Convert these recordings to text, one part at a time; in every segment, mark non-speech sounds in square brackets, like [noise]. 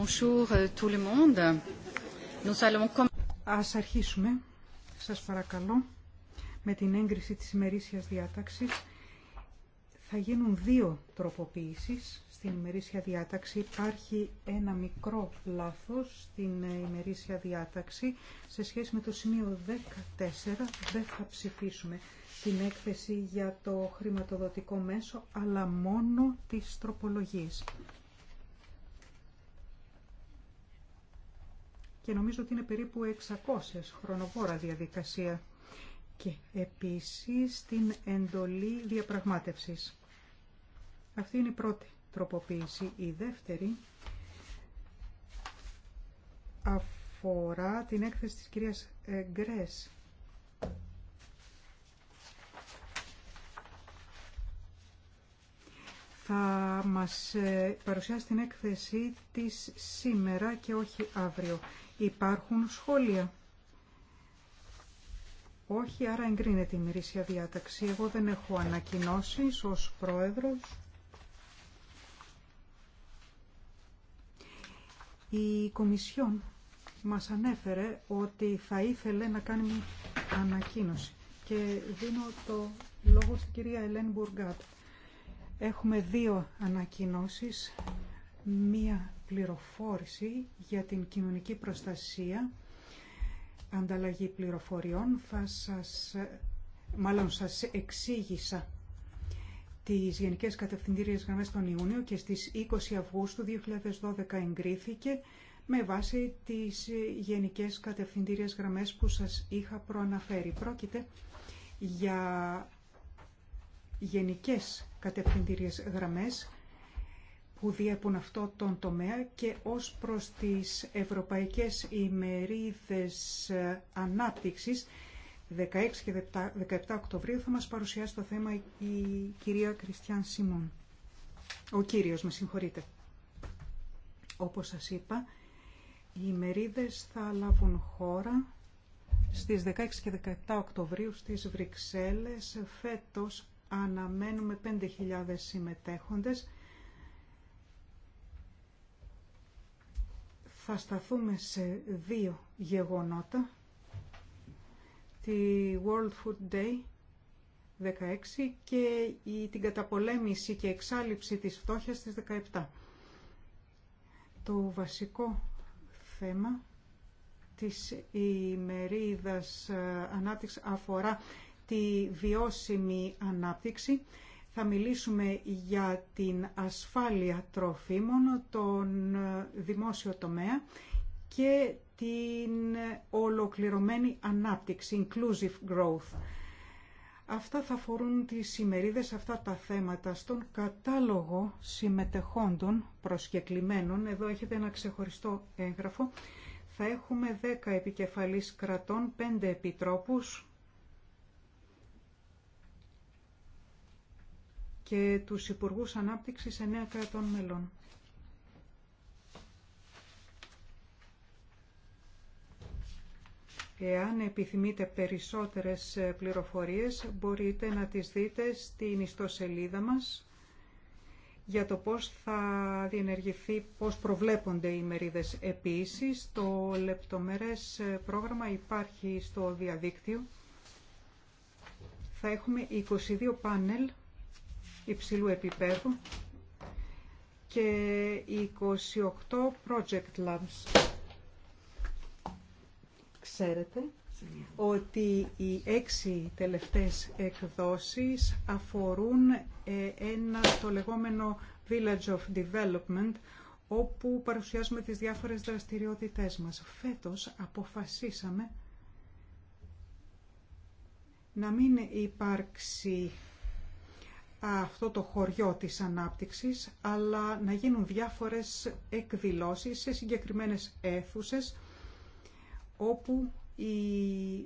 Bonjour euh, Ας αρχίσουμε, σας παρακαλώ, με την έγκριση της ημερήσιας διάταξης. Θα γίνουν δύο τροποποίησεις στην ημερήσια διάταξη. Υπάρχει ένα μικρό λάθος στην ε, ημερήσια διάταξη. Σε σχέση με το σημείο 14 δεν θα ψηφίσουμε την έκθεση για το χρηματοδοτικό μέσο, αλλά μόνο τις τροπολογίες. και νομίζω ότι είναι περίπου 600 χρονοβόρα διαδικασία και επίσης την εντολή διαπραγμάτευσης. Αυτή είναι η πρώτη τροποποίηση. Η δεύτερη αφορά την έκθεση της κυρίας Γκρές. Θα μας ε, παρουσιάσει την έκθεση της σήμερα και όχι αύριο. Υπάρχουν σχόλια. Όχι, άρα εγκρίνεται η μυρίσια διάταξη. Εγώ δεν έχω ανακοινώσει ως πρόεδρος. Η Κομισιόν μας ανέφερε ότι θα ήθελε να κάνει ανακοίνωση. Και δίνω το λόγο στην κυρία Ελέν Μπουργκάτ. Έχουμε δύο ανακοινώσεις. Μία πληροφόρηση για την κοινωνική προστασία, ανταλλαγή πληροφοριών. Θα σας, μάλλον σας εξήγησα τις Γενικές Κατευθυντήριες Γραμμές τον Ιούνιο και στις 20 Αυγούστου 2012 εγκρίθηκε με βάση τις Γενικές Κατευθυντήριες Γραμμές που σας είχα προαναφέρει. Πρόκειται για γενικές κατευθυντήριες γραμμές που διέπουν αυτό τον τομέα και ως προς τις ευρωπαϊκές ημερίδες ε, ανάπτυξης 16 και 17 Οκτωβρίου θα μας παρουσιάσει το θέμα η κυρία Κριστιαν Σιμών. Ο κύριος, με συγχωρείτε. Όπως σας είπα, οι ημερίδες θα λάβουν χώρα στις 16 και 17 Οκτωβρίου στις Βρυξέλλες. Φέτος αναμένουμε 5.000 συμμετέχοντες θα σταθούμε σε δύο γεγονότα. Τη World Food Day 16 και την καταπολέμηση και εξάλληψη της φτώχειας της 17. Το βασικό θέμα της ημερίδας ε, ανάπτυξης αφορά τη βιώσιμη ανάπτυξη θα μιλήσουμε για την ασφάλεια τροφίμων, τον δημόσιο τομέα και την ολοκληρωμένη ανάπτυξη, inclusive growth. Αυτά θα αφορούν τις ημερίδες, αυτά τα θέματα. Στον κατάλογο συμμετεχόντων προσκεκλημένων, εδώ έχετε ένα ξεχωριστό έγγραφο, θα έχουμε 10 επικεφαλής κρατών, 5 επιτρόπους, και του Υπουργούς Ανάπτυξης 9 κρατών μελών. Εάν επιθυμείτε περισσότερες πληροφορίες, μπορείτε να τις δείτε στην ιστοσελίδα μας για το πώς θα διενεργηθεί, πώς προβλέπονται οι μερίδες. Επίσης, το λεπτομερές πρόγραμμα υπάρχει στο διαδίκτυο. Θα έχουμε 22 πάνελ υψηλού επίπεδου και 28 project labs. Ξέρετε ότι οι έξι τελευταίες εκδόσεις αφορούν ε, ένα το λεγόμενο Village of Development όπου παρουσιάζουμε τις διάφορες δραστηριότητές μας. Φέτος αποφασίσαμε να μην υπάρξει αυτό το χωριό της ανάπτυξης, αλλά να γίνουν διάφορες εκδηλώσεις σε συγκεκριμένες αίθουσες, όπου οι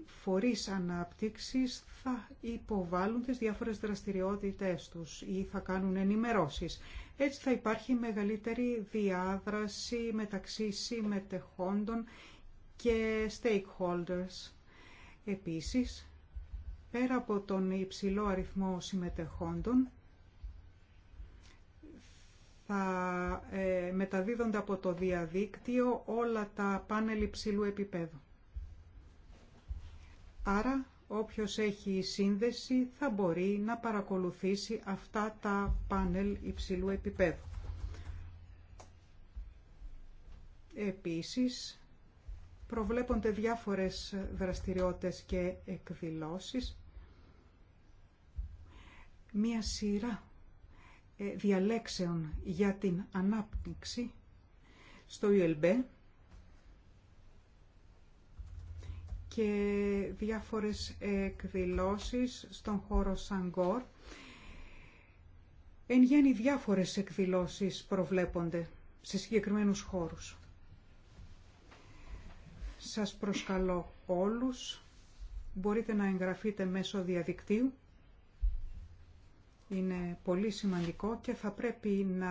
φορείς ανάπτυξης θα υποβάλουν τις διάφορες δραστηριότητες τους ή θα κάνουν ενημερώσεις. Έτσι θα υπάρχει μεγαλύτερη διάδραση μεταξύ συμμετεχόντων και stakeholders. Επίσης, πέρα από τον υψηλό αριθμό συμμετεχόντων, θα ε, μεταδίδονται από το διαδίκτυο όλα τα πάνελ υψηλού επίπεδου. Άρα, όποιος έχει σύνδεση θα μπορεί να παρακολουθήσει αυτά τα πάνελ υψηλού επίπεδου. Επίσης, προβλέπονται διάφορες δραστηριότητες και εκδηλώσεις μία σειρά ε, διαλέξεων για την ανάπτυξη στο ULB και διάφορες εκδηλώσεις στον χώρο Σανγκόρ. Εν γέννη διάφορες εκδηλώσεις προβλέπονται σε συγκεκριμένους χώρους. Σας προσκαλώ όλους. Μπορείτε να εγγραφείτε μέσω διαδικτύου είναι πολύ σημαντικό και θα πρέπει να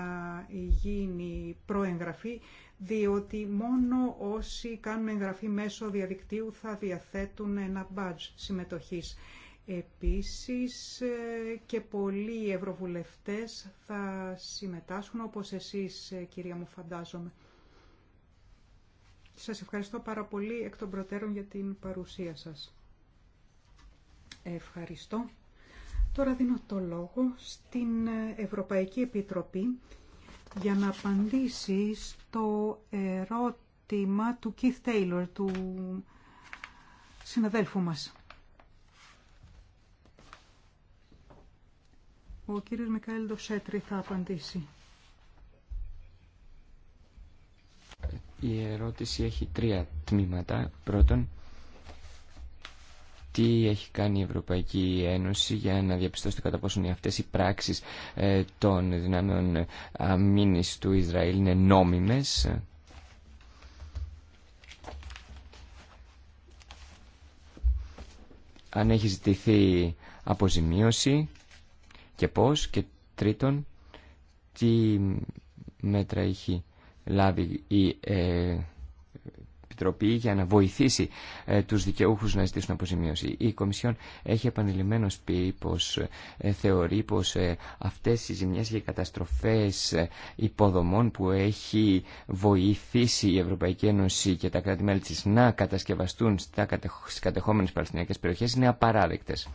γίνει προεγγραφή διότι μόνο όσοι κάνουν εγγραφή μέσω διαδικτύου θα διαθέτουν ένα badge συμμετοχής. Επίσης ε, και πολλοί ευρωβουλευτές θα συμμετάσχουν όπως εσείς ε, κυρία μου φαντάζομαι. Σας ευχαριστώ πάρα πολύ εκ των προτέρων για την παρουσία σας. Ευχαριστώ. Τώρα δίνω το λόγο στην Ευρωπαϊκή Επιτροπή για να απαντήσει στο ερώτημα του Keith Taylor, του συναδέλφου μας. Ο κύριος Μικαέλ Ντοσέτρη θα απαντήσει. Η ερώτηση έχει τρία τμήματα. Πρώτον, τι έχει κάνει η Ευρωπαϊκή Ένωση για να διαπιστώσει κατά πόσον αυτές οι πράξεις ε, των δυνάμεων ε, αμήνης του Ισραήλ είναι νόμιμες. Αν έχει ζητηθεί αποζημίωση και πώς και τρίτον τι μέτρα έχει λάβει η ε, Επιτροπή για να βοηθήσει ε, τους δικαιούχους να ζητήσουν αποζημίωση. Η Κομισιόν έχει επανειλημμένως πει πως ε, θεωρεί πως ε, αυτές οι ζημιές και οι καταστροφές υποδομών που έχει βοηθήσει η Ευρωπαϊκή Ένωση και τα κράτη-μέλη της να κατασκευαστούν στι κατεχόμενε παλαισθηνιακέ περιοχές είναι απαράδεκτες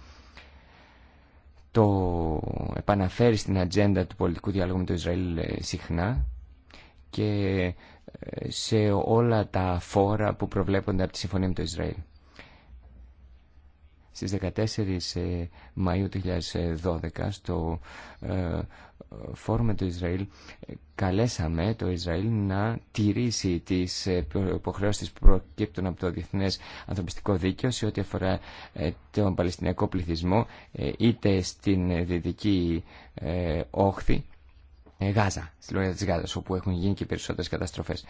το επαναφέρει στην ατζέντα του πολιτικού διάλογου με το Ισραήλ συχνά και σε όλα τα φόρα που προβλέπονται από τη Συμφωνία με το Ισραήλ. Στις 14 ε, Μαΐου 2012 στο ε, Φόρουμ με το Ισραήλ καλέσαμε το Ισραήλ να τηρήσει τις ε, υποχρεώσεις που προκύπτουν από το Διεθνές Ανθρωπιστικό Δίκαιο σε ό,τι αφορά τον Παλαιστινιακό πληθυσμό είτε στην Δυτική Όχθη ε, Γάζα, στη λόρια της Γάζας, όπου έχουν γίνει και περισσότερες καταστροφές.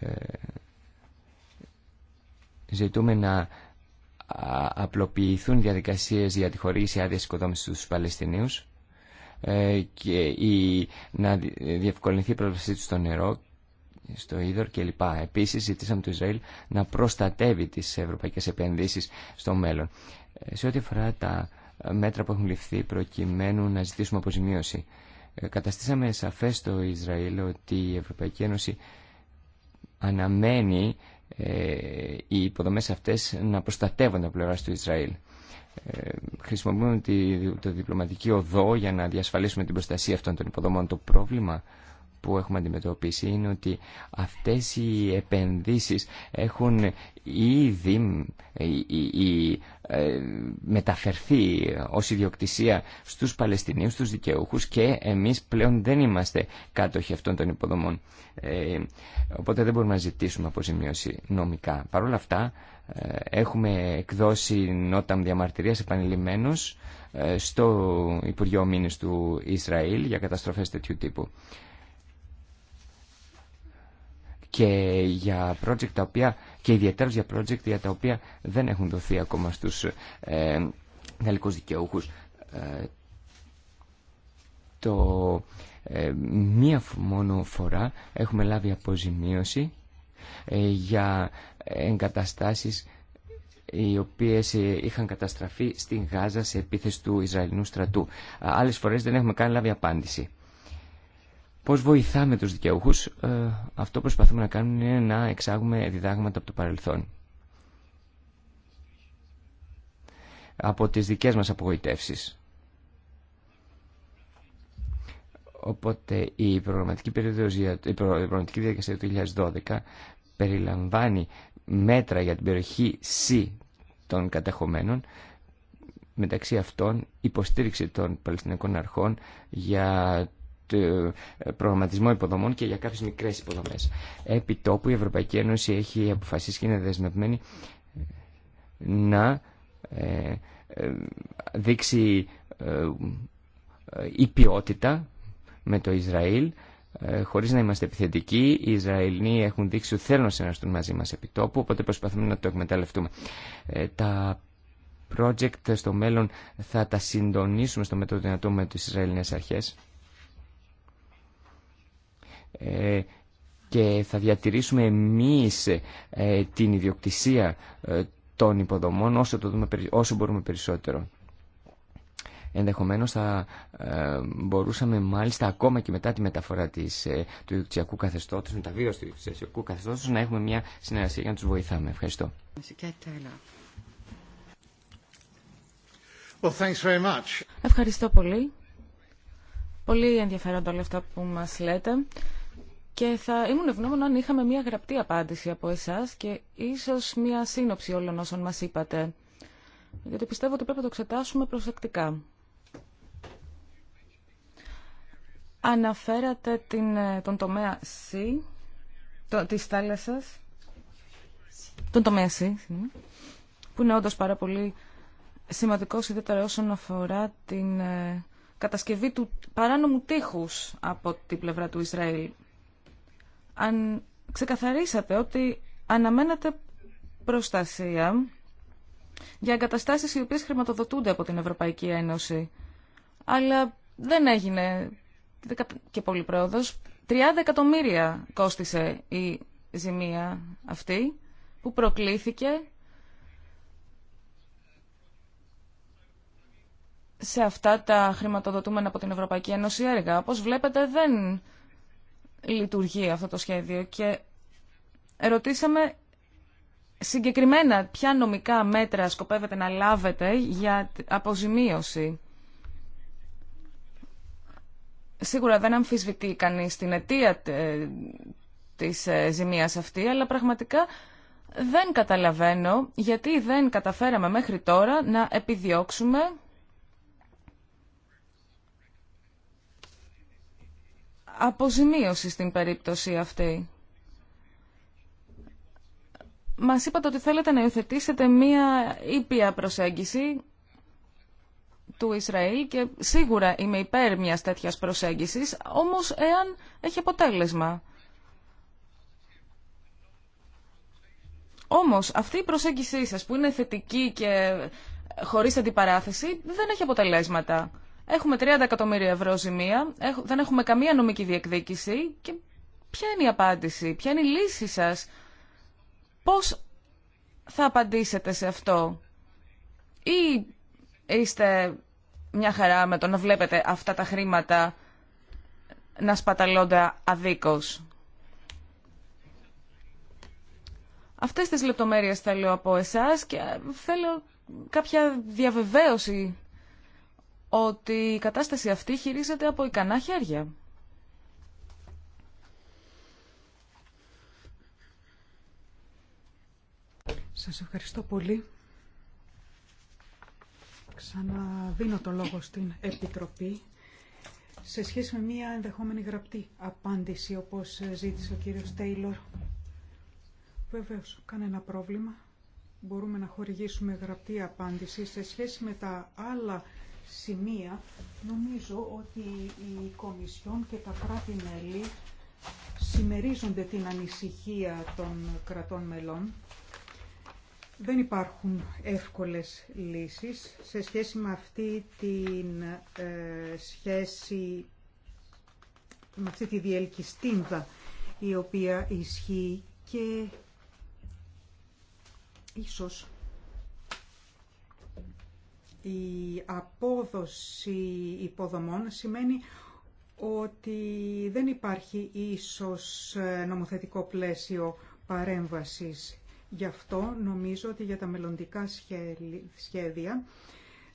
Ε, ζητούμε να απλοποιηθούν διαδικασίες για τη χορήγηση άδειας οικοδόμησης στους Παλαιστινίους ε, και η, να διευκολυνθεί η πρόσβασή του στο νερό, στο είδωρ κλπ. Επίσης ζητήσαμε το Ισραήλ να προστατεύει τις ευρωπαϊκές επενδύσεις στο μέλλον. Σε ό,τι αφορά τα μέτρα που έχουν ληφθεί προκειμένου να ζητήσουμε αποζημίωση. Ε, καταστήσαμε σαφές στο Ισραήλ ότι η Ευρωπαϊκή Ένωση αναμένει ε, οι υποδομές αυτές να προστατεύουν από πλευρά του Ισραήλ. Ε, χρησιμοποιούμε τη, το διπλωματική οδό για να διασφαλίσουμε την προστασία αυτών των υποδομών. Το πρόβλημα που έχουμε αντιμετωπίσει είναι ότι αυτές οι επενδύσεις έχουν ήδη ε, ε, μεταφερθεί ως ιδιοκτησία στους Παλαιστινίους, στους δικαιούχους και εμείς πλέον δεν είμαστε κάτοχοι αυτών των υποδομών. Ε, οπότε δεν μπορούμε να ζητήσουμε αποζημίωση νομικά. Παρ' όλα αυτά έχουμε εκδώσει νότα διαμαρτυρίας επανειλημμένως στο Υπουργείο Μήνες του Ισραήλ για καταστροφές τέτοιου τύπου και για project τα οποία και ιδιαίτερα για project για τα οποία δεν έχουν δοθεί ακόμα στους ε, δικαιούχους. Ε, το, ε, μία μόνο φορά έχουμε λάβει αποζημίωση ε, για εγκαταστάσεις οι οποίες είχαν καταστραφεί στην Γάζα σε επίθεση του Ισραηλινού στρατού. Άλλες φορές δεν έχουμε καν λάβει απάντηση. Πώς βοηθάμε τους δικαιούχους, ε, αυτό προσπαθούμε να κάνουμε είναι να εξάγουμε διδάγματα από το παρελθόν. Από τις δικές μας απογοητεύσεις. Οπότε η προγραμματική, περίοδος, η προγραμματική διαδικασία του 2012 περιλαμβάνει μέτρα για την περιοχή C των κατεχομένων, μεταξύ αυτών υποστήριξη των Παλαιστινικών Αρχών για ε, προγραμματισμό υποδομών και για κάποιε μικρές υποδομές. Επί τόπου η Ευρωπαϊκή Ένωση έχει αποφασίσει και είναι δεσμευμένη ε, να ε, δείξει η ποιότητα με το Ισραήλ χωρίς να είμαστε επιθετικοί. Οι Ισραηλοί έχουν δείξει ότι θέλουν να συνεργαστούν μαζί μας επί τόπου, οπότε προσπαθούμε να το εκμεταλλευτούμε. τα project στο μέλλον θα τα συντονίσουμε στο μέτρο δυνατό με τις Ισραηλινές αρχές ε, και θα διατηρήσουμε εμείς ε, την ιδιοκτησία ε, των υποδομών όσο, το δούμε, όσο μπορούμε περισσότερο. Ενδεχομένως θα μπορούσαμε μάλιστα ακόμα και μετά τη μεταφορά της, του ιδιοκτησιακού καθεστώτος, μεταβίωση του ιδιοκτησιακού καθεστώτος, να έχουμε μια συνεργασία για να τους βοηθάμε. Ευχαριστώ. Well, thanks very much. Ευχαριστώ πολύ. Πολύ ενδιαφέροντα όλα αυτά που μας λέτε. Και θα ήμουν ευγνώμων αν είχαμε μια γραπτή απάντηση από εσάς και ίσως μια σύνοψη όλων όσων μας είπατε. Γιατί πιστεύω ότι πρέπει να το εξετάσουμε προσεκτικά. Αναφέρατε την, ε, τον τομέα C, το, της θάλασσας, τον τομέα C, που είναι όντως πάρα πολύ σημαντικός ιδιαίτερα όσον αφορά την ε, κατασκευή του παράνομου τείχους από την πλευρά του Ισραήλ αν ξεκαθαρίσατε ότι αναμένατε προστασία για εγκαταστάσεις οι οποίες χρηματοδοτούνται από την Ευρωπαϊκή Ένωση. Αλλά δεν έγινε και πολύ πρόοδος. 30 εκατομμύρια κόστησε η ζημία αυτή που προκλήθηκε σε αυτά τα χρηματοδοτούμενα από την Ευρωπαϊκή Ένωση έργα. Όπως βλέπετε δεν λειτουργεί αυτό το σχέδιο και ρωτήσαμε συγκεκριμένα ποια νομικά μέτρα σκοπεύετε να λάβετε για αποζημίωση. Σίγουρα δεν αμφισβητεί κανείς την αιτία ε, της ε, ζημίας αυτή, αλλά πραγματικά δεν καταλαβαίνω γιατί δεν καταφέραμε μέχρι τώρα να επιδιώξουμε αποζημίωση στην περίπτωση αυτή. Μας είπατε ότι θέλετε να υιοθετήσετε μία ήπια προσέγγιση του Ισραήλ και σίγουρα είμαι υπέρ μιας τέτοιας προσέγγισης, όμως εάν έχει αποτέλεσμα. Όμως αυτή η προσέγγισή σας που είναι θετική και χωρίς αντιπαράθεση δεν έχει αποτελέσματα. Έχουμε 30 εκατομμύρια ευρώ ζημία, δεν έχουμε καμία νομική διεκδίκηση και ποια είναι η απάντηση, ποια είναι η λύση σας. Πώς θα απαντήσετε σε αυτό ή είστε μια χαρά με το να βλέπετε αυτά τα χρήματα να σπαταλώνται αδίκως. Αυτές τις λεπτομέρειες θέλω από εσάς και θέλω κάποια διαβεβαίωση ότι η κατάσταση αυτή χειρίζεται από ικανά χέρια. Σας ευχαριστώ πολύ. Ξαναδίνω το λόγο στην Επιτροπή σε σχέση με μία ενδεχόμενη γραπτή απάντηση όπως ζήτησε ο κύριος Τέιλορ. Βεβαίως, κανένα πρόβλημα. Μπορούμε να χορηγήσουμε γραπτή απάντηση σε σχέση με τα άλλα σημεία νομίζω ότι η Κομισιόν και τα κράτη-μέλη συμμερίζονται την ανησυχία των κρατών μελών. Δεν υπάρχουν εύκολες λύσεις σε σχέση με αυτή την ε, σχέση, με αυτή τη διελκυστίνδα η οποία ισχύει και ίσως η απόδοση υποδομών σημαίνει ότι δεν υπάρχει ίσως ε, νομοθετικό πλαίσιο παρέμβασης. Γι' αυτό νομίζω ότι για τα μελλοντικά σχέδια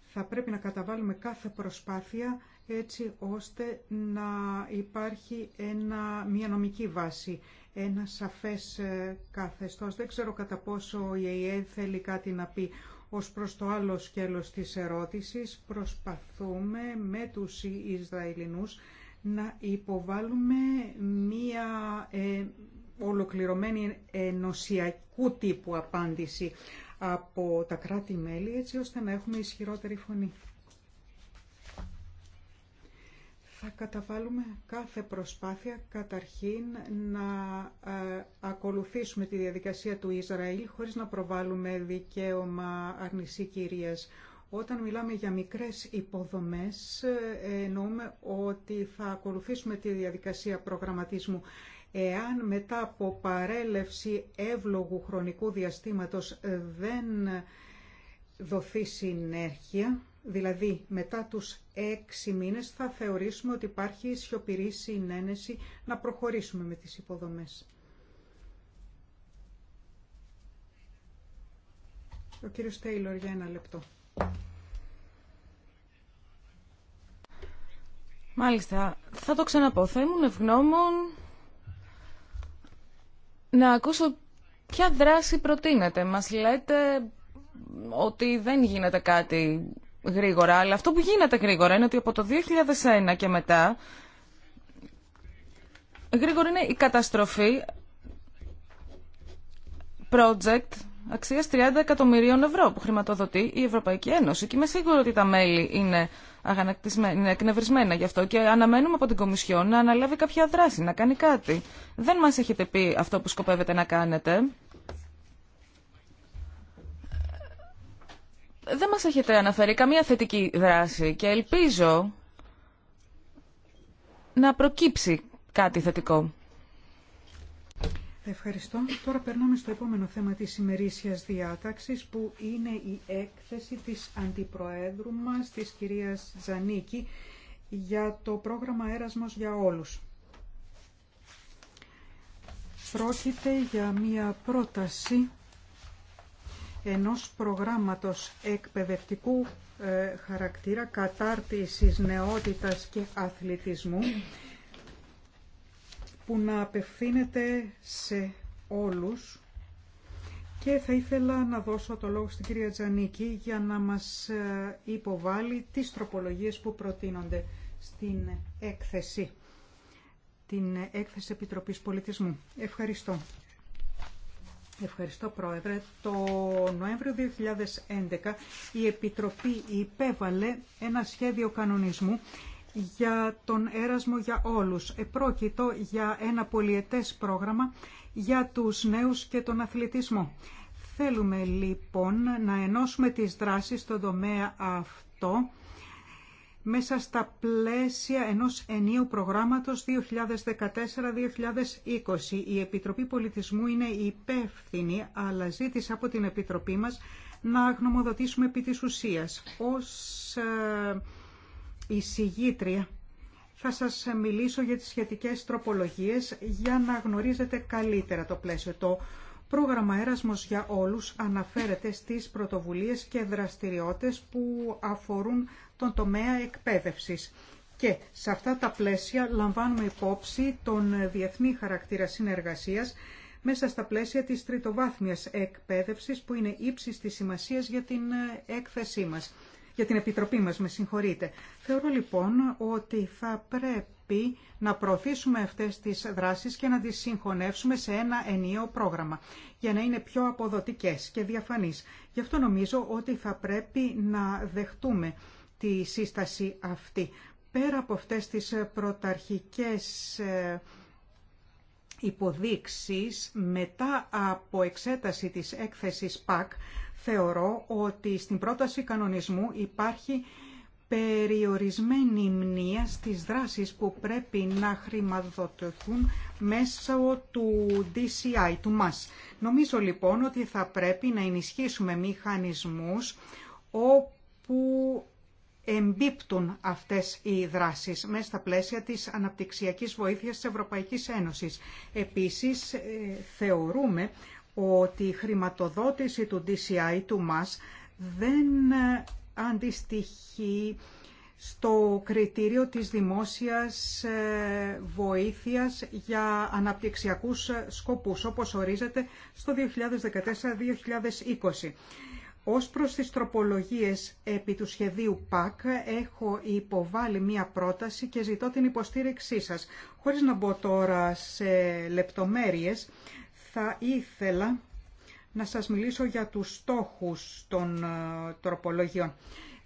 θα πρέπει να καταβάλουμε κάθε προσπάθεια έτσι ώστε να υπάρχει ένα, μια νομική βάση, ένα σαφές ε, καθεστώς. Δεν ξέρω κατά πόσο η ΕΕ θέλει κάτι να πει ως προς το άλλο σκέλος της ερώτησης, προσπαθούμε με τους Ισραηλινούς να υποβάλουμε μία ε, ολοκληρωμένη ενωσιακού τύπου απάντηση από τα κράτη-μέλη, έτσι ώστε να έχουμε ισχυρότερη φωνή. θα καταβάλουμε κάθε προσπάθεια καταρχήν να ε, ακολουθήσουμε τη διαδικασία του Ισραήλ χωρίς να προβάλλουμε δικαίωμα αρνησή κυρίας. Όταν μιλάμε για μικρές υποδομές ε, εννοούμε ότι θα ακολουθήσουμε τη διαδικασία προγραμματισμού. Εάν μετά από παρέλευση εύλογου χρονικού διαστήματος δεν δοθεί συνέχεια, Δηλαδή, μετά τους έξι μήνες θα θεωρήσουμε ότι υπάρχει σιωπηρή συνένεση να προχωρήσουμε με τις υποδομές. Ο κύριος Τέιλορ για ένα λεπτό. Μάλιστα. Θα το ξαναπώ. Θα ήμουν ευγνώμων να ακούσω ποια δράση προτείνετε. Μας λέτε ότι δεν γίνεται κάτι γρήγορα, αλλά αυτό που γίνεται γρήγορα είναι ότι από το 2001 και μετά γρήγορα είναι η καταστροφή project αξίας 30 εκατομμυρίων ευρώ που χρηματοδοτεί η Ευρωπαϊκή Ένωση και είμαι σίγουρη ότι τα μέλη είναι είναι εκνευρισμένα γι' αυτό και αναμένουμε από την Κομισιόν να αναλάβει κάποια δράση, να κάνει κάτι. Δεν μας έχετε πει αυτό που σκοπεύετε να κάνετε. δεν μας έχετε αναφέρει καμία θετική δράση και ελπίζω να προκύψει κάτι θετικό. Ευχαριστώ. Τώρα περνάμε στο επόμενο θέμα της ημερήσιας διάταξης που είναι η έκθεση της Αντιπροέδρου μας, της κυρίας Ζανίκη για το πρόγραμμα Έρασμος για όλους. Πρόκειται για μία πρόταση ενός προγράμματος εκπαιδευτικού ε, χαρακτήρα κατάρτισης νεότητας και αθλητισμού που να απευθύνεται σε όλους και θα ήθελα να δώσω το λόγο στην κυρία Τζανίκη για να μας ε, υποβάλει τις τροπολογίες που προτείνονται στην έκθεση, την έκθεση Επιτροπής Πολιτισμού. Ευχαριστώ. Ευχαριστώ Πρόεδρε. Το Νοέμβριο 2011 η Επιτροπή υπέβαλε ένα σχέδιο κανονισμού για τον έρασμο για όλους. Επρόκειτο για ένα πολιετές πρόγραμμα για τους νέους και τον αθλητισμό. Θέλουμε λοιπόν να ενώσουμε τις δράσεις στον τομέα αυτό μέσα στα πλαίσια ενός ενίου προγράμματος 2014-2020. Η Επιτροπή Πολιτισμού είναι υπεύθυνη, αλλά ζήτησε από την Επιτροπή μας να γνωμοδοτήσουμε επί της ουσίας. Ως ε, εισηγήτρια θα σας μιλήσω για τις σχετικές τροπολογίες για να γνωρίζετε καλύτερα το πλαίσιο. Το πρόγραμμα Έρασμος για όλους αναφέρεται στις πρωτοβουλίες και δραστηριότητες που αφορούν τον τομέα εκπαίδευσης. Και σε αυτά τα πλαίσια λαμβάνουμε υπόψη τον διεθνή χαρακτήρα συνεργασίας μέσα στα πλαίσια της τριτοβάθμιας εκπαίδευση, που είναι ύψη τη σημασία για την ε, έκθεσή μας, για την Επιτροπή μας, με συγχωρείτε. Θεωρώ λοιπόν ότι θα πρέπει να προωθήσουμε αυτές τις δράσεις και να τις συγχωνεύσουμε σε ένα ενίο πρόγραμμα για να είναι πιο αποδοτικές και διαφανείς. Γι' αυτό νομίζω ότι θα πρέπει να δεχτούμε τη σύσταση αυτή. Πέρα από αυτές τις ε, πρωταρχικές ε, υποδείξεις, μετά από εξέταση της έκθεσης ΠΑΚ, θεωρώ ότι στην πρόταση κανονισμού υπάρχει περιορισμένη μνήμα στις δράσεις που πρέπει να χρηματοδοτηθούν μέσω του DCI, του μας. Νομίζω λοιπόν ότι θα πρέπει να ενισχύσουμε μηχανισμούς όπου εμπίπτουν αυτές οι δράσεις μέσα στα πλαίσια της αναπτυξιακής βοήθειας της Ευρωπαϊκής Ένωσης. Επίσης, ε, θεωρούμε ότι η χρηματοδότηση του DCI, του ΜΑΣ, δεν ε, αντιστοιχεί στο κριτήριο της δημόσιας ε, βοήθειας για αναπτυξιακούς σκοπούς, όπως ορίζεται στο 2014-2020. Ως προς τις τροπολογίες επί του σχεδίου ΠΑΚ έχω υποβάλει μία πρόταση και ζητώ την υποστήριξή σας. Χωρίς να μπω τώρα σε λεπτομέρειες, θα ήθελα να σας μιλήσω για τους στόχους των ε, τροπολογιών.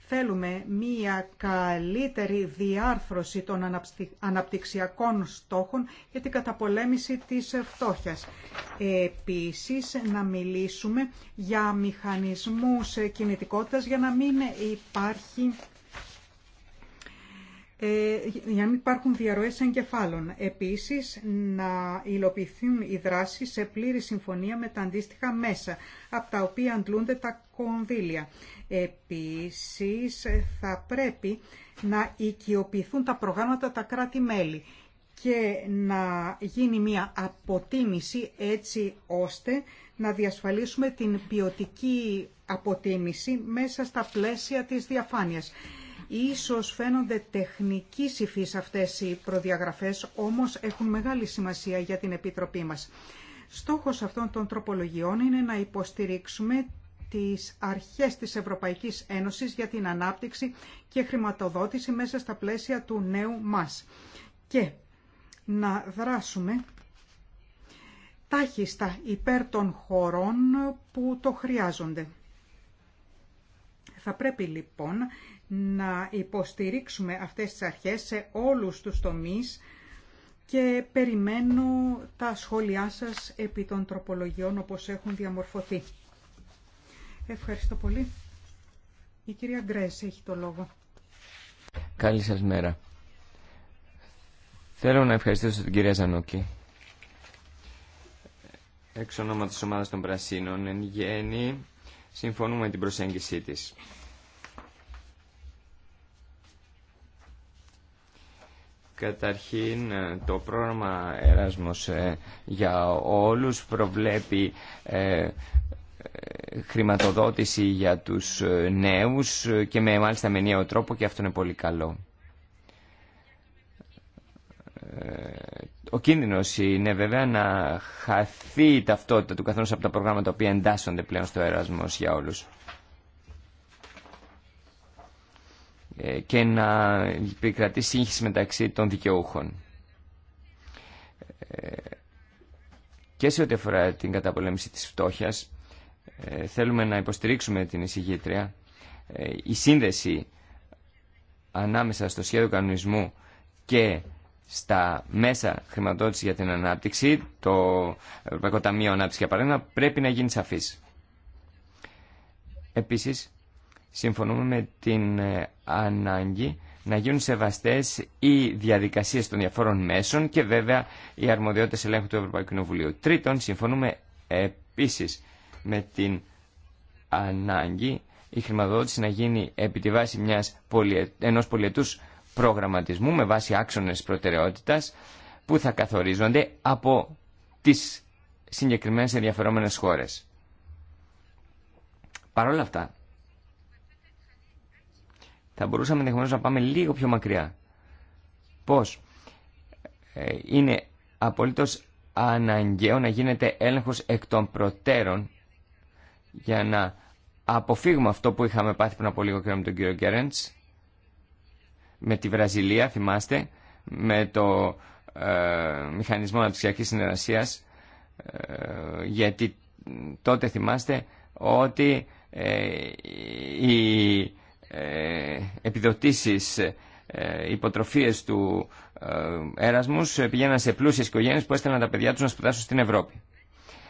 Θέλουμε μία καλύτερη διάρθρωση των αναπτυξιακών στόχων για την καταπολέμηση της φτώχειας. Επίσης, να μιλήσουμε για μηχανισμούς κινητικότητας για να μην υπάρχει ε, για να μην υπάρχουν διαρροές εγκεφάλων. Επίσης, να υλοποιηθούν οι δράσεις σε πλήρη συμφωνία με τα αντίστοιχα μέσα, από τα οποία αντλούνται τα κονδύλια. Επίσης, θα πρέπει να οικειοποιηθούν τα προγράμματα τα κράτη-μέλη και να γίνει μια αποτίμηση έτσι ώστε να διασφαλίσουμε την ποιοτική αποτίμηση μέσα στα πλαίσια της διαφάνειας. Ίσως φαίνονται τεχνική υφής αυτές οι προδιαγραφές, όμως έχουν μεγάλη σημασία για την Επιτροπή μας. Στόχος αυτών των τροπολογιών είναι να υποστηρίξουμε τις αρχές της Ευρωπαϊκής Ένωσης για την ανάπτυξη και χρηματοδότηση μέσα στα πλαίσια του νέου μας και να δράσουμε τάχιστα υπέρ των χωρών που το χρειάζονται. Θα πρέπει λοιπόν να υποστηρίξουμε αυτές τις αρχές σε όλους τους τομείς και περιμένω τα σχόλιά σας επί των τροπολογιών όπως έχουν διαμορφωθεί. Ευχαριστώ πολύ. Η κυρία Γκρέσ έχει το λόγο. Καλή σας μέρα. Θέλω να ευχαριστήσω την κυρία Ζανούκη. Εξ ονόματος της ομάδας των Πρασίνων, εν γέννη, συμφωνούμε με την προσέγγιση της. Καταρχήν ε, το πρόγραμμα Εράσμος για όλους προβλέπει ε, ε, χρηματοδότηση για τους νέους και με μάλιστα με νέο τρόπο και αυτό είναι πολύ καλό. Ο κίνδυνος είναι βέβαια να χαθεί η ταυτότητα του καθόλου από τα προγράμματα τα οποία εντάσσονται πλέον στο Εράσμος για όλους. Ε, και να επικρατεί σύγχυση μεταξύ των δικαιούχων. Ε, και σε ό,τι αφορά την καταπολέμηση της φτώχειας, ε, θέλουμε να υποστηρίξουμε την εισηγήτρια. Η σύνδεση ανάμεσα στο σχέδιο κανονισμού και στα μέσα χρηματοδότηση για την ανάπτυξη, το Ευρωπαϊκό Ταμείο Ανάπτυξη για παράδειγμα, πρέπει να γίνει σαφής. Επίσης, συμφωνούμε με την ε, ανάγκη να γίνουν σεβαστές οι διαδικασίες των διαφόρων μέσων και βέβαια οι αρμοδιότητες ελέγχου του Ευρωπαϊκού Κοινοβουλίου. Τρίτον, συμφωνούμε επίσης με την ανάγκη η χρηματοδότηση να γίνει επί τη βάση μιας πολυε... ενός πολιετούς προγραμματισμού με βάση άξονες προτεραιότητας που θα καθορίζονται από τις συγκεκριμένες ενδιαφερόμενες χώρες. Παρ' όλα αυτά, θα μπορούσαμε ενδεχομένω να πάμε λίγο πιο μακριά. Πώς? Ε, είναι απολύτω αναγκαίο να γίνεται έλεγχο εκ των προτέρων για να αποφύγουμε αυτό που είχαμε πάθει πριν από λίγο καιρό με τον κύριο Γκέρεντς με τη Βραζιλία, θυμάστε, με το ε, μηχανισμό αναπτυξιακής συνεργασίας ε, γιατί τότε θυμάστε ότι ε, η ε, επιδοτήσεις ε, υποτροφίες του έρασμους ε, πηγαίναν σε πλούσιες οικογένειες που έστελναν τα παιδιά τους να σπουδάσουν στην Ευρώπη.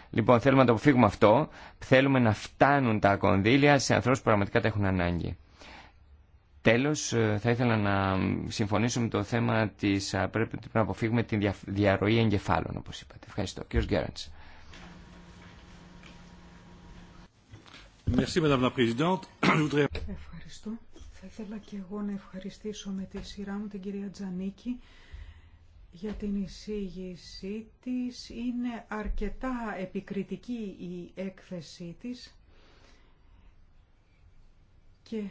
Λοιπόν, θέλουμε να το αποφύγουμε αυτό. Θέλουμε να φτάνουν τα κονδύλια σε ανθρώπους που πραγματικά τα έχουν ανάγκη. Τέλος, θα ήθελα να συμφωνήσω με το θέμα της πρέπει να αποφύγουμε τη διαρροή εγκεφάλων, όπως είπατε. Ευχαριστώ. Κύριος Γκέραντς. [clears throat] Ευχαριστώ. Ευχαριστώ. Θα ήθελα και εγώ να ευχαριστήσω με τη σειρά μου την κυρία Τζανίκη για την εισήγησή της. Είναι αρκετά επικριτική η έκθεσή της και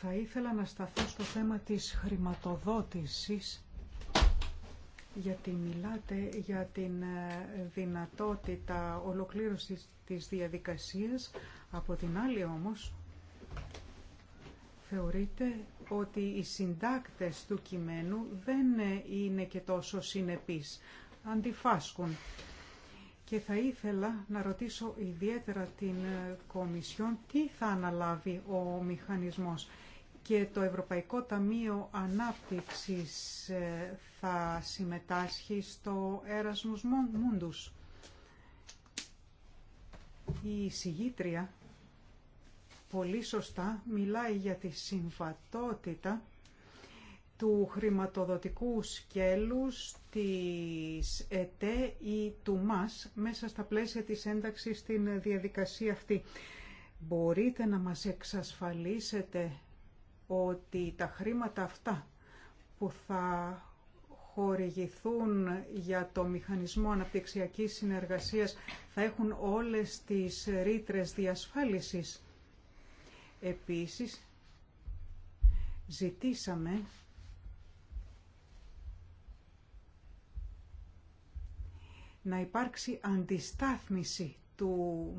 θα ήθελα να σταθώ στο θέμα της χρηματοδότησης γιατί μιλάτε για την ε, δυνατότητα ολοκλήρωσης της διαδικασίας. Από την άλλη όμως, θεωρείται ότι οι συντάκτες του κειμένου δεν είναι και τόσο συνεπείς. Αντιφάσκουν. Και θα ήθελα να ρωτήσω ιδιαίτερα την ε, Κομισιόν τι θα αναλάβει ο μηχανισμός και το Ευρωπαϊκό Ταμείο Ανάπτυξης ε, θα συμμετάσχει στο Erasmus Mundus. Η συγγήτρια πολύ σωστά μιλάει για τη συμβατότητα του χρηματοδοτικού σκέλους της ΕΤΕ ή του ΜΑΣ μέσα στα πλαίσια της ένταξης στην διαδικασία αυτή. Μπορείτε να μας εξασφαλίσετε ότι τα χρήματα αυτά που θα χορηγηθούν για το μηχανισμό αναπτυξιακής συνεργασίας θα έχουν όλες τις ρήτρες διασφάλισης Επίσης, ζητήσαμε να υπάρξει αντιστάθμιση του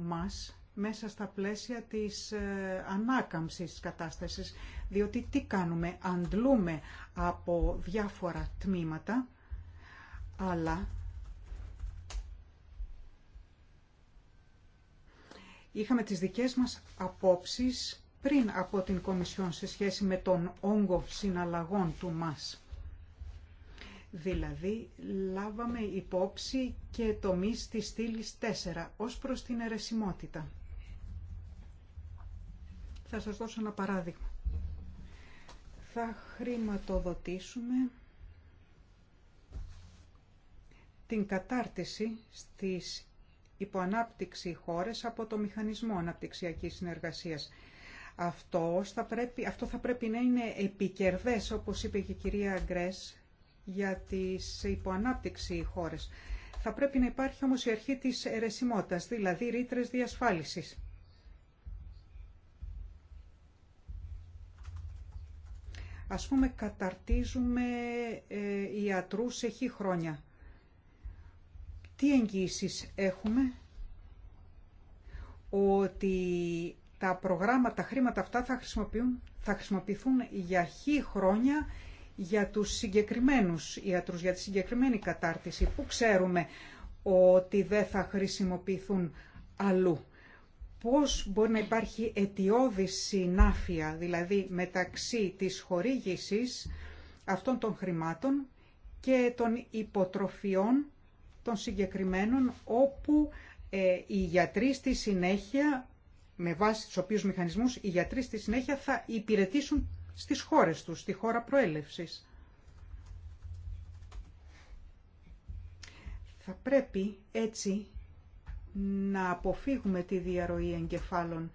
μας μέσα στα πλαίσια της ε, ανάκαμψης της κατάστασης, διότι τι κάνουμε, αντλούμε από διάφορα τμήματα, αλλά είχαμε τις δικές μας απόψεις πριν από την Κομισιόν σε σχέση με τον όγκο συναλλαγών του ΜΑΣ. Δηλαδή, λάβαμε υπόψη και το μυς της στήλη 4 ως προς την αιρεσιμότητα. Θα σας δώσω ένα παράδειγμα. Θα χρηματοδοτήσουμε την κατάρτιση στις υποανάπτυξη χώρες από το Μηχανισμό Αναπτυξιακής Συνεργασίας αυτό θα πρέπει, αυτό θα πρέπει να είναι επικερδές, όπως είπε και η κυρία Γκρές, για τις υποανάπτυξη χώρες. Θα πρέπει να υπάρχει όμως η αρχή της αιρεσιμότητας, δηλαδή ρήτρε διασφάλισης. Ας πούμε καταρτίζουμε ε, ιατρούς εχεί χρόνια. Τι εγγύησεις έχουμε ότι τα προγράμματα, τα χρήματα αυτά θα, χρησιμοποιηθούν για χι χρόνια για τους συγκεκριμένους ιατρούς, για τη συγκεκριμένη κατάρτιση, που ξέρουμε ότι δεν θα χρησιμοποιηθούν αλλού. Πώς μπορεί να υπάρχει αιτιώδη συνάφεια, δηλαδή μεταξύ της χορήγησης αυτών των χρημάτων και των υποτροφιών των συγκεκριμένων, όπου ε, οι γιατροί στη συνέχεια με βάση τους οποίους μηχανισμούς οι γιατροί στη συνέχεια θα υπηρετήσουν στις χώρες τους, στη χώρα προέλευσης. Θα πρέπει έτσι να αποφύγουμε τη διαρροή εγκεφάλων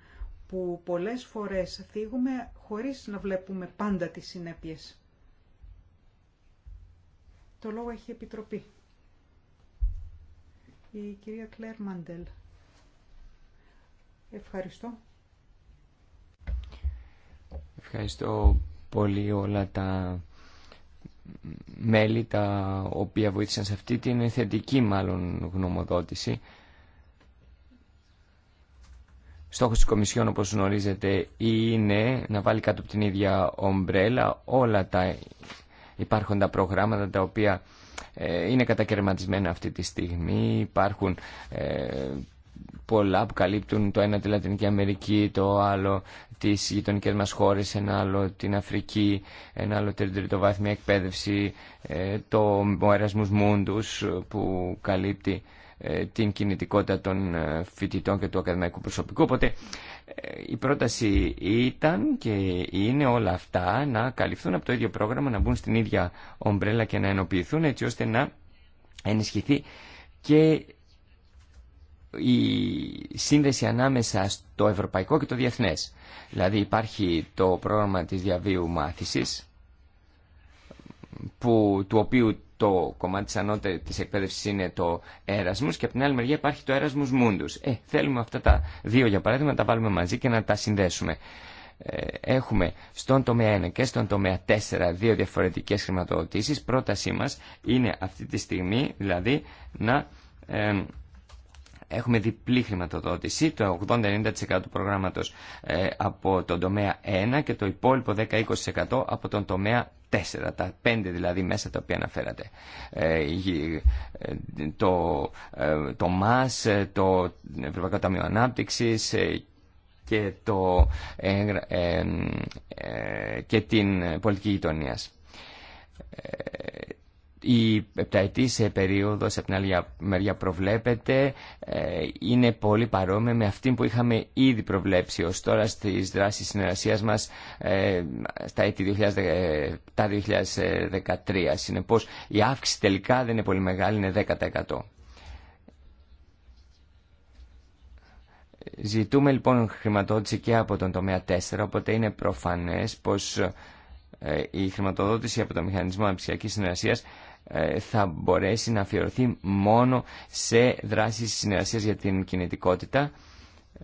που πολλές φορές θίγουμε χωρίς να βλέπουμε πάντα τις συνέπειες. Το λόγο έχει επιτροπή. Η κυρία Κλέρ Μαντέλ. Ευχαριστώ. Ευχαριστώ πολύ όλα τα μέλη τα οποία βοήθησαν σε αυτή την θετική μάλλον γνωμοδότηση. Στόχος της Κομισιόν όπως γνωρίζετε είναι να βάλει κάτω από την ίδια ομπρέλα όλα τα υπάρχοντα προγράμματα τα οποία ε, είναι κατακαιρματισμένα αυτή τη στιγμή. Υπάρχουν ε, πολλά που καλύπτουν το ένα τη Λατινική Αμερική, το άλλο τι γειτονικέ μας χώρες, ένα άλλο την Αφρική, ένα άλλο την τριτοβάθμια εκπαίδευση, ε, το Erasmus που καλύπτει ε, την κινητικότητα των ε, φοιτητών και του ακαδημαϊκού προσωπικού. Οπότε η πρόταση ήταν και είναι όλα αυτά να καλυφθούν από το ίδιο πρόγραμμα, να μπουν στην ίδια ομπρέλα και να ενοποιηθούν έτσι ώστε να ενισχυθεί και η σύνδεση ανάμεσα στο ευρωπαϊκό και το διεθνές. Δηλαδή υπάρχει το πρόγραμμα της διαβίου μάθησης, που, του οποίου το κομμάτι της ανώτερης της εκπαίδευσης είναι το έρασμος και από την άλλη μεριά υπάρχει το έρασμος μούντους. Ε, θέλουμε αυτά τα δύο για παράδειγμα να τα βάλουμε μαζί και να τα συνδέσουμε. Ε, έχουμε στον τομέα 1 και στον τομέα 4 δύο διαφορετικές χρηματοδοτήσεις. Πρότασή μας είναι αυτή τη στιγμή δηλαδή να... Ε, έχουμε διπλή χρηματοδότηση, το 80-90% του προγράμματος ε, από τον τομέα 1 και το υπόλοιπο 10-20% από τον τομέα 4, τα 5 δηλαδή μέσα τα οποία αναφέρατε. Ε, ε, το, το ΜΑΣ, το Ευρωπαϊκό Ταμείο Ανάπτυξης και, το, και την πολιτική γειτονίας η επταετής περίοδος από την άλλη μεριά προβλέπεται ε, είναι πολύ παρόμοια με αυτή που είχαμε ήδη προβλέψει ως τώρα στις δράσεις συνεργασίας μας ε, στα έτη 2013. Ε, Συνεπώς η αύξηση τελικά δεν είναι πολύ μεγάλη, είναι 10%. Ζητούμε λοιπόν χρηματοδότηση και από τον τομέα 4, οπότε είναι προφανές πως η χρηματοδότηση από το Μηχανισμό Αναψυχιακής Συνεργασίας ε, θα μπορέσει να αφιερωθεί μόνο σε δράσεις συνεργασίας για την κινητικότητα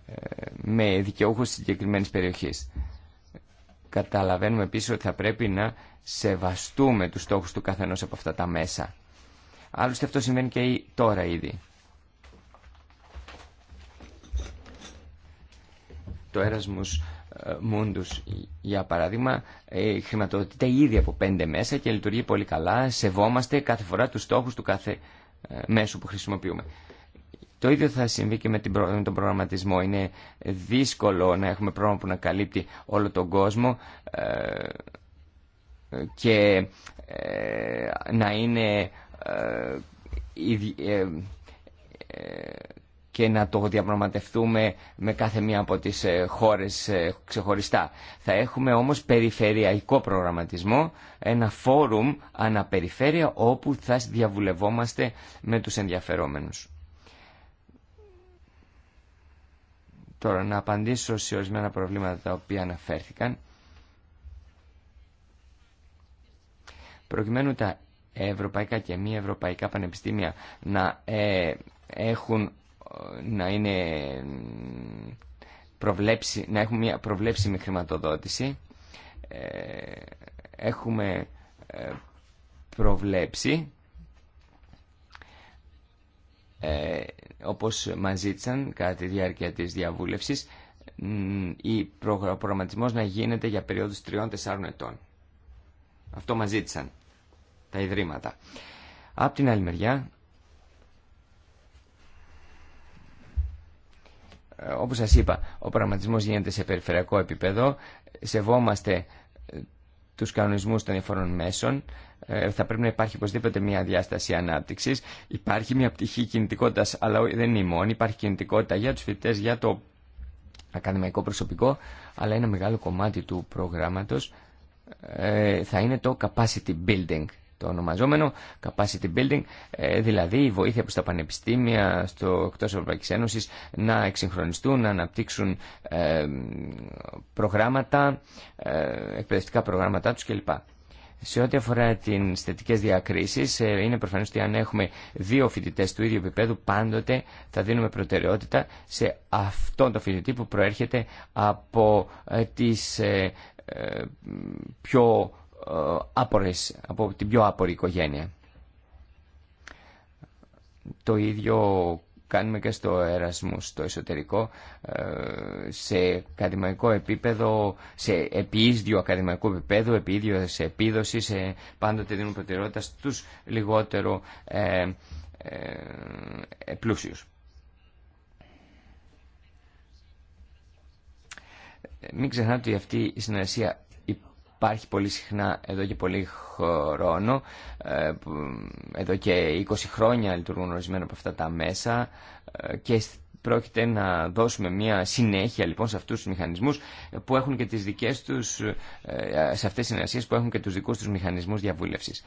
ε, με δικαιούχους συγκεκριμένης περιοχής. Καταλαβαίνουμε επίσης ότι θα πρέπει να σεβαστούμε τους στόχους του καθενός από αυτά τα μέσα. Άλλωστε αυτό συμβαίνει και τώρα ήδη. Το Erasmus Μούντους για παράδειγμα χρηματοδοτείται ήδη από πέντε μέσα και λειτουργεί πολύ καλά σεβόμαστε κάθε φορά τους στόχους του κάθε ε, μέσου που χρησιμοποιούμε το ίδιο θα συμβεί και με, με τον προγραμματισμό είναι δύσκολο να έχουμε πρόγραμμα που να καλύπτει όλο τον κόσμο ε, και ε, να είναι και να το διαπραγματευτούμε με κάθε μία από τις ε, χώρες ε, ξεχωριστά. Θα έχουμε όμως περιφερειακό προγραμματισμό, ένα φόρουμ αναπεριφέρεια όπου θα διαβουλευόμαστε με τους ενδιαφερόμενους. Τώρα να απαντήσω σε ορισμένα προβλήματα τα οποία αναφέρθηκαν. Προκειμένου τα ευρωπαϊκά και μη ευρωπαϊκά πανεπιστήμια να ε, έχουν να είναι προβλέψη, να έχουμε μια προβλέψιμη χρηματοδότηση. Ε, έχουμε ε, προβλέψει ε, όπως μας ζήτησαν κατά τη διάρκεια της διαβούλευσης Ο προγραμματισμός να γίνεται για περίοδους 3-4 ετών. Αυτό μας ζήτησαν τα Ιδρύματα. Από την άλλη μεριά Ε, όπως σας είπα, ο πραγματισμός γίνεται σε περιφερειακό επίπεδο, σεβόμαστε ε, τους κανονισμούς των διαφορών μέσων, ε, θα πρέπει να υπάρχει οπωσδήποτε μια διάσταση ανάπτυξης, υπάρχει μια πτυχή κινητικότητα, αλλά δεν είναι η μόνη, υπάρχει κινητικότητα για του φοιτητέ, για το ακαδημαϊκό προσωπικό, αλλά ένα μεγάλο κομμάτι του προγράμματο θα είναι το capacity building, το ονομαζόμενο capacity building, ε, δηλαδή η βοήθεια προς τα πανεπιστήμια στο, εκτός Ευρωπαϊκής Ένωσης να εξυγχρονιστούν, να αναπτύξουν ε, προγράμματα, ε, εκπαιδευτικά προγράμματά τους κλπ. Σε ό,τι αφορά τι θετικέ διακρίσει, είναι προφανέ ότι αν έχουμε δύο φοιτητέ του ίδιου επίπεδου, πάντοτε θα δίνουμε προτεραιότητα σε αυτόν τον φοιτητή που προέρχεται από τι πιο ε, άπορες, από την πιο άπορη οικογένεια. Το ίδιο κάνουμε και στο έρασμο, στο εσωτερικό, ε, σε ακαδημαϊκό επίπεδο, σε επίσδιο ακαδημαϊκό επίπεδο, επίδιο, σε επίδοση, σε πάντοτε δίνουν προτεραιότητα στους λιγότερο ε, ε, πλούσιους. Ε, μην ξεχνάτε ότι αυτή η συνεργασία υπάρχει πολύ συχνά εδώ και πολύ χρόνο. Ε, εδώ και 20 χρόνια λειτουργούν ορισμένα από αυτά τα μέσα ε, και πρόκειται να δώσουμε μια συνέχεια λοιπόν σε αυτούς τους μηχανισμούς που έχουν και τις δικές τους, ε, σε αυτές τις συνεργασίες που έχουν και τους δικούς τους μηχανισμούς διαβούλευσης.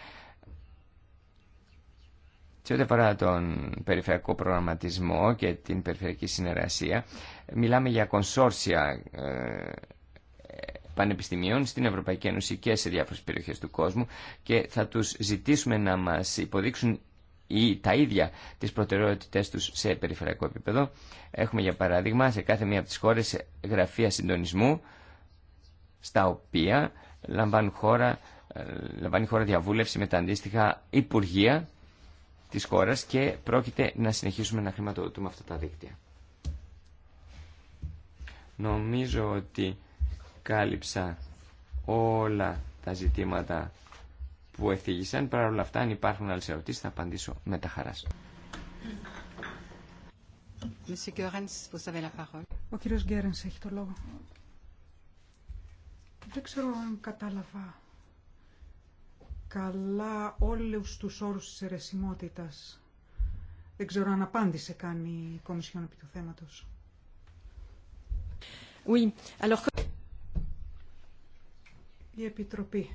Σε ό,τι αφορά τον περιφερειακό προγραμματισμό και την περιφερειακή συνεργασία, μιλάμε για κονσόρσια πανεπιστημίων στην Ευρωπαϊκή Ένωση και σε διάφορες περιοχές του κόσμου και θα τους ζητήσουμε να μας υποδείξουν ή τα ίδια τις προτεραιότητές τους σε περιφερειακό επίπεδο. Έχουμε για παράδειγμα σε κάθε μία από τις χώρες γραφεία συντονισμού στα οποία λαμβάνει χώρα, ε, λαμβάνει χώρα διαβούλευση με τα αντίστοιχα υπουργεία της χώρας και πρόκειται να συνεχίσουμε να χρηματοδοτούμε αυτά τα δίκτυα. Νομίζω ότι κάλυψα όλα τα ζητήματα που εφηγήσαν. Παρ' όλα αυτά, αν υπάρχουν άλλες ερωτήσεις, θα απαντήσω με τα χαρά. Ο κύριος Γκέρενς έχει το λόγο. Δεν ξέρω αν κατάλαβα καλά όλους τους όρους της αιρεσιμότητας. Δεν ξέρω αν απάντησε καν η Κομισιόν επί του θέματος. Oui. Alors η Επιτροπή.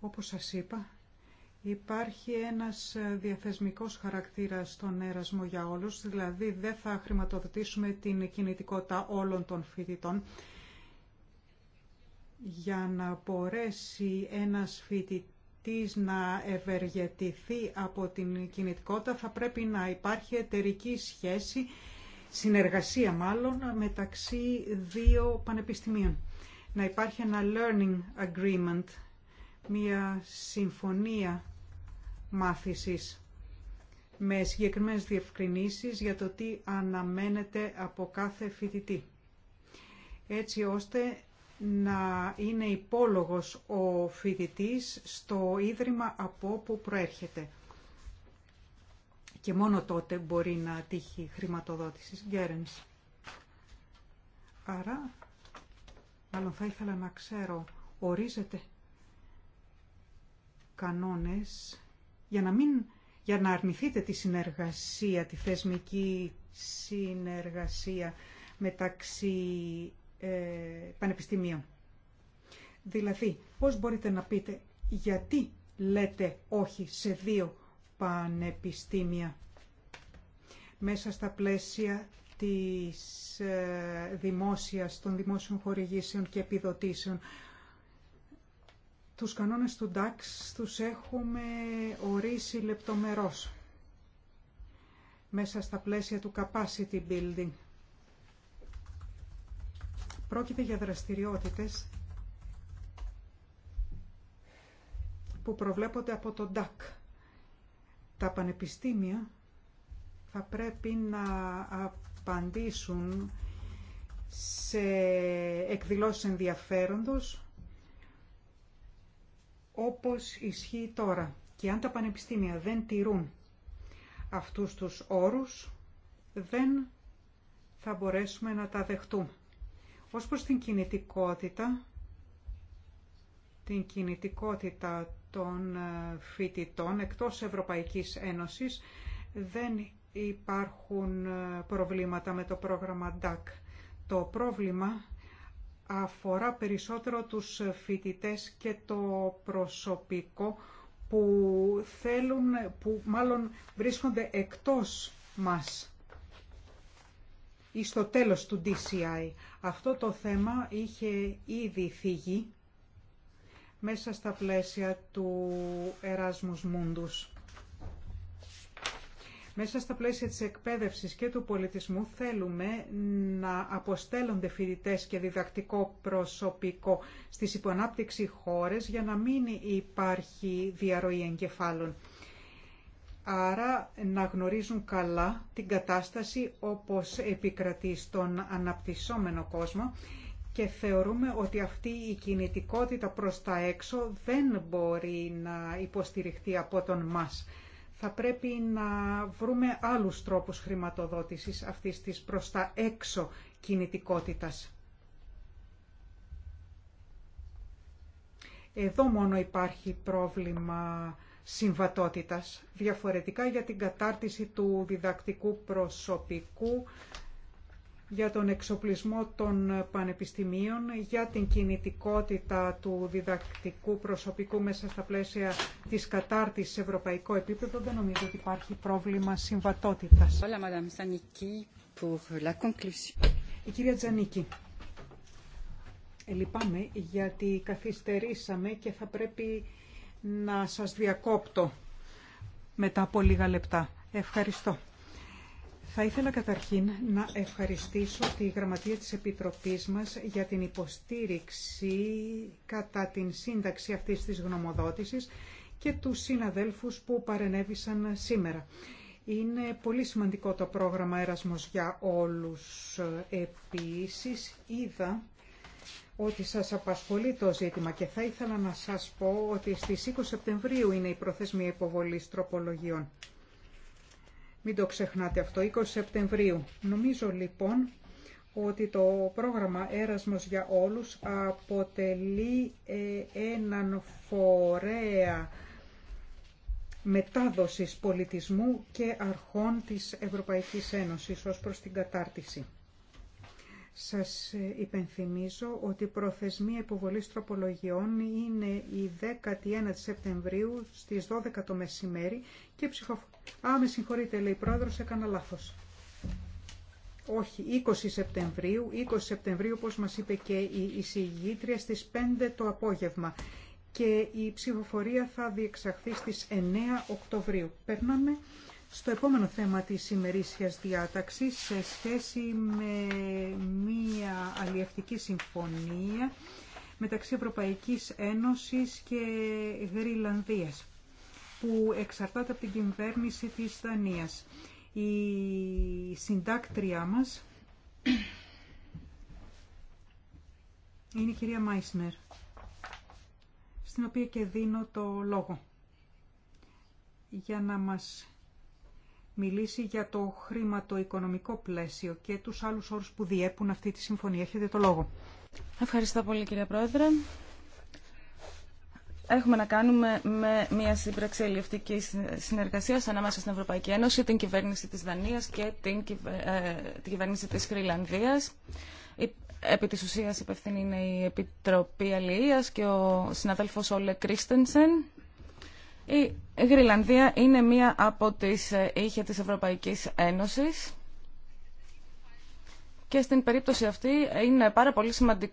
Όπως σας είπα, υπάρχει ένας διαθεσμικός χαρακτήρας στον έρασμο για όλους, δηλαδή δεν θα χρηματοδοτήσουμε την κινητικότητα όλων των φοιτητών. Για να μπορέσει ένας φοιτητής να ευεργετηθεί από την κινητικότητα θα πρέπει να υπάρχει εταιρική σχέση, συνεργασία μάλλον, μεταξύ δύο πανεπιστημίων να υπάρχει ένα learning agreement, μία συμφωνία μάθησης με συγκεκριμένες διευκρινήσεις για το τι αναμένεται από κάθε φοιτητή. Έτσι ώστε να είναι υπόλογος ο φοιτητής στο ίδρυμα από όπου προέρχεται. Και μόνο τότε μπορεί να τύχει χρηματοδότησης. Γκέρενς. Άρα Άλλο θα ήθελα να ξέρω, ορίζετε κανόνες για να, μην, για να αρνηθείτε τη συνεργασία, τη θεσμική συνεργασία μεταξύ ε, πανεπιστημίων. Δηλαδή, πώς μπορείτε να πείτε γιατί λέτε όχι σε δύο πανεπιστήμια μέσα στα πλαίσια της ε, δημόσιας, των δημόσιων χορηγήσεων και επιδοτήσεων. Τους κανόνες του DAX τους έχουμε ορίσει λεπτομερώς μέσα στα πλαίσια του capacity building. Πρόκειται για δραστηριότητες που προβλέπονται από το DAC. Τα πανεπιστήμια θα πρέπει να απαντήσουν σε εκδηλώσεις ενδιαφέροντος όπως ισχύει τώρα. Και αν τα πανεπιστήμια δεν τηρούν αυτούς τους όρους, δεν θα μπορέσουμε να τα δεχτούμε. Ως προς την κινητικότητα, την κινητικότητα των φοιτητών εκτός Ευρωπαϊκής Ένωσης, δεν υπάρχουν ε, προβλήματα με το πρόγραμμα DAC. Το πρόβλημα αφορά περισσότερο τους φοιτητές και το προσωπικό που θέλουν, που μάλλον βρίσκονται εκτός μας ή στο τέλος του DCI. Αυτό το θέμα είχε ήδη φύγει μέσα στα πλαίσια του Erasmus Mundus. Μέσα στα πλαίσια της εκπαίδευσης και του πολιτισμού θέλουμε να αποστέλλονται φοιτητέ και διδακτικό προσωπικό στις υποανάπτυξη χώρες για να μην υπάρχει διαρροή εγκεφάλων. Άρα να γνωρίζουν καλά την κατάσταση όπως επικρατεί στον αναπτυσσόμενο κόσμο και θεωρούμε ότι αυτή η κινητικότητα προς τα έξω δεν μπορεί να υποστηριχτεί από τον μας θα πρέπει να βρούμε άλλους τρόπους χρηματοδότησης αυτής της προς τα έξω κινητικότητας. Εδώ μόνο υπάρχει πρόβλημα συμβατότητας, διαφορετικά για την κατάρτιση του διδακτικού προσωπικού, για τον εξοπλισμό των πανεπιστημίων, για την κινητικότητα του διδακτικού προσωπικού μέσα στα πλαίσια της κατάρτισης σε ευρωπαϊκό επίπεδο, δεν νομίζω ότι υπάρχει πρόβλημα συμβατότητας. Η κυρία Τζανίκη, ε, λυπάμαι γιατί καθυστερήσαμε και θα πρέπει να σας διακόπτω μετά από λίγα λεπτά. Ευχαριστώ. Θα ήθελα καταρχήν να ευχαριστήσω τη Γραμματεία της Επιτροπής μας για την υποστήριξη κατά την σύνταξη αυτής της γνωμοδότησης και τους συναδέλφους που παρενέβησαν σήμερα. Είναι πολύ σημαντικό το πρόγραμμα Έρασμος για όλους. Επίσης, είδα ότι σας απασχολεί το ζήτημα και θα ήθελα να σας πω ότι στις 20 Σεπτεμβρίου είναι η προθεσμία υποβολής τροπολογιών. Μην το ξεχνάτε αυτό, 20 Σεπτεμβρίου. Νομίζω λοιπόν ότι το πρόγραμμα Έρασμος για όλους αποτελεί ε, έναν φορέα μετάδοσης πολιτισμού και αρχών της Ευρωπαϊκής Ένωσης ως προς την κατάρτιση. Σας ε, υπενθυμίζω ότι η προθεσμία υποβολής τροπολογιών είναι η 19 Σεπτεμβρίου στις 12 το μεσημέρι και Α, με συγχωρείτε, λέει πρόεδρο, έκανα λάθο. Όχι, 20 Σεπτεμβρίου, 20 Σεπτεμβρίου, όπως μας είπε και η εισηγήτρια, στις 5 το απόγευμα. Και η ψηφοφορία θα διεξαχθεί στις 9 Οκτωβρίου. Περνάμε στο επόμενο θέμα της ημερήσιας διάταξης σε σχέση με μία αλλιευτική συμφωνία μεταξύ Ευρωπαϊκής Ένωσης και Γρυλανδίας που εξαρτάται από την κυβέρνηση της Δανίας. Η συντάκτριά μας είναι η κυρία Μάισνερ, στην οποία και δίνω το λόγο για να μας μιλήσει για το χρηματοοικονομικό πλαίσιο και τους άλλους όρους που διέπουν αυτή τη συμφωνία. Έχετε το λόγο. Ευχαριστώ πολύ κύριε Πρόεδρε έχουμε να κάνουμε με μια σύμπραξη ελληνική συνεργασία ανάμεσα στην Ευρωπαϊκή Ένωση, την κυβέρνηση της Δανίας και την, ε, κυβέρνηση της Χρυλανδίας. Επί της ουσίας υπευθύνη είναι η Επιτροπή Αλληλείας και ο συναδέλφος Όλε Κρίστενσεν. Η Γρυλανδία είναι μία από τις ήχε ε, της Ευρωπαϊκής Ένωσης και στην περίπτωση αυτή είναι πάρα πολύ σημαντικό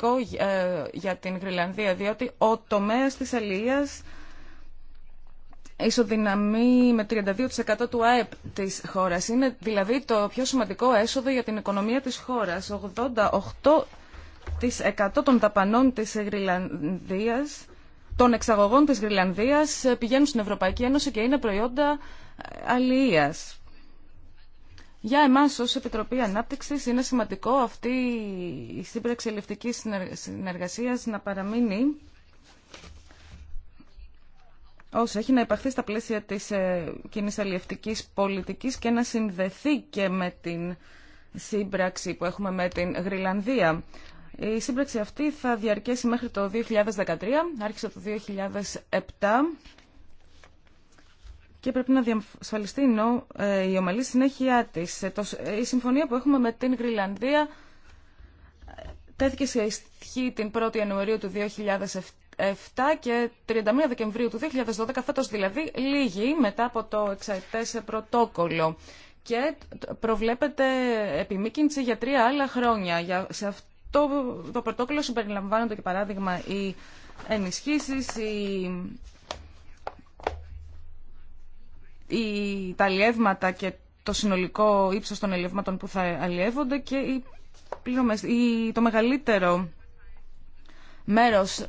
σημαντικό ε, για την Γρυλανδία, διότι ο τομέας της αλληλεία, ισοδυναμεί με 32% του ΑΕΠ της χώρας. Είναι δηλαδή το πιο σημαντικό έσοδο για την οικονομία της χώρας. 88% των ταπανών της Γρυλανδίας, των εξαγωγών της Γρυλανδίας ε, πηγαίνουν στην Ευρωπαϊκή Ένωση και είναι προϊόντα ε, αλληλείας. Για εμάς ως Επιτροπή Ανάπτυξης είναι σημαντικό αυτή η σύμπραξη ελευτική συνεργασίας να παραμείνει όσο έχει να υπαχθεί στα πλαίσια της ε, κοινής πολιτική πολιτικής και να συνδεθεί και με την σύμπραξη που έχουμε με την Γρυλανδία. Η σύμπραξη αυτή θα διαρκέσει μέχρι το 2013, άρχισε το 2007 και πρέπει να διασφαλιστεί ε, η ομαλή συνέχειά της. Ε, ε, η συμφωνία που έχουμε με την Γρυλανδία τέθηκε σε ισχύ την 1η Ιανουαρίου του 2007 και 31 Δεκεμβρίου του 2012, φέτος δηλαδή, λίγη μετά από το εξαετές πρωτόκολλο και προβλέπεται επιμήκυνση για τρία άλλα χρόνια. Για, σε αυτό το πρωτόκολλο συμπεριλαμβάνονται και παράδειγμα οι ενισχύσεις, οι τα αλλιεύματα και το συνολικό ύψος των αλλιεύματων που θα αλλιεύονται και οι το μεγαλύτερο μέρος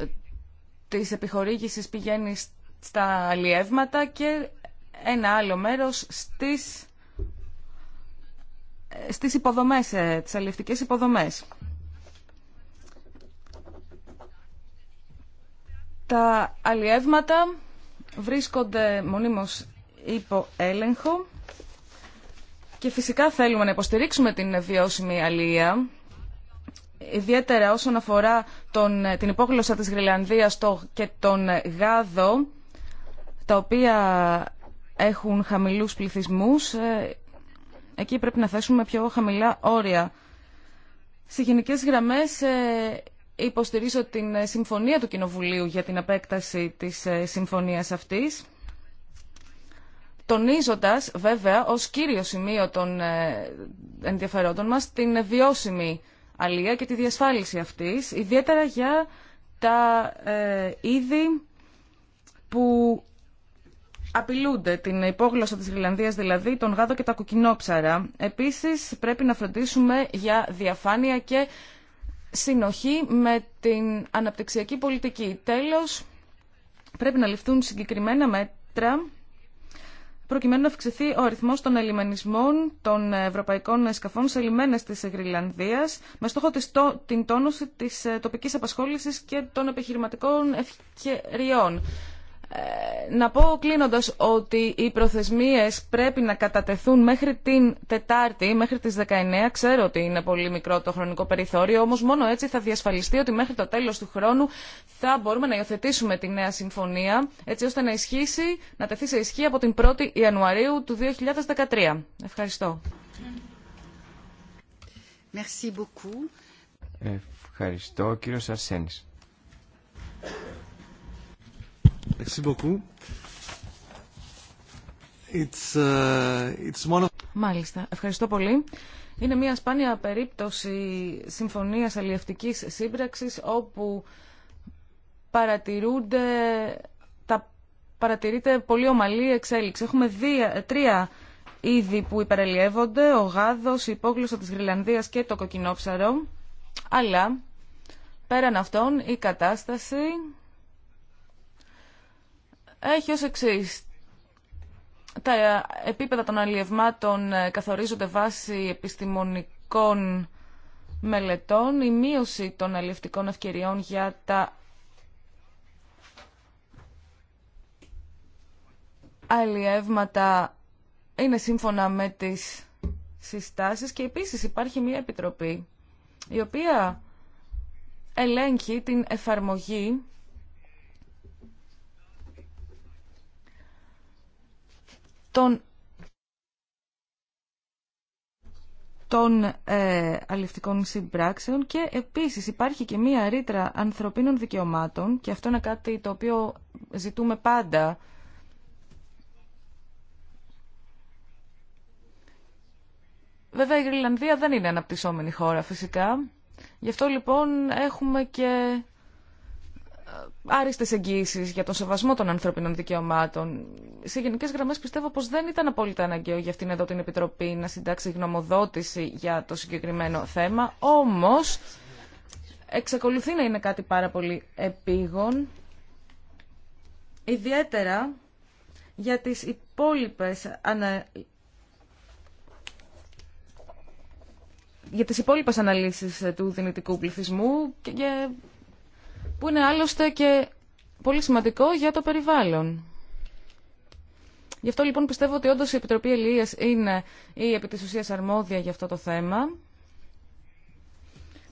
της επιχορήγησης πηγαίνει στα αλλιεύματα και ένα άλλο μέρος στις, στις υποδομές, ε, τις αλλιευτικές υποδομές. Τα αλλιεύματα βρίσκονται μονίμως υπό έλεγχο και φυσικά θέλουμε να υποστηρίξουμε την βιώσιμη αλία, ιδιαίτερα όσον αφορά τον, την υπόγλωσσα της Γρυλανδίας το, και τον Γάδο, τα οποία έχουν χαμηλούς πληθυσμούς, ε, εκεί πρέπει να θέσουμε πιο χαμηλά όρια. Σε γενικές γραμμές ε, υποστηρίζω την ε, συμφωνία του Κοινοβουλίου για την απέκταση της συμφωνίας αυτής τονίζοντας βέβαια ως κύριο σημείο των ε, ενδιαφερόντων μας την βιώσιμη αλία και τη διασφάλιση αυτής, ιδιαίτερα για τα ε, είδη που απειλούνται, την υπόγλωσσα της Γρυλανδίας δηλαδή, τον γάδο και τα κοκκινόψαρα. Επίσης πρέπει να φροντίσουμε για διαφάνεια και συνοχή με την αναπτυξιακή πολιτική. Τέλος, πρέπει να ληφθούν συγκεκριμένα μέτρα προκειμένου να αυξηθεί ο αριθμός των ελιμενισμών των ευρωπαϊκών σκαφών σε λιμένες της Γρυλανδίας με στόχο την τόνωση της ε, τοπικής απασχόλησης και των επιχειρηματικών ευκαιριών. Ε, να πω κλείνοντας ότι οι προθεσμίες πρέπει να κατατεθούν μέχρι την Τετάρτη, μέχρι τις 19. Ξέρω ότι είναι πολύ μικρό το χρονικό περιθώριο, όμως μόνο έτσι θα διασφαλιστεί ότι μέχρι το τέλος του χρόνου θα μπορούμε να υιοθετήσουμε τη νέα συμφωνία, έτσι ώστε να ισχύσει, να τεθεί σε ισχύ από την 1η Ιανουαρίου του 2013. Ευχαριστώ. Ευχαριστώ, κύριος Αρσένης. Uh, Μάλιστα. Ευχαριστώ πολύ. Είναι μια σπάνια περίπτωση συμφωνίας αλλιευτικής σύμπραξης όπου παρατηρούνται τα παρατηρείται πολύ ομαλή εξέλιξη. Έχουμε δύο, τρία είδη που υπερελιεύονται, ο γάδος, η υπόγλωσσα της Γρυλανδίας και το κοκκινόψαρο. Αλλά πέραν αυτών η κατάσταση έχει ως εξή Τα επίπεδα των αλλιευμάτων ε, καθορίζονται βάσει επιστημονικών μελετών. Η μείωση των αλλιευτικών ευκαιριών για τα αλλιεύματα είναι σύμφωνα με τις συστάσεις και επίσης υπάρχει μια επιτροπή η οποία ελέγχει την εφαρμογή των, των ε, αληφτικών συμπράξεων και επίσης υπάρχει και μία ρήτρα ανθρωπίνων δικαιωμάτων και αυτό είναι κάτι το οποίο ζητούμε πάντα Βέβαια η Γρυλανδία δεν είναι αναπτυσσόμενη χώρα φυσικά. Γι' αυτό λοιπόν έχουμε και άριστες εγγύησεις για τον σεβασμό των ανθρώπινων δικαιωμάτων. Σε γενικές γραμμές πιστεύω πως δεν ήταν απόλυτα αναγκαίο για αυτήν εδώ την Επιτροπή να συντάξει γνωμοδότηση για το συγκεκριμένο θέμα, όμως εξακολουθεί να είναι κάτι πάρα πολύ επίγον, ιδιαίτερα για τις υπόλοιπες ανα... για τις υπόλοιπες αναλύσεις του δυνητικού πληθυσμού και που είναι άλλωστε και πολύ σημαντικό για το περιβάλλον. Γι' αυτό λοιπόν πιστεύω ότι όντω η Επιτροπή Ελίας είναι η επί της ουσίας αρμόδια για αυτό το θέμα.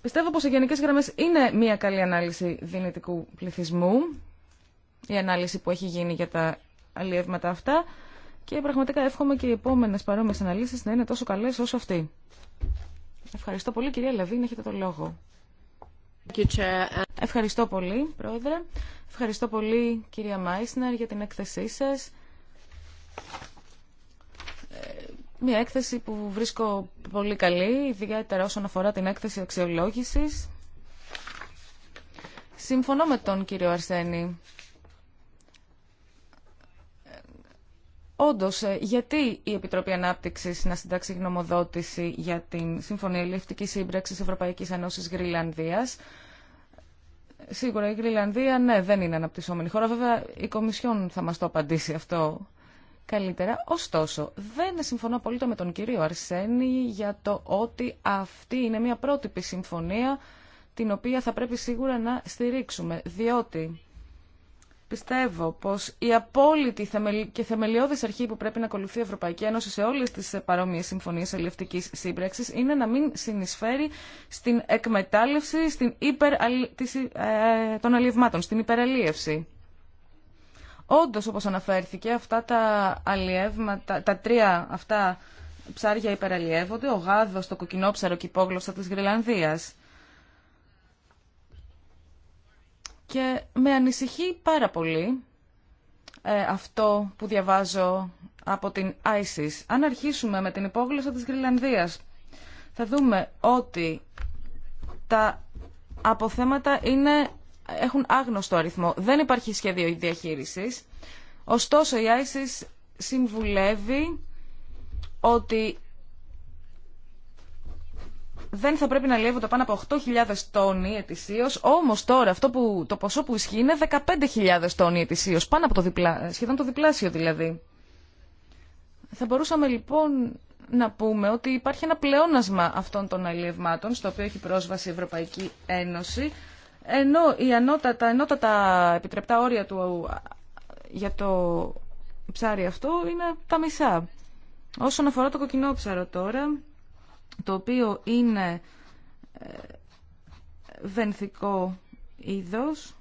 Πιστεύω πως οι γενικές γραμμές είναι μια καλή ανάλυση δυνητικού πληθυσμού, η ανάλυση που έχει γίνει για τα αλλιεύματα αυτά και πραγματικά εύχομαι και οι επόμενες παρόμοιες αναλύσεις να είναι τόσο καλές όσο αυτή. Ευχαριστώ πολύ κυρία Λαβίν, έχετε το λόγο. Ευχαριστώ πολύ, Πρόεδρε. Ευχαριστώ πολύ, κυρία Μάισνερ, για την έκθεσή σας. Ε, μια έκθεση που βρίσκω πολύ καλή, ιδιαίτερα όσον αφορά την έκθεση αξιολόγησης. Συμφωνώ με τον κύριο Αρσένη Όντω, ε, γιατί η Επιτροπή ανάπτυξη να συντάξει γνωμοδότηση για την Συμφωνία Ελληνική σύμπραξη Ευρωπαϊκή Ένωση Γρυλανδία. Σίγουρα η Γρυλανδία, ναι, δεν είναι αναπτυσσόμενη χώρα. Βέβαια, η Κομισιόν θα μα το απαντήσει αυτό καλύτερα. Ωστόσο, δεν συμφωνώ πολύ με τον κύριο Αρσένη για το ότι αυτή είναι μια πρότυπη συμφωνία την οποία θα πρέπει σίγουρα να στηρίξουμε, διότι Πιστεύω πως η απόλυτη και θεμελιώδης αρχή που πρέπει να ακολουθεί η Ευρωπαϊκή Ένωση σε όλες τις παρόμοιες συμφωνίες ελευτικής σύμπραξης είναι να μην συνεισφέρει στην εκμετάλλευση στην υπερ... Ε, των αλλιευμάτων, στην υπεραλίευση. Όντω όπως αναφέρθηκε, αυτά τα αλλιεύματα, τα τρία αυτά ψάρια υπεραλλιεύονται, ο γάδο, το κοκκινόψαρο και η υπόγλωσσα τη Γρυλανδία. Και με ανησυχεί πάρα πολύ ε, αυτό που διαβάζω από την ISIS. Αν αρχίσουμε με την υπόγλωσσα της Γρυλανδίας, θα δούμε ότι τα αποθέματα είναι, έχουν άγνωστο αριθμό. Δεν υπάρχει σχέδιο διαχείρισης. Ωστόσο, η ISIS συμβουλεύει ότι δεν θα πρέπει να λιεύονται πάνω από 8.000 τόνοι ετησίω, όμω τώρα αυτό που, το ποσό που ισχύει είναι 15.000 τόνοι ετησίω, πάνω από το σχεδόν το διπλάσιο δηλαδή. Θα μπορούσαμε λοιπόν να πούμε ότι υπάρχει ένα πλεόνασμα αυτών των αλλιευμάτων, στο οποίο έχει πρόσβαση η Ευρωπαϊκή Ένωση, ενώ η ανώτατα, τα επιτρεπτά όρια του, για το ψάρι αυτό είναι τα μισά. Όσον αφορά το ψάρο τώρα, το οποίο είναι ε, βενθικό είδος.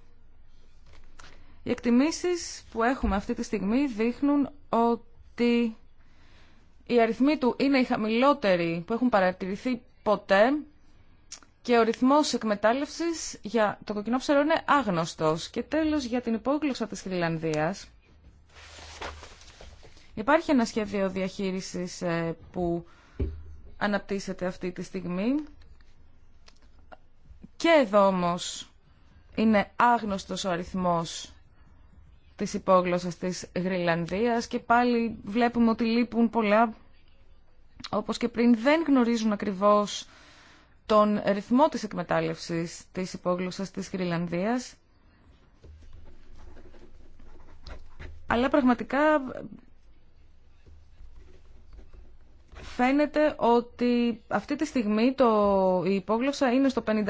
Οι εκτιμήσεις που έχουμε αυτή τη στιγμή δείχνουν ότι οι αριθμοί του είναι οι χαμηλότεροι που έχουν παρατηρηθεί ποτέ και ο ρυθμός εκμετάλλευσης για το κοκκινόψερο είναι άγνωστος. Και τέλος για την υπόγλωσσα της Φιλανδίας. Υπάρχει ένα σχέδιο διαχείρισης ε, που αναπτύσσεται αυτή τη στιγμή. Και εδώ όμως είναι άγνωστος ο αριθμός της υπόγλωσσας της Γρυλανδίας και πάλι βλέπουμε ότι λείπουν πολλά, όπως και πριν δεν γνωρίζουν ακριβώς τον ρυθμό της εκμετάλλευσης της υπόγλωσσας της Γρυλανδίας. Αλλά πραγματικά φαίνεται ότι αυτή τη στιγμή το, η υπόγλωσσα είναι στο 55%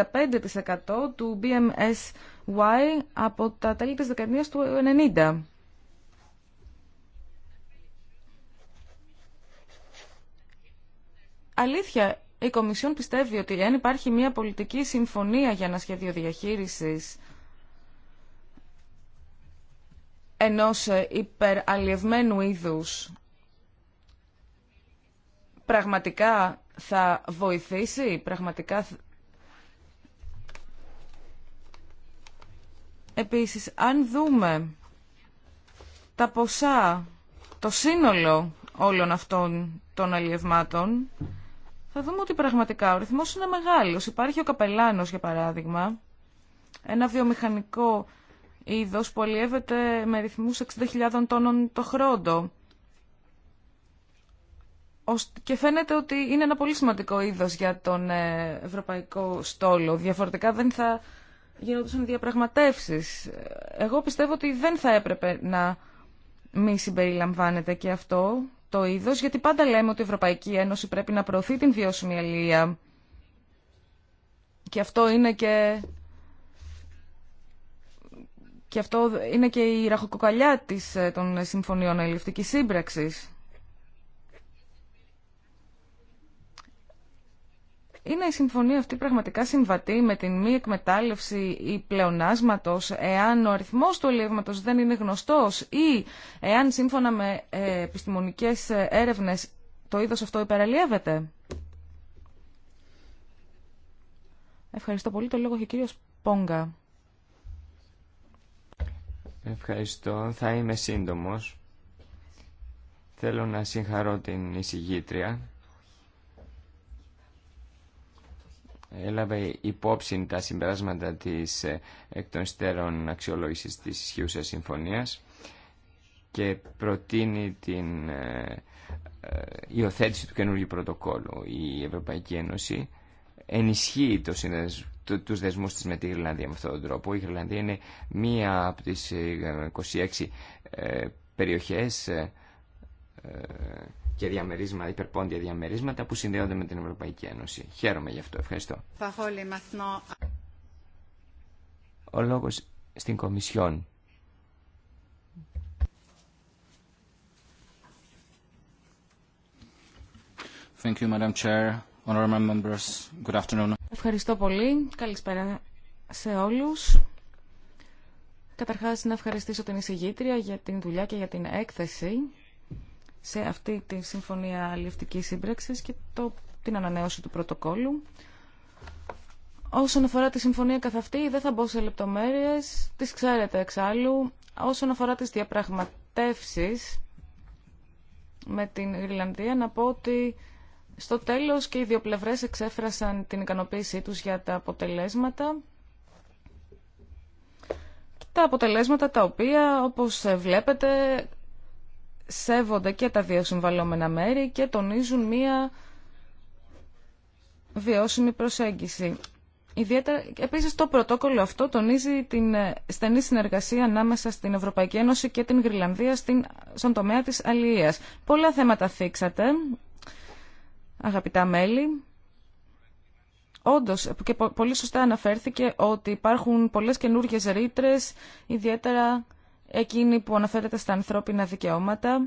του BMSY από τα τέλη της δεκαετίας του 90. Αλήθεια, η Κομισιόν πιστεύει ότι αν υπάρχει μια πολιτική συμφωνία για ένα σχέδιο διαχείρισης ενός υπεραλλιευμένου είδους πραγματικά θα βοηθήσει, πραγματικά... Επίσης, αν δούμε τα ποσά, το σύνολο όλων αυτών των αλλιευμάτων, θα δούμε ότι πραγματικά ο ρυθμός είναι μεγάλος. Υπάρχει ο καπελάνος, για παράδειγμα, ένα βιομηχανικό είδος που αλλιεύεται με ρυθμούς 60.000 τόνων το χρόνο και φαίνεται ότι είναι ένα πολύ σημαντικό είδος για τον ε, ευρωπαϊκό στόλο. Διαφορετικά δεν θα γινόντουσαν διαπραγματεύσεις. Εγώ πιστεύω ότι δεν θα έπρεπε να μη συμπεριλαμβάνεται και αυτό το είδος, γιατί πάντα λέμε ότι η Ευρωπαϊκή Ένωση πρέπει να προωθεί την βιώσιμη αλληλεία. Και αυτό είναι και... Και αυτό είναι και η ραχοκοκαλιά της, ε, των συμφωνιών αλληλευτικής σύμπραξης. είναι η συμφωνία αυτή πραγματικά συμβατή με την μη εκμετάλλευση ή πλεονάσματος εάν ο αριθμός του ελεύματος δεν είναι γνωστός ή εάν σύμφωνα με ε, επιστημονικές έρευνες το είδος αυτό υπεραλλιεύεται. Ευχαριστώ πολύ. Το λόγο έχει ο κύριος Πόγκα. Ευχαριστώ. Θα είμαι σύντομος. Θέλω να συγχαρώ την εισηγήτρια έλαβε υπόψη τα συμπεράσματα της ε, εκ των στέρων αξιολόγησης της ισχύουσας συμφωνίας και προτείνει την ε, ε, υιοθέτηση του καινούργιου πρωτοκόλου. Η Ευρωπαϊκή Ένωση ενισχύει το τους δεσμούς της με τη Γρυλανδία με αυτόν τον τρόπο. Η Γρυλανδία είναι μία από τις 26 περιοχές και διαμερίσματα, υπερπόντια διαμερίσματα που συνδέονται με την Ευρωπαϊκή Ένωση. Χαίρομαι γι' αυτό. Ευχαριστώ. Ο λόγος στην Κομισιόν. Thank you, Madam Chair. members, good afternoon. Ευχαριστώ πολύ. Καλησπέρα σε όλους. Καταρχάς, να ευχαριστήσω την εισηγήτρια για την δουλειά και για την έκθεση σε αυτή τη Συμφωνία Αλληλευτικής Σύμπραξης και το, την ανανέωση του πρωτοκόλου. Όσον αφορά τη συμφωνία καθ' αυτή, δεν θα μπω σε λεπτομέρειες, τις ξέρετε εξάλλου. Όσον αφορά τις διαπραγματεύσεις με την Ιρλανδία, να πω ότι στο τέλος και οι δύο πλευρές εξέφρασαν την ικανοποίησή τους για τα αποτελέσματα. Τα αποτελέσματα τα οποία, όπως βλέπετε, σέβονται και τα δύο συμβαλόμενα μέρη και τονίζουν μία βιώσιμη προσέγγιση. Ιδιαίτερα, επίσης το πρωτόκολλο αυτό τονίζει την ε, στενή συνεργασία ανάμεσα στην Ευρωπαϊκή Ένωση και την Γρυλανδία στην, στον τομέα της αλληλείας. Πολλά θέματα θίξατε, αγαπητά μέλη. Όντως, και πολύ σωστά αναφέρθηκε ότι υπάρχουν πολλές καινούργιες ρήτρε, ιδιαίτερα εκείνη που αναφέρεται στα ανθρώπινα δικαιώματα.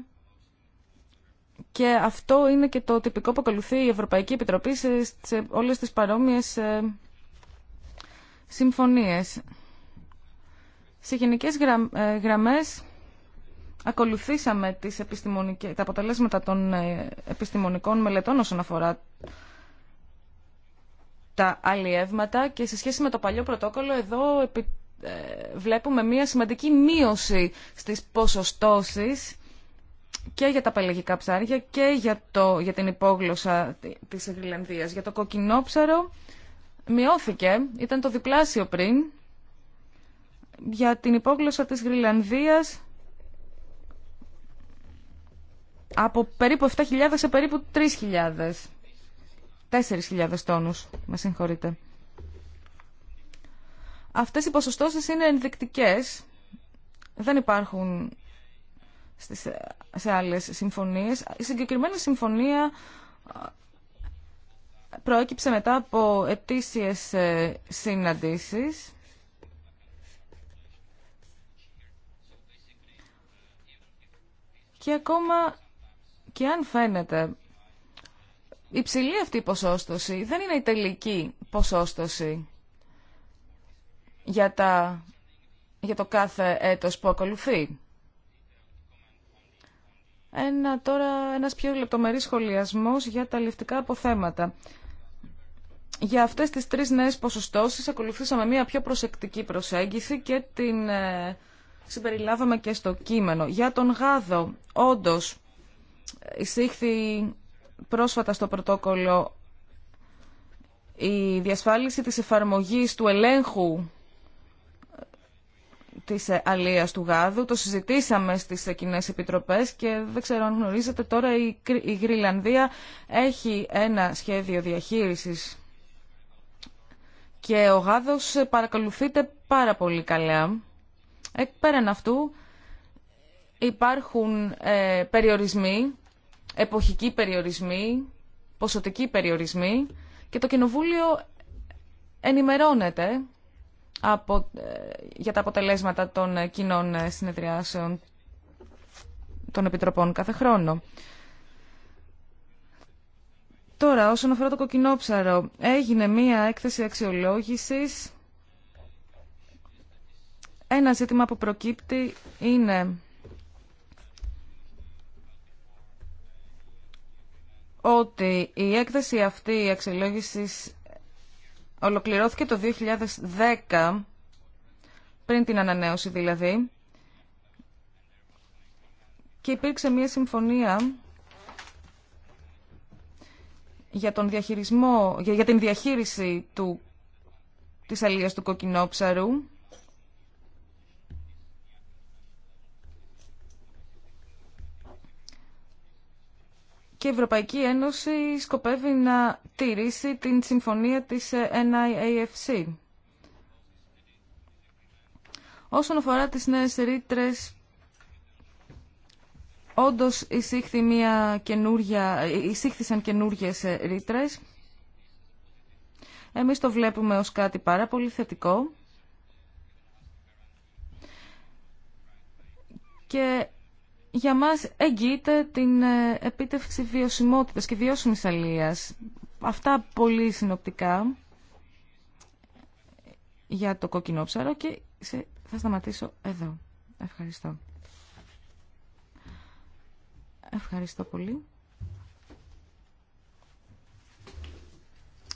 Και αυτό είναι και το τυπικό που ακολουθεί η Ευρωπαϊκή Επιτροπή σε, όλες τις παρόμοιες ε, συμφωνίες. Σε γενικές ε, γραμμές ακολουθήσαμε τις τα αποτελέσματα των ε, επιστημονικών μελετών όσον αφορά τα αλλιεύματα και σε σχέση με το παλιό πρωτόκολλο εδώ ε, βλέπουμε μία σημαντική μείωση στις ποσοστώσεις και για τα πελαγικά ψάρια και για, το, για την υπόγλωσσα της Ιρλανδίας. Για το κοκκινό ψαρό μειώθηκε, ήταν το διπλάσιο πριν. Για την υπόγλωσσα της Γρυλανδίας από περίπου 7.000 σε περίπου 3.000. 4.000 τόνους, με συγχωρείτε. Αυτές οι ποσοστώσεις είναι ενδεικτικές, δεν υπάρχουν στις, σε άλλες συμφωνίες. Η συγκεκριμένη συμφωνία προέκυψε μετά από ετήσιες ε, συναντήσεις. Και ακόμα και αν φαίνεται υψηλή αυτή η ποσόστοση, δεν είναι η τελική ποσόστοση για, τα, για το κάθε έτος που ακολουθεί. Ένα, τώρα ένας πιο λεπτομερής σχολιασμός για τα ληφτικά αποθέματα. Για αυτές τις τρεις νέες ποσοστώσεις ακολουθήσαμε μια πιο προσεκτική προσέγγιση και την ε, συμπεριλάβαμε και στο κείμενο. Για τον γάδο, όντως, εισήχθη πρόσφατα στο πρωτόκολλο η διασφάλιση της εφαρμογής του ελέγχου της ε, αλίας του γάδου. Το συζητήσαμε στις ε, κοινέ επιτροπές και δεν ξέρω αν γνωρίζετε τώρα η Γρυλανδία έχει ένα σχέδιο διαχείρισης και ο γάδος ε, παρακολουθείται πάρα πολύ καλά. Εκ πέραν αυτού υπάρχουν περιορισμοί, εποχικοί περιορισμοί, ποσοτικοί περιορισμοί και το Κοινοβούλιο ενημερώνεται απο, ε, για τα αποτελέσματα των κοινών ε, συνεδριάσεων των Επιτροπών κάθε χρόνο. Τώρα, όσον αφορά το κοκκινόψαρο, έγινε μία έκθεση αξιολόγησης. Ένα ζήτημα που προκύπτει είναι ότι η έκθεση αυτή η αξιολόγησης ολοκληρώθηκε το 2010, πριν την ανανέωση δηλαδή, και υπήρξε μια συμφωνία για, τον διαχειρισμό, για, την διαχείριση του, της αλίας του κοκκινόψαρου και η Ευρωπαϊκή Ένωση σκοπεύει να τηρήσει την συμφωνία της ε, NIAFC. Όσον αφορά τις νέες ρήτρε, όντως εισήχθησαν καινούργιες ε, ρήτρε. Εμείς το βλέπουμε ως κάτι πάρα πολύ θετικό. Και για μας εγγύεται την ε, επίτευξη βιωσιμότητας και βιώσιμης αλίας. Αυτά πολύ συνοπτικά για το κόκκινο ψαρό και θα σταματήσω εδώ. Ευχαριστώ. Ευχαριστώ πολύ.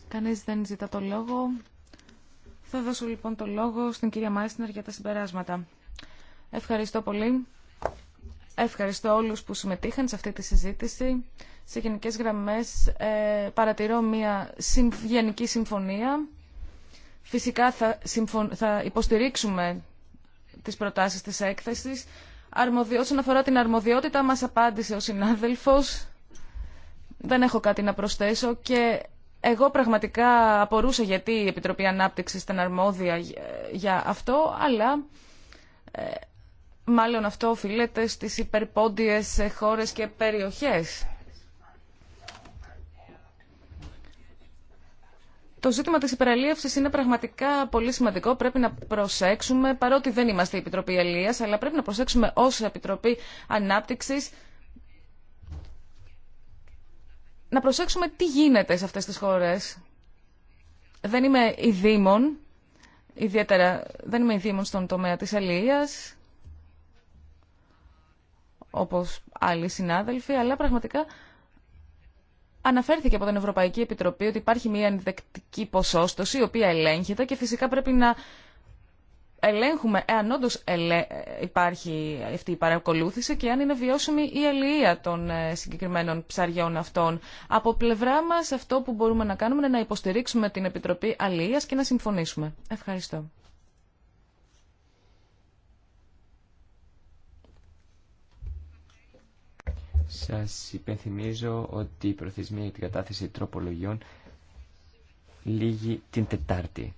Κανείς δεν ζητά το λόγο. Θα δώσω λοιπόν το λόγο στην κυρία Μάισνερ για τα συμπεράσματα. Ευχαριστώ πολύ. Ευχαριστώ όλους που συμμετείχαν σε αυτή τη συζήτηση. Σε γενικές γραμμές ε, παρατηρώ μια γενική συμφωνία. Φυσικά θα, υποστηρίξουμε τις προτάσεις της έκθεσης. Αρμοδι... Όσον αφορά την αρμοδιότητα, μας απάντησε ο συνάδελφος. Δεν έχω κάτι να προσθέσω και εγώ πραγματικά απορούσα γιατί η Επιτροπή Ανάπτυξης ήταν αρμόδια για αυτό, αλλά ε, Μάλλον αυτό οφείλεται στις υπερπόντιες χώρες και περιοχές. Το ζήτημα της υπεραλίευσης είναι πραγματικά πολύ σημαντικό. Πρέπει να προσέξουμε, παρότι δεν είμαστε η Επιτροπή Ελίας, αλλά πρέπει να προσέξουμε ως Επιτροπή Ανάπτυξης να προσέξουμε τι γίνεται σε αυτές τις χώρες. Δεν είμαι η Δήμων, ιδιαίτερα δεν είμαι η Δήμων στον τομέα της Αλίας όπως άλλοι συνάδελφοι, αλλά πραγματικά αναφέρθηκε από την Ευρωπαϊκή Επιτροπή ότι υπάρχει μια ενδεκτική ποσόστοση η οποία ελέγχεται και φυσικά πρέπει να ελέγχουμε εάν όντω υπάρχει αυτή η παρακολούθηση και αν είναι βιώσιμη η αλληλεία των ε, συγκεκριμένων ψαριών αυτών. Από πλευρά μας αυτό που μπορούμε να κάνουμε είναι να υποστηρίξουμε την Επιτροπή Αλληλείας και να συμφωνήσουμε. Ευχαριστώ. Σας υπενθυμίζω ότι η προθεσμία για την κατάθεση τροπολογιών λύγει την Τετάρτη,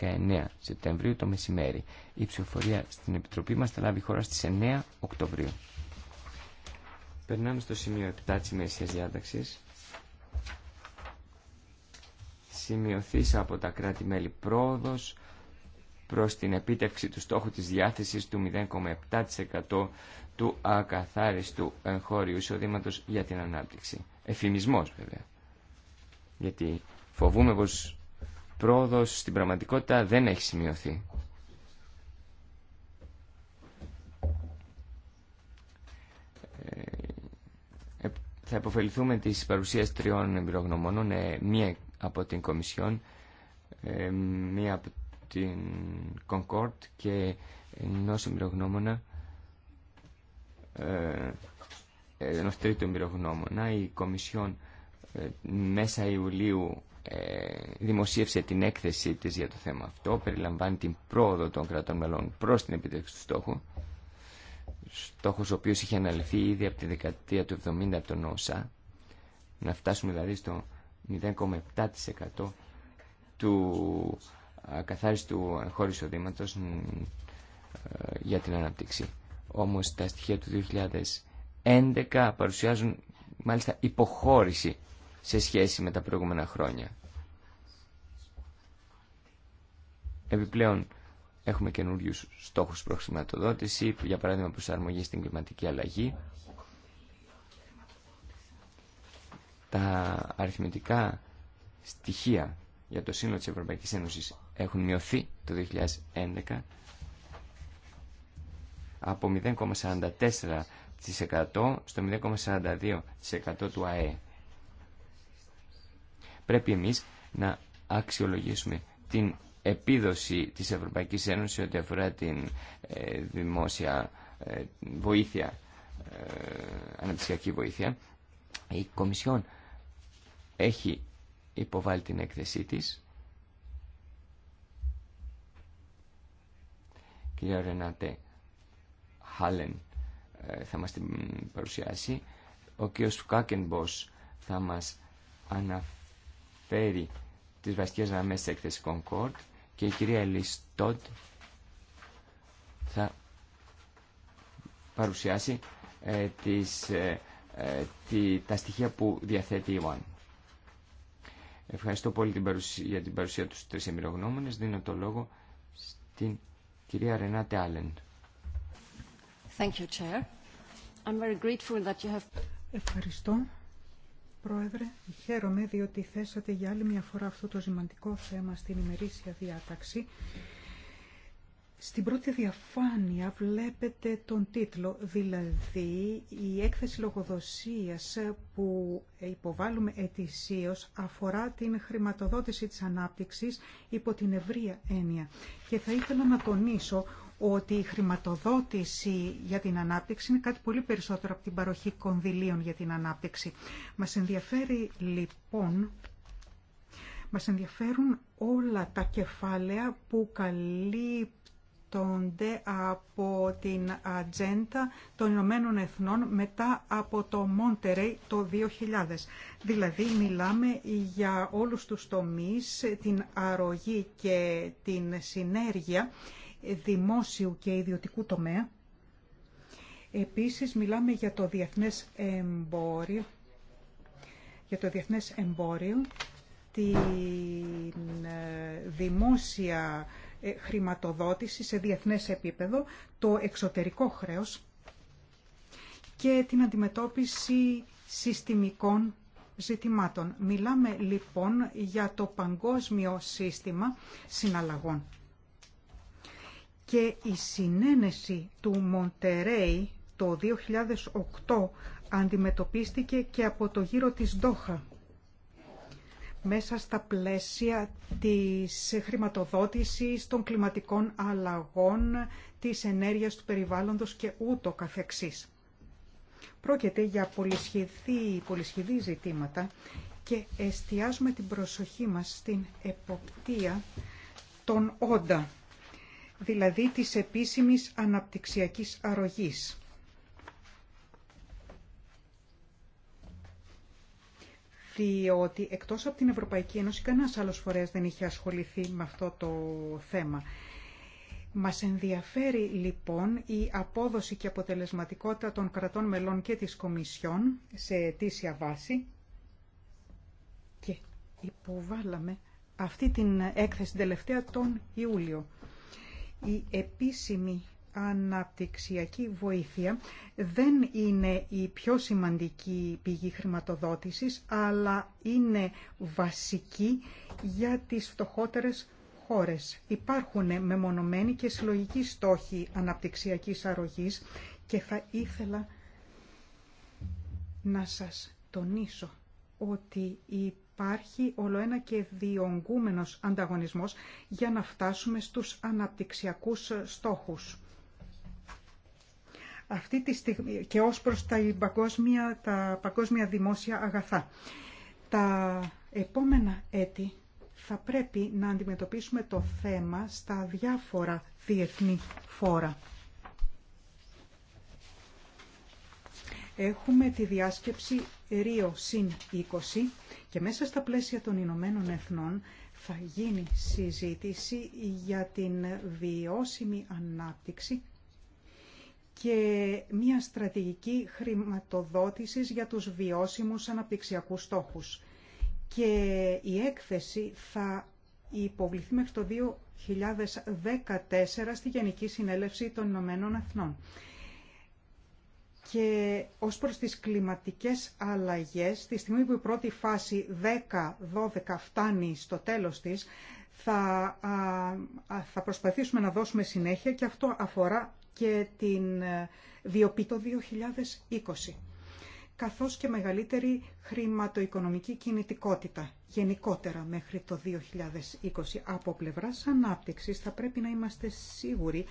19 Σεπτεμβρίου το μεσημέρι. Η ψηφοφορία στην Επιτροπή μας θα λάβει χώρα στις 9 Οκτωβρίου. Περνάμε στο σημείο 7 της ημερησίας διάταξης. Σημειωθείς από τα κράτη-μέλη πρόοδος προς την επίτευξη του στόχου της διάθεσης του 0,7% του ακαθάριστου εγχώριου εισοδήματο για την ανάπτυξη. Εφημισμό, βέβαια. Γιατί φοβούμε πω πρόοδο στην πραγματικότητα δεν έχει σημειωθεί. Ε, θα υποφεληθούμε της παρουσίας τριών εμπειρογνωμόνων, ε, μία από την Κομισιόν, ε, μία από την Concord και ενός εμπειρογνώμονα ε, ενό τρίτου εμπειρογνώμονα. Η Κομισιόν ε, μέσα Ιουλίου ε, δημοσίευσε την έκθεση της για το θέμα αυτό. Περιλαμβάνει την πρόοδο των κρατών μελών προς την επιτεύξη του στόχου. στόχο ο οποίο είχε αναλυθεί ήδη από τη δεκαετία του 70 από τον ΩΣΑ. Να φτάσουμε δηλαδή στο 0,7% του καθάριστου χώρου εισοδήματο για την αναπτύξη. Όμως τα στοιχεία του 2011 παρουσιάζουν μάλιστα υποχώρηση σε σχέση με τα προηγούμενα χρόνια. Επιπλέον έχουμε καινούριους στόχους προχρηματοδότηση, για παράδειγμα προσαρμογή στην κλιματική αλλαγή. Τα αριθμητικά στοιχεία για το σύνολο της Ευρωπαϊκής Ένωσης έχουν μειωθεί το 2011 από 0,44% στο 0,42% του ΑΕ. Πρέπει εμείς να αξιολογήσουμε την επίδοση της Ευρωπαϊκής Ένωσης ό,τι αφορά την ε, δημόσια ε, βοήθεια, ε, αναπτυξιακή βοήθεια. Η Κομισιόν έχει υποβάλει την έκθεσή της. Κυρία Ρενάτε, Χάλεν ε, θα μας την παρουσιάσει. Ο κ. Κάκενμπος θα μας αναφέρει τις βασικές γραμμές της έκθεσης Concord και η κυρία Ελιστον θα παρουσιάσει ε, τις, ε, τα στοιχεία που διαθέτει η ΟΑΝ. Ευχαριστώ πολύ για την παρουσία τους τρεις εμπειρογνώμονες. Δίνω το λόγο στην κυρία Ρενάτε Άλεν. Ευχαριστώ, Πρόεδρε. Χαίρομαι διότι θέσατε για άλλη μια φορά αυτό το σημαντικό θέμα στην ημερήσια διάταξη. Στην πρώτη διαφάνεια βλέπετε τον τίτλο, δηλαδή η έκθεση λογοδοσίας που υποβάλλουμε ετησίως αφορά την χρηματοδότηση της ανάπτυξης υπό την ευρεία έννοια. Και θα ήθελα να τονίσω ότι η χρηματοδότηση για την ανάπτυξη είναι κάτι πολύ περισσότερο από την παροχή κονδυλίων για την ανάπτυξη. Μας ενδιαφέρει λοιπόν... Μας ενδιαφέρουν όλα τα κεφάλαια που καλύπτονται από την ατζέντα των Ηνωμένων Εθνών μετά από το Monterey το 2000. Δηλαδή μιλάμε για όλους τους τομείς, την αρρωγή και την συνέργεια δημόσιου και ιδιωτικού τομέα. Επίσης μιλάμε για το διεθνές εμπόριο, για το διεθνές εμπόριο, τη ε, δημόσια ε, χρηματοδότηση σε διεθνές επίπεδο, το εξωτερικό χρέος και την αντιμετώπιση συστημικών ζητημάτων. Μιλάμε λοιπόν για το παγκόσμιο σύστημα συναλλαγών και η συνένεση του Μοντερέι το 2008 αντιμετωπίστηκε και από το γύρο της Ντόχα μέσα στα πλαίσια της χρηματοδότησης των κλιματικών αλλαγών, της ενέργειας του περιβάλλοντος και ούτω καθεξής. Πρόκειται για πολυσχεδή, ζητήματα και εστιάζουμε την προσοχή μας στην εποπτεία των όντα δηλαδή της επίσημης αναπτυξιακής αρρωγής. διότι εκτός από την Ευρωπαϊκή Ένωση κανένας άλλος φορέας δεν είχε ασχοληθεί με αυτό το θέμα. Μας ενδιαφέρει λοιπόν η απόδοση και αποτελεσματικότητα των κρατών μελών και της Κομισιόν σε αιτήσια βάση και υποβάλαμε αυτή την έκθεση τελευταία τον Ιούλιο. Η επίσημη αναπτυξιακή βοήθεια δεν είναι η πιο σημαντική πηγή χρηματοδότησης, αλλά είναι βασική για τις φτωχότερες χώρες. Υπάρχουν μεμονωμένοι και συλλογικοί στόχοι αναπτυξιακής αρρωγής και θα ήθελα να σας τονίσω ότι η υπάρχει όλο ένα και διονγκούμενος ανταγωνισμός για να φτάσουμε στους αναπτυξιακούς στόχους. Αυτή τη στιγμή, και ως προς τα παγκόσμια, τα παγκόσμια δημόσια αγαθά. Τα επόμενα έτη θα πρέπει να αντιμετωπίσουμε το θέμα στα διάφορα διεθνή φόρα. Έχουμε τη διάσκεψη Ρίο συν 20 και μέσα στα πλαίσια των Ηνωμένων Εθνών θα γίνει συζήτηση για την βιώσιμη ανάπτυξη και μια στρατηγική χρηματοδότησης για τους βιώσιμους αναπτυξιακούς στόχους. Και η έκθεση θα υποβληθεί μέχρι το 2014 στη Γενική Συνέλευση των Ηνωμένων Εθνών. Και ως προς τις κλιματικές αλλαγές, τη στιγμή που η πρώτη φάση 10-12 φτάνει στο τέλος της, θα, θα προσπαθήσουμε να δώσουμε συνέχεια και αυτό αφορά και την ε, το 2020 καθώς και μεγαλύτερη χρηματοοικονομική κινητικότητα γενικότερα μέχρι το 2020. Από πλευράς ανάπτυξης θα πρέπει να είμαστε σίγουροι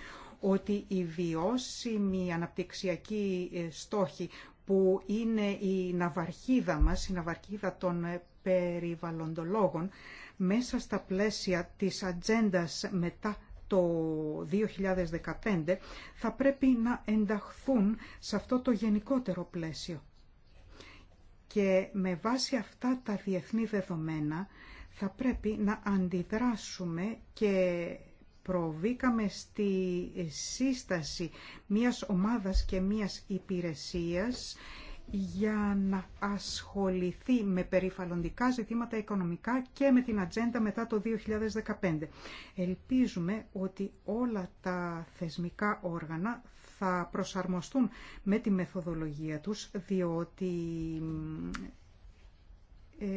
ότι η βιώσιμη αναπτυξιακή ε, στόχη που είναι η ναυαρχίδα μας, η ναυαρχίδα των περιβαλλοντολόγων, μέσα στα πλαίσια της ατζέντα μετά το 2015, θα πρέπει να ενταχθούν σε αυτό το γενικότερο πλαίσιο. Και με βάση αυτά τα διεθνή δεδομένα θα πρέπει να αντιδράσουμε και προβήκαμε στη σύσταση μιας ομάδας και μιας υπηρεσίας για να ασχοληθεί με περιφαλλοντικά ζητήματα οικονομικά και με την ατζέντα μετά το 2015. Ελπίζουμε ότι όλα τα θεσμικά όργανα θα προσαρμοστούν με τη μεθοδολογία τους, διότι ε,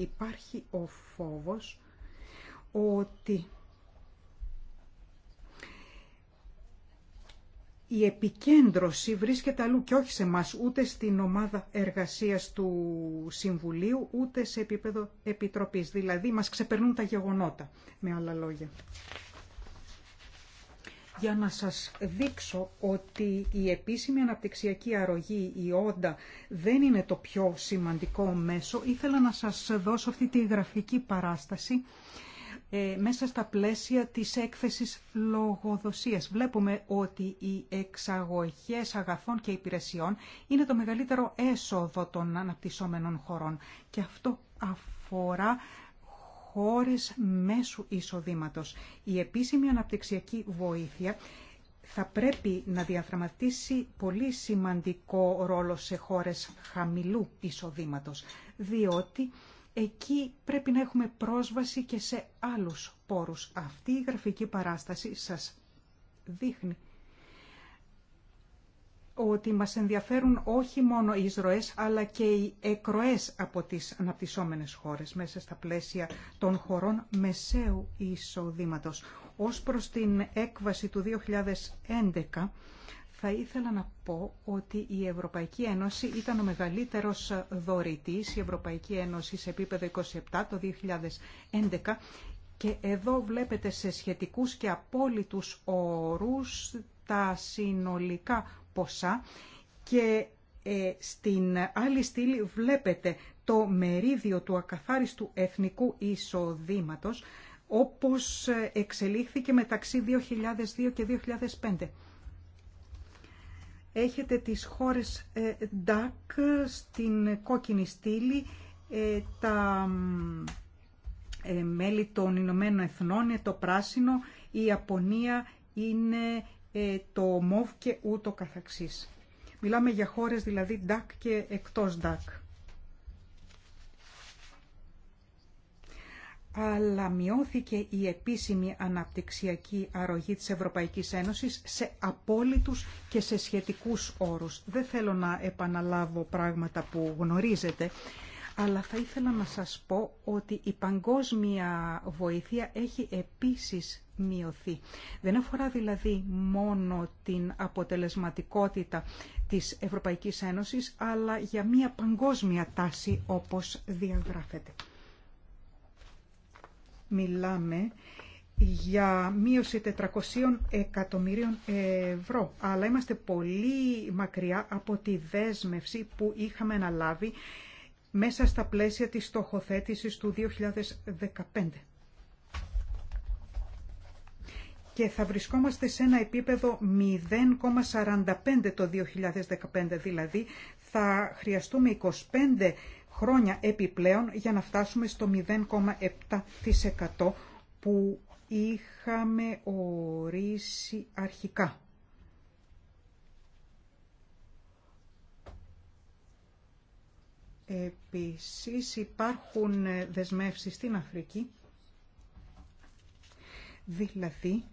υπάρχει ο φόβος ότι η επικέντρωση βρίσκεται αλλού και όχι σε μας ούτε στην ομάδα εργασίας του Συμβουλίου, ούτε σε επίπεδο επιτροπής. Δηλαδή, μας ξεπερνούν τα γεγονότα, με άλλα λόγια. Για να σας δείξω ότι η επίσημη αναπτυξιακή αρρωγή, η όντα, δεν είναι το πιο σημαντικό μέσο, ήθελα να σας δώσω αυτή τη γραφική παράσταση ε, μέσα στα πλαίσια της έκθεσης λογοδοσίας. Βλέπουμε ότι οι εξαγωγές αγαθών και υπηρεσιών είναι το μεγαλύτερο έσοδο των αναπτυσσόμενων χωρών και αυτό αφορά χώρες μέσου εισοδήματος. Η επίσημη αναπτυξιακή βοήθεια θα πρέπει να διαδραματίσει πολύ σημαντικό ρόλο σε χώρες χαμηλού εισοδήματος, διότι εκεί πρέπει να έχουμε πρόσβαση και σε άλλους πόρους. Αυτή η γραφική παράσταση σας δείχνει ότι μας ενδιαφέρουν όχι μόνο οι εισρωές αλλά και οι εκροές από τις αναπτυσσόμενες χώρες μέσα στα πλαίσια των χωρών μεσαίου εισοδήματος. Ως προς την έκβαση του 2011 θα ήθελα να πω ότι η Ευρωπαϊκή Ένωση ήταν ο μεγαλύτερος δωρητής, η Ευρωπαϊκή Ένωση σε επίπεδο 27 το 2011 και εδώ βλέπετε σε σχετικούς και απόλυτους όρους τα συνολικά ποσά και ε, στην άλλη στήλη βλέπετε το μερίδιο του ακαθάριστου εθνικού εισοδήματος όπως ε, εξελίχθηκε μεταξύ 2002 και 2005 έχετε τις χώρες DAC ε, στην κόκκινη στήλη, ε, τα ε, μέλη των Ηνωμένων Εθνών είναι το πράσινο, η Ιαπωνία είναι το ΜΟΒ και ούτω καθαξής. Μιλάμε για χώρες δηλαδή DAC και εκτός DAC. αλλά μειώθηκε η επίσημη αναπτυξιακή αρρωγή της Ευρωπαϊκής Ένωσης σε απόλυτους και σε σχετικούς όρους. Δεν θέλω να επαναλάβω πράγματα που γνωρίζετε, αλλά θα ήθελα να σας πω ότι η παγκόσμια βοήθεια έχει επίσης μειωθεί. Δεν αφορά δηλαδή μόνο την αποτελεσματικότητα της Ευρωπαϊκής Ένωσης, αλλά για μια παγκόσμια τάση όπως διαγράφεται μιλάμε για μείωση 400 εκατομμύριων ευρώ. Αλλά είμαστε πολύ μακριά από τη δέσμευση που είχαμε αναλάβει μέσα στα πλαίσια της στοχοθέτησης του 2015. Και θα βρισκόμαστε σε ένα επίπεδο 0,45 το 2015, δηλαδή θα χρειαστούμε 25 χρόνια επιπλέον για να φτάσουμε στο 0,7% που είχαμε ορίσει αρχικά. Επίσης υπάρχουν δεσμεύσεις στην Αφρική, δηλαδή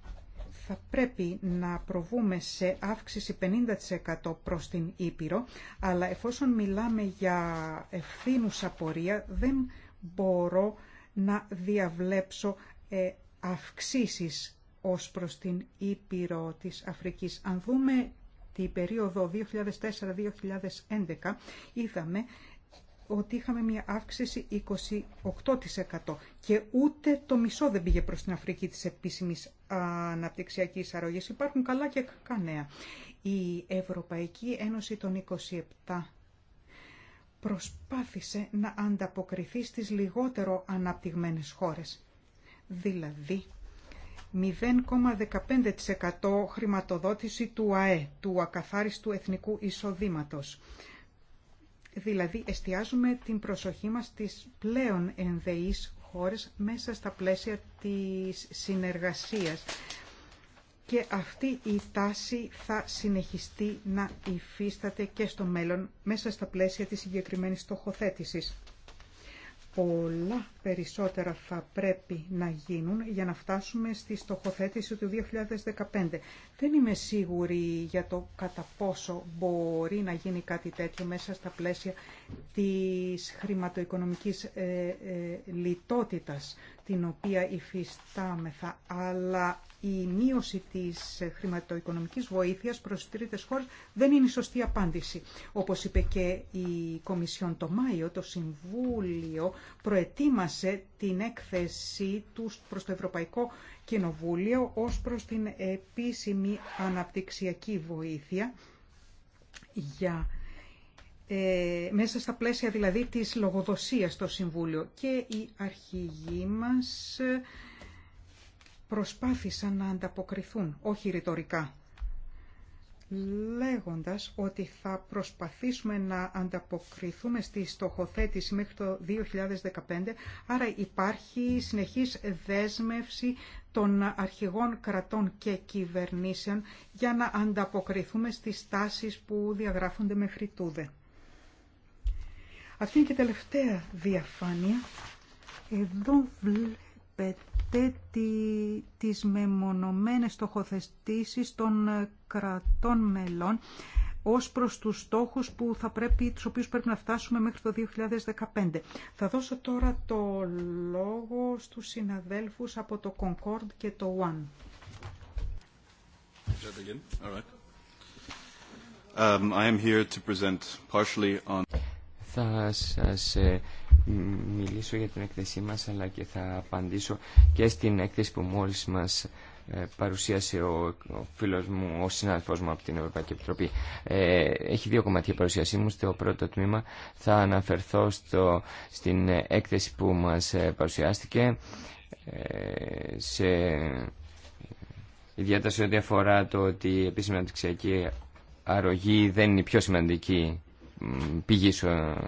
θα πρέπει να προβούμε σε αύξηση 50% προς την Ήπειρο, αλλά εφόσον μιλάμε για ευθύνουσα πορεία δεν μπορώ να διαβλέψω ε, αυξήσεις ως προς την Ήπειρο της Αφρικής. Αν δούμε την περίοδο 2004-2011 είδαμε ότι είχαμε μια αύξηση 28% και ούτε το μισό δεν πήγε προς την Αφρική της επίσημης αναπτυξιακής αρρωγής. Υπάρχουν καλά και κανένα. Η Ευρωπαϊκή Ένωση των 27 προσπάθησε να ανταποκριθεί στις λιγότερο αναπτυγμένες χώρες. Δηλαδή, 0,15% χρηματοδότηση του ΑΕ, του ακαθάριστου εθνικού εισοδήματος δηλαδή εστιάζουμε την προσοχή μας στις πλέον ενδεείς χώρες μέσα στα πλαίσια της συνεργασίας. Και αυτή η τάση θα συνεχιστεί να υφίσταται και στο μέλλον μέσα στα πλαίσια της συγκεκριμένης στοχοθέτησης πολλά περισσότερα θα πρέπει να γίνουν για να φτάσουμε στη στοχοθέτηση του 2015. Δεν είμαι σίγουρη για το κατά πόσο μπορεί να γίνει κάτι τέτοιο μέσα στα πλαίσια της χρηματοοικονομικής ε, ε λιτότητας την οποία υφιστάμεθα, αλλά η μείωση της χρηματοοικονομικής βοήθειας προς τρίτες χώρες δεν είναι η σωστή απάντηση. Όπως είπε και η Κομισιόν το Μάιο, το Συμβούλιο προετοίμασε την έκθεση του προς το Ευρωπαϊκό Κοινοβούλιο ως προς την επίσημη αναπτυξιακή βοήθεια για ε, μέσα στα πλαίσια δηλαδή της λογοδοσίας στο Συμβούλιο και η αρχηγοί μας προσπάθησαν να ανταποκριθούν, όχι ρητορικά, λέγοντας ότι θα προσπαθήσουμε να ανταποκριθούμε στη στοχοθέτηση μέχρι το 2015, άρα υπάρχει συνεχής δέσμευση των αρχηγών κρατών και κυβερνήσεων για να ανταποκριθούμε στις τάσεις που διαγράφονται μέχρι τούδε. Αυτή είναι και τελευταία διαφάνεια. Εδώ βλέπετε τι τις μεμονωμένες στοχοθετήσεις των κρατών μελών ως προς τους στόχους που θα πρέπει, τους οποίους πρέπει να φτάσουμε μέχρι το 2015. Θα δώσω τώρα το λόγο στους συναδέλφους από το Concord και το One. Um, θα σας ε, μιλήσω για την έκθεσή μας αλλά και θα απαντήσω και στην έκθεση που μόλις μας ε, παρουσίασε ο φίλος μου, ο συνάδελφός μου από την Ευρωπαϊκή Επιτροπή. Ε, έχει δύο κομμάτια παρουσίασή μου. Στο πρώτο τμήμα θα αναφερθώ στο, στην έκθεση που μας ε, παρουσιάστηκε σε ιδιαίτερα ό,τι αφορά το ότι η επίσημη αντιξιακή αρρωγή δεν είναι η πιο σημαντική πηγή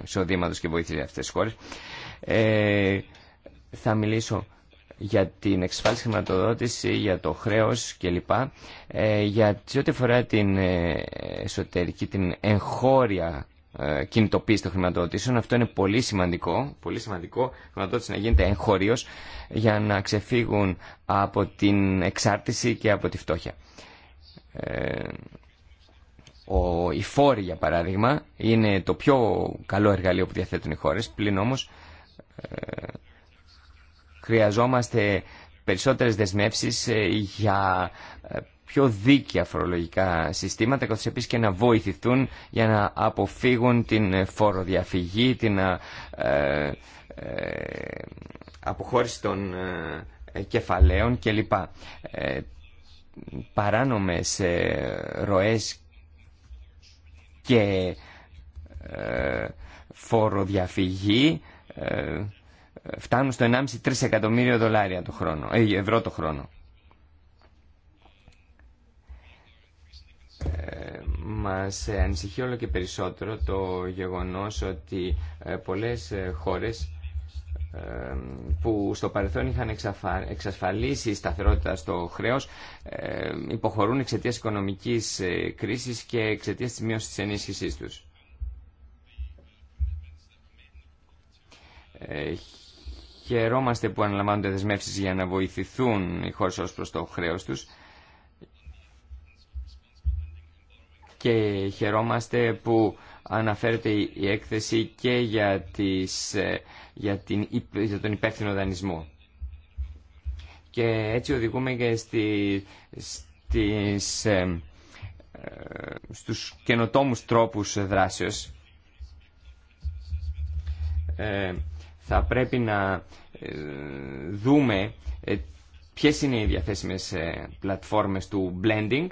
εισοδήματο και βοήθεια για αυτές τις Ε, θα μιλήσω για την εξασφάλιση χρηματοδότηση, για το χρέο κλπ. Ε, για σε ό,τι αφορά την ε, εσωτερική, την εγχώρια ε, κινητοποίηση των χρηματοδοτήσεων, αυτό είναι πολύ σημαντικό, πολύ σημαντικό χρηματοδότηση να γίνεται εγχώριο για να ξεφύγουν από την εξάρτηση και από τη φτώχεια. Ε, ο, οι για παράδειγμα, είναι το πιο καλό εργαλείο που διαθέτουν οι χώρες. Πλην όμως, ε, χρειαζόμαστε περισσότερες δεσμεύσεις ε, για ε, πιο δίκαια φορολογικά συστήματα, καθώς επίσης και να βοηθηθούν για να αποφύγουν την φοροδιαφυγή, την ε, αποχώρηση των κεφαλαίων κλπ. Παράνομες ροές και ε, φοροδιαφυγή ε, φτάνουν στο 1,5-3 εκατομμύριο δολάρια το χρόνο, ε, ευρώ το χρόνο. μας ανησυχεί όλο και περισσότερο το γεγονός ότι πολλές χώρες που στο παρελθόν είχαν εξασφαλίσει σταθερότητα στο χρέος ε, υποχωρούν εξαιτίας οικονομικής ε, κρίσης και εξαιτίας τη μείωσης της ενίσχυσής τους. Ε, χαιρόμαστε που αναλαμβάνονται δεσμεύσεις για να βοηθηθούν οι χώρες ως προς το χρέος τους και χαιρόμαστε που αναφέρεται η έκθεση και για τις για, την, για τον υπεύθυνο δανεισμό. Και έτσι οδηγούμε και στη, στις, ε, ε, στους καινοτόμους τρόπους δράσεως. Ε, θα πρέπει να δούμε ποιες είναι οι διαθέσιμες πλατφόρμες του blending,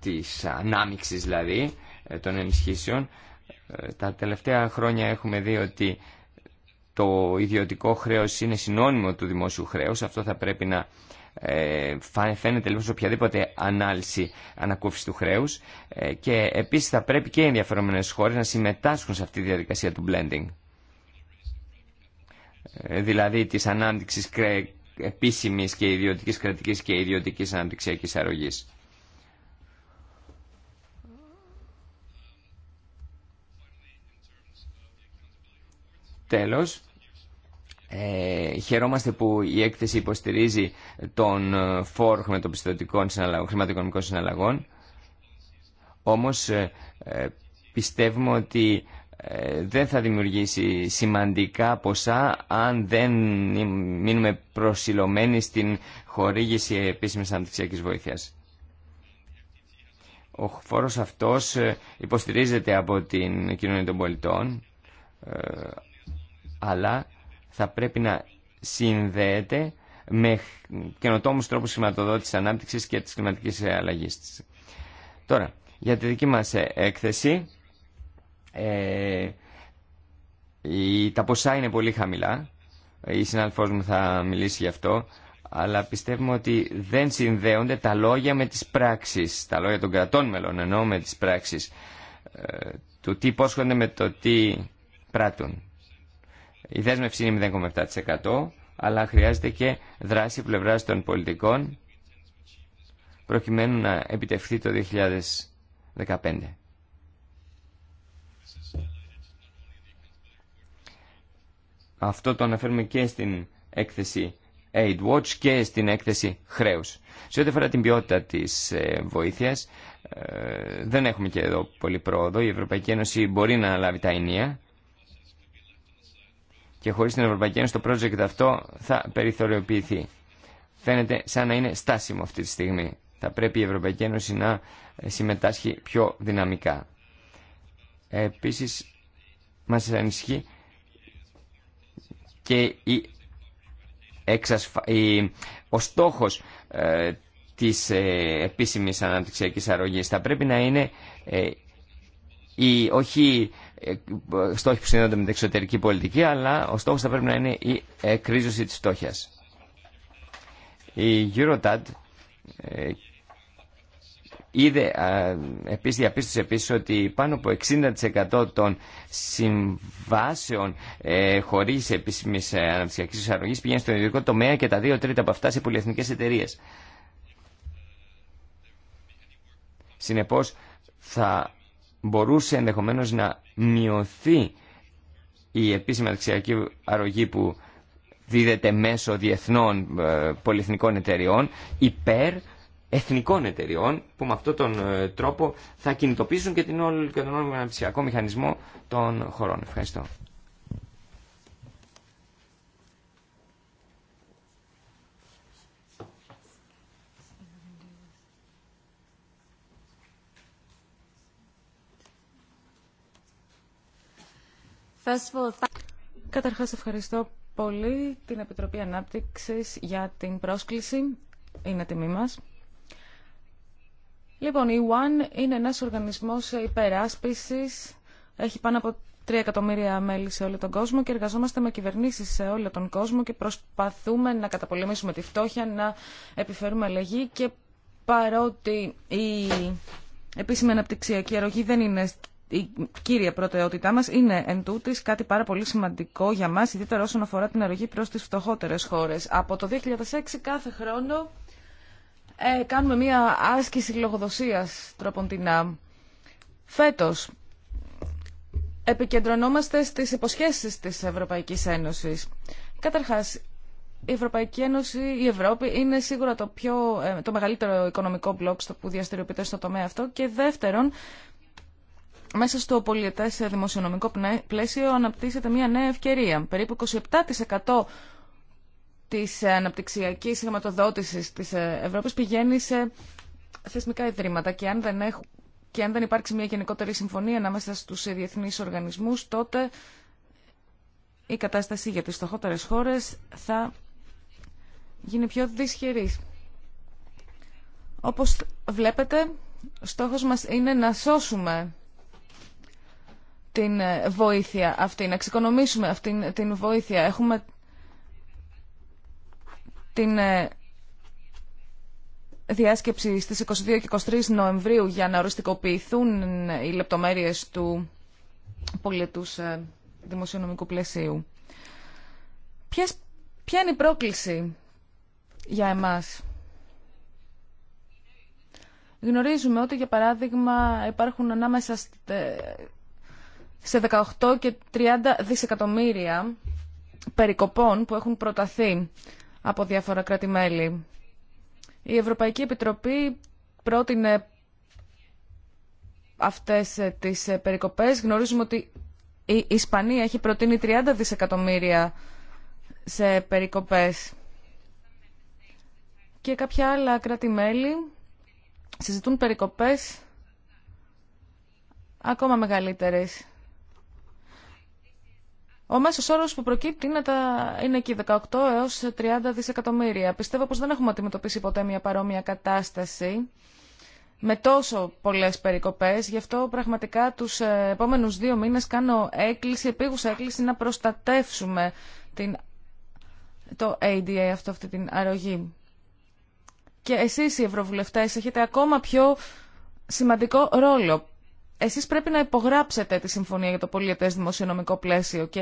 της ανάμιξης δηλαδή των ενισχύσεων, τα τελευταία χρόνια έχουμε δει ότι το ιδιωτικό χρέος είναι συνώνυμο του δημόσιου χρέους. Αυτό θα πρέπει να ε, φαίνεται λίγο λοιπόν σε οποιαδήποτε ανάλυση ανακούφιση του χρέους ε, και επίσης θα πρέπει και οι ενδιαφερόμενες χώρες να συμμετάσχουν σε αυτή τη διαδικασία του blending. Ε, δηλαδή της ανάπτυξης επίσημης και ιδιωτικής κρατικής και ιδιωτικής αναπτυξιακής αρρωγής. Τέλος, ε, χαιρόμαστε που η έκθεση υποστηρίζει τον ε, φόρο χρηματοπιστωτικών συναλλαγών, χρηματοοικονομικών συναλλαγών. Όμως ε, ε πιστεύουμε ότι ε, δεν θα δημιουργήσει σημαντικά ποσά αν δεν μείνουμε προσιλωμένοι στην χορήγηση επίσημης αναπτυξιακής βοήθειας. Ο φόρος αυτός υποστηρίζεται από την κοινωνία των πολιτών αλλά θα πρέπει να συνδέεται με καινοτόμους τρόπους χρηματοδότησης ανάπτυξης και της κλιματικής αλλαγής της. Τώρα, για τη δική μας έκθεση, ε, τα ποσά είναι πολύ χαμηλά, η συνάδελφός μου θα μιλήσει γι' αυτό, αλλά πιστεύουμε ότι δεν συνδέονται τα λόγια με τις πράξεις, τα λόγια των κρατών μελών εννοώ με τις πράξεις, ε, του τι υπόσχονται με το τι πράττουν. Η δέσμευση είναι 0,7% αλλά χρειάζεται και δράση πλευρά των πολιτικών προκειμένου να επιτευχθεί το 2015. Αυτό το αναφέρουμε και στην έκθεση Aid Watch και στην έκθεση χρέους. Σε ό,τι αφορά την ποιότητα της ε, βοήθειας, ε, δεν έχουμε και εδώ πολύ πρόοδο. Η Ευρωπαϊκή Ένωση μπορεί να λάβει τα ενία και χωρίς την Ευρωπαϊκή Ένωση το project αυτό θα περιθωριοποιηθεί. Φαίνεται σαν να είναι στάσιμο αυτή τη στιγμή. Θα πρέπει η Ευρωπαϊκή Ένωση να συμμετάσχει πιο δυναμικά. Επίσης, μας ανησυχεί και η εξασφα... ο στόχος ε, της ε, επίσημης αναπτυξιακής αρρωγής θα πρέπει να είναι ε, η... όχι ε, στόχοι που συνδέονται με την εξωτερική πολιτική, αλλά ο στόχο θα πρέπει να είναι η εκρίζωση τη φτώχεια. Η Eurotad ε, είδε, επίσης διαπίστωσε επίσης ότι πάνω από 60% των συμβάσεων ε, χωρίς επίσημης αναπτυξιακής εισαγωγής πηγαίνει στον ιδιωτικό τομέα και τα δύο τρίτα από αυτά σε πολυεθνικές εταιρείε. Συνεπώς θα μπορούσε ενδεχομένως να μειωθεί η επίσημη δεξιακή αρρωγή που δίδεται μέσω διεθνών ε, πολυεθνικών εταιριών υπέρ εθνικών εταιριών που με αυτόν τον ε, τρόπο θα κινητοποιήσουν και, και τον όλο μηχανισμό των χωρών. Ευχαριστώ. Καταρχάς ευχαριστώ πολύ την Επιτροπή Ανάπτυξης για την πρόσκληση. Είναι τιμή μας. Λοιπόν, η One είναι ένας οργανισμός υπεράσπισης. Έχει πάνω από 3 εκατομμύρια μέλη σε όλο τον κόσμο και εργαζόμαστε με κυβερνήσεις σε όλο τον κόσμο και προσπαθούμε να καταπολεμήσουμε τη φτώχεια, να επιφέρουμε αλλαγή και παρότι η επίσημη αναπτυξιακή αρρωγή δεν είναι η κύρια προτεραιότητά μας είναι εν τούτης κάτι πάρα πολύ σημαντικό για μας, ιδιαίτερα όσον αφορά την αρρωγή προς τις φτωχότερε χώρες. Από το 2006 κάθε χρόνο ε, κάνουμε μία άσκηση την ΑΜ. Φέτος επικεντρωνόμαστε στις υποσχέσει της Ευρωπαϊκής Ένωσης. Καταρχά, η Ευρωπαϊκή Ένωση, η Ευρώπη είναι σίγουρα το, πιο, ε, το μεγαλύτερο οικονομικό μπλοκ που διαστηριοποιείται στο τομέα αυτό και δεύτερον μέσα στο πολιετές δημοσιονομικό πλαίσιο αναπτύσσεται μια νέα ευκαιρία. Περίπου 27% της αναπτυξιακής χρηματοδότησης της ε, Ευρώπης πηγαίνει σε θεσμικά ιδρύματα και αν δεν, και αν δεν υπάρξει μια γενικότερη συμφωνία ανάμεσα στους διεθνείς οργανισμούς, τότε η κατάσταση για τις στοχότερες χώρες θα γίνει πιο δυσχερή. Όπως βλέπετε, στόχος μας είναι να σώσουμε την ε, βοήθεια αυτή, να εξοικονομήσουμε αυτή την βοήθεια. Έχουμε την ε, διάσκεψη στις 22 και 23 Νοεμβρίου για να οριστικοποιηθούν ε, οι λεπτομέρειες του πολιτούς δημοσιονομικού πλαισίου. ποια είναι η πρόκληση για εμάς. Γνωρίζουμε ότι, για παράδειγμα, υπάρχουν ανάμεσα σε 18 και 30 δισεκατομμύρια περικοπών που έχουν προταθεί από διάφορα κράτη-μέλη. Η Ευρωπαϊκή Επιτροπή πρότεινε αυτές ε, τις ε, περικοπές. Γνωρίζουμε ότι η Ισπανία έχει προτείνει 30 δισεκατομμύρια σε περικοπές. Και κάποια άλλα κράτη-μέλη συζητούν περικοπές ακόμα μεγαλύτερες. Ο μέσος όρος που προκύπτει είναι, τα, είναι εκεί 18 έως 30 δισεκατομμύρια. Πιστεύω πως δεν έχουμε αντιμετωπίσει ποτέ μια παρόμοια κατάσταση με τόσο πολλές περικοπές. Γι' αυτό πραγματικά τους ε, επόμενους δύο μήνες κάνω έκκληση, επίγουσα έκκληση να προστατεύσουμε την, το ADA, αυτό, αυτή την αρρωγή. Και εσείς οι ευρωβουλευτές έχετε ακόμα πιο σημαντικό ρόλο εσείς πρέπει να υπογράψετε τη Συμφωνία για το πολυετές Δημοσιονομικό Πλαίσιο και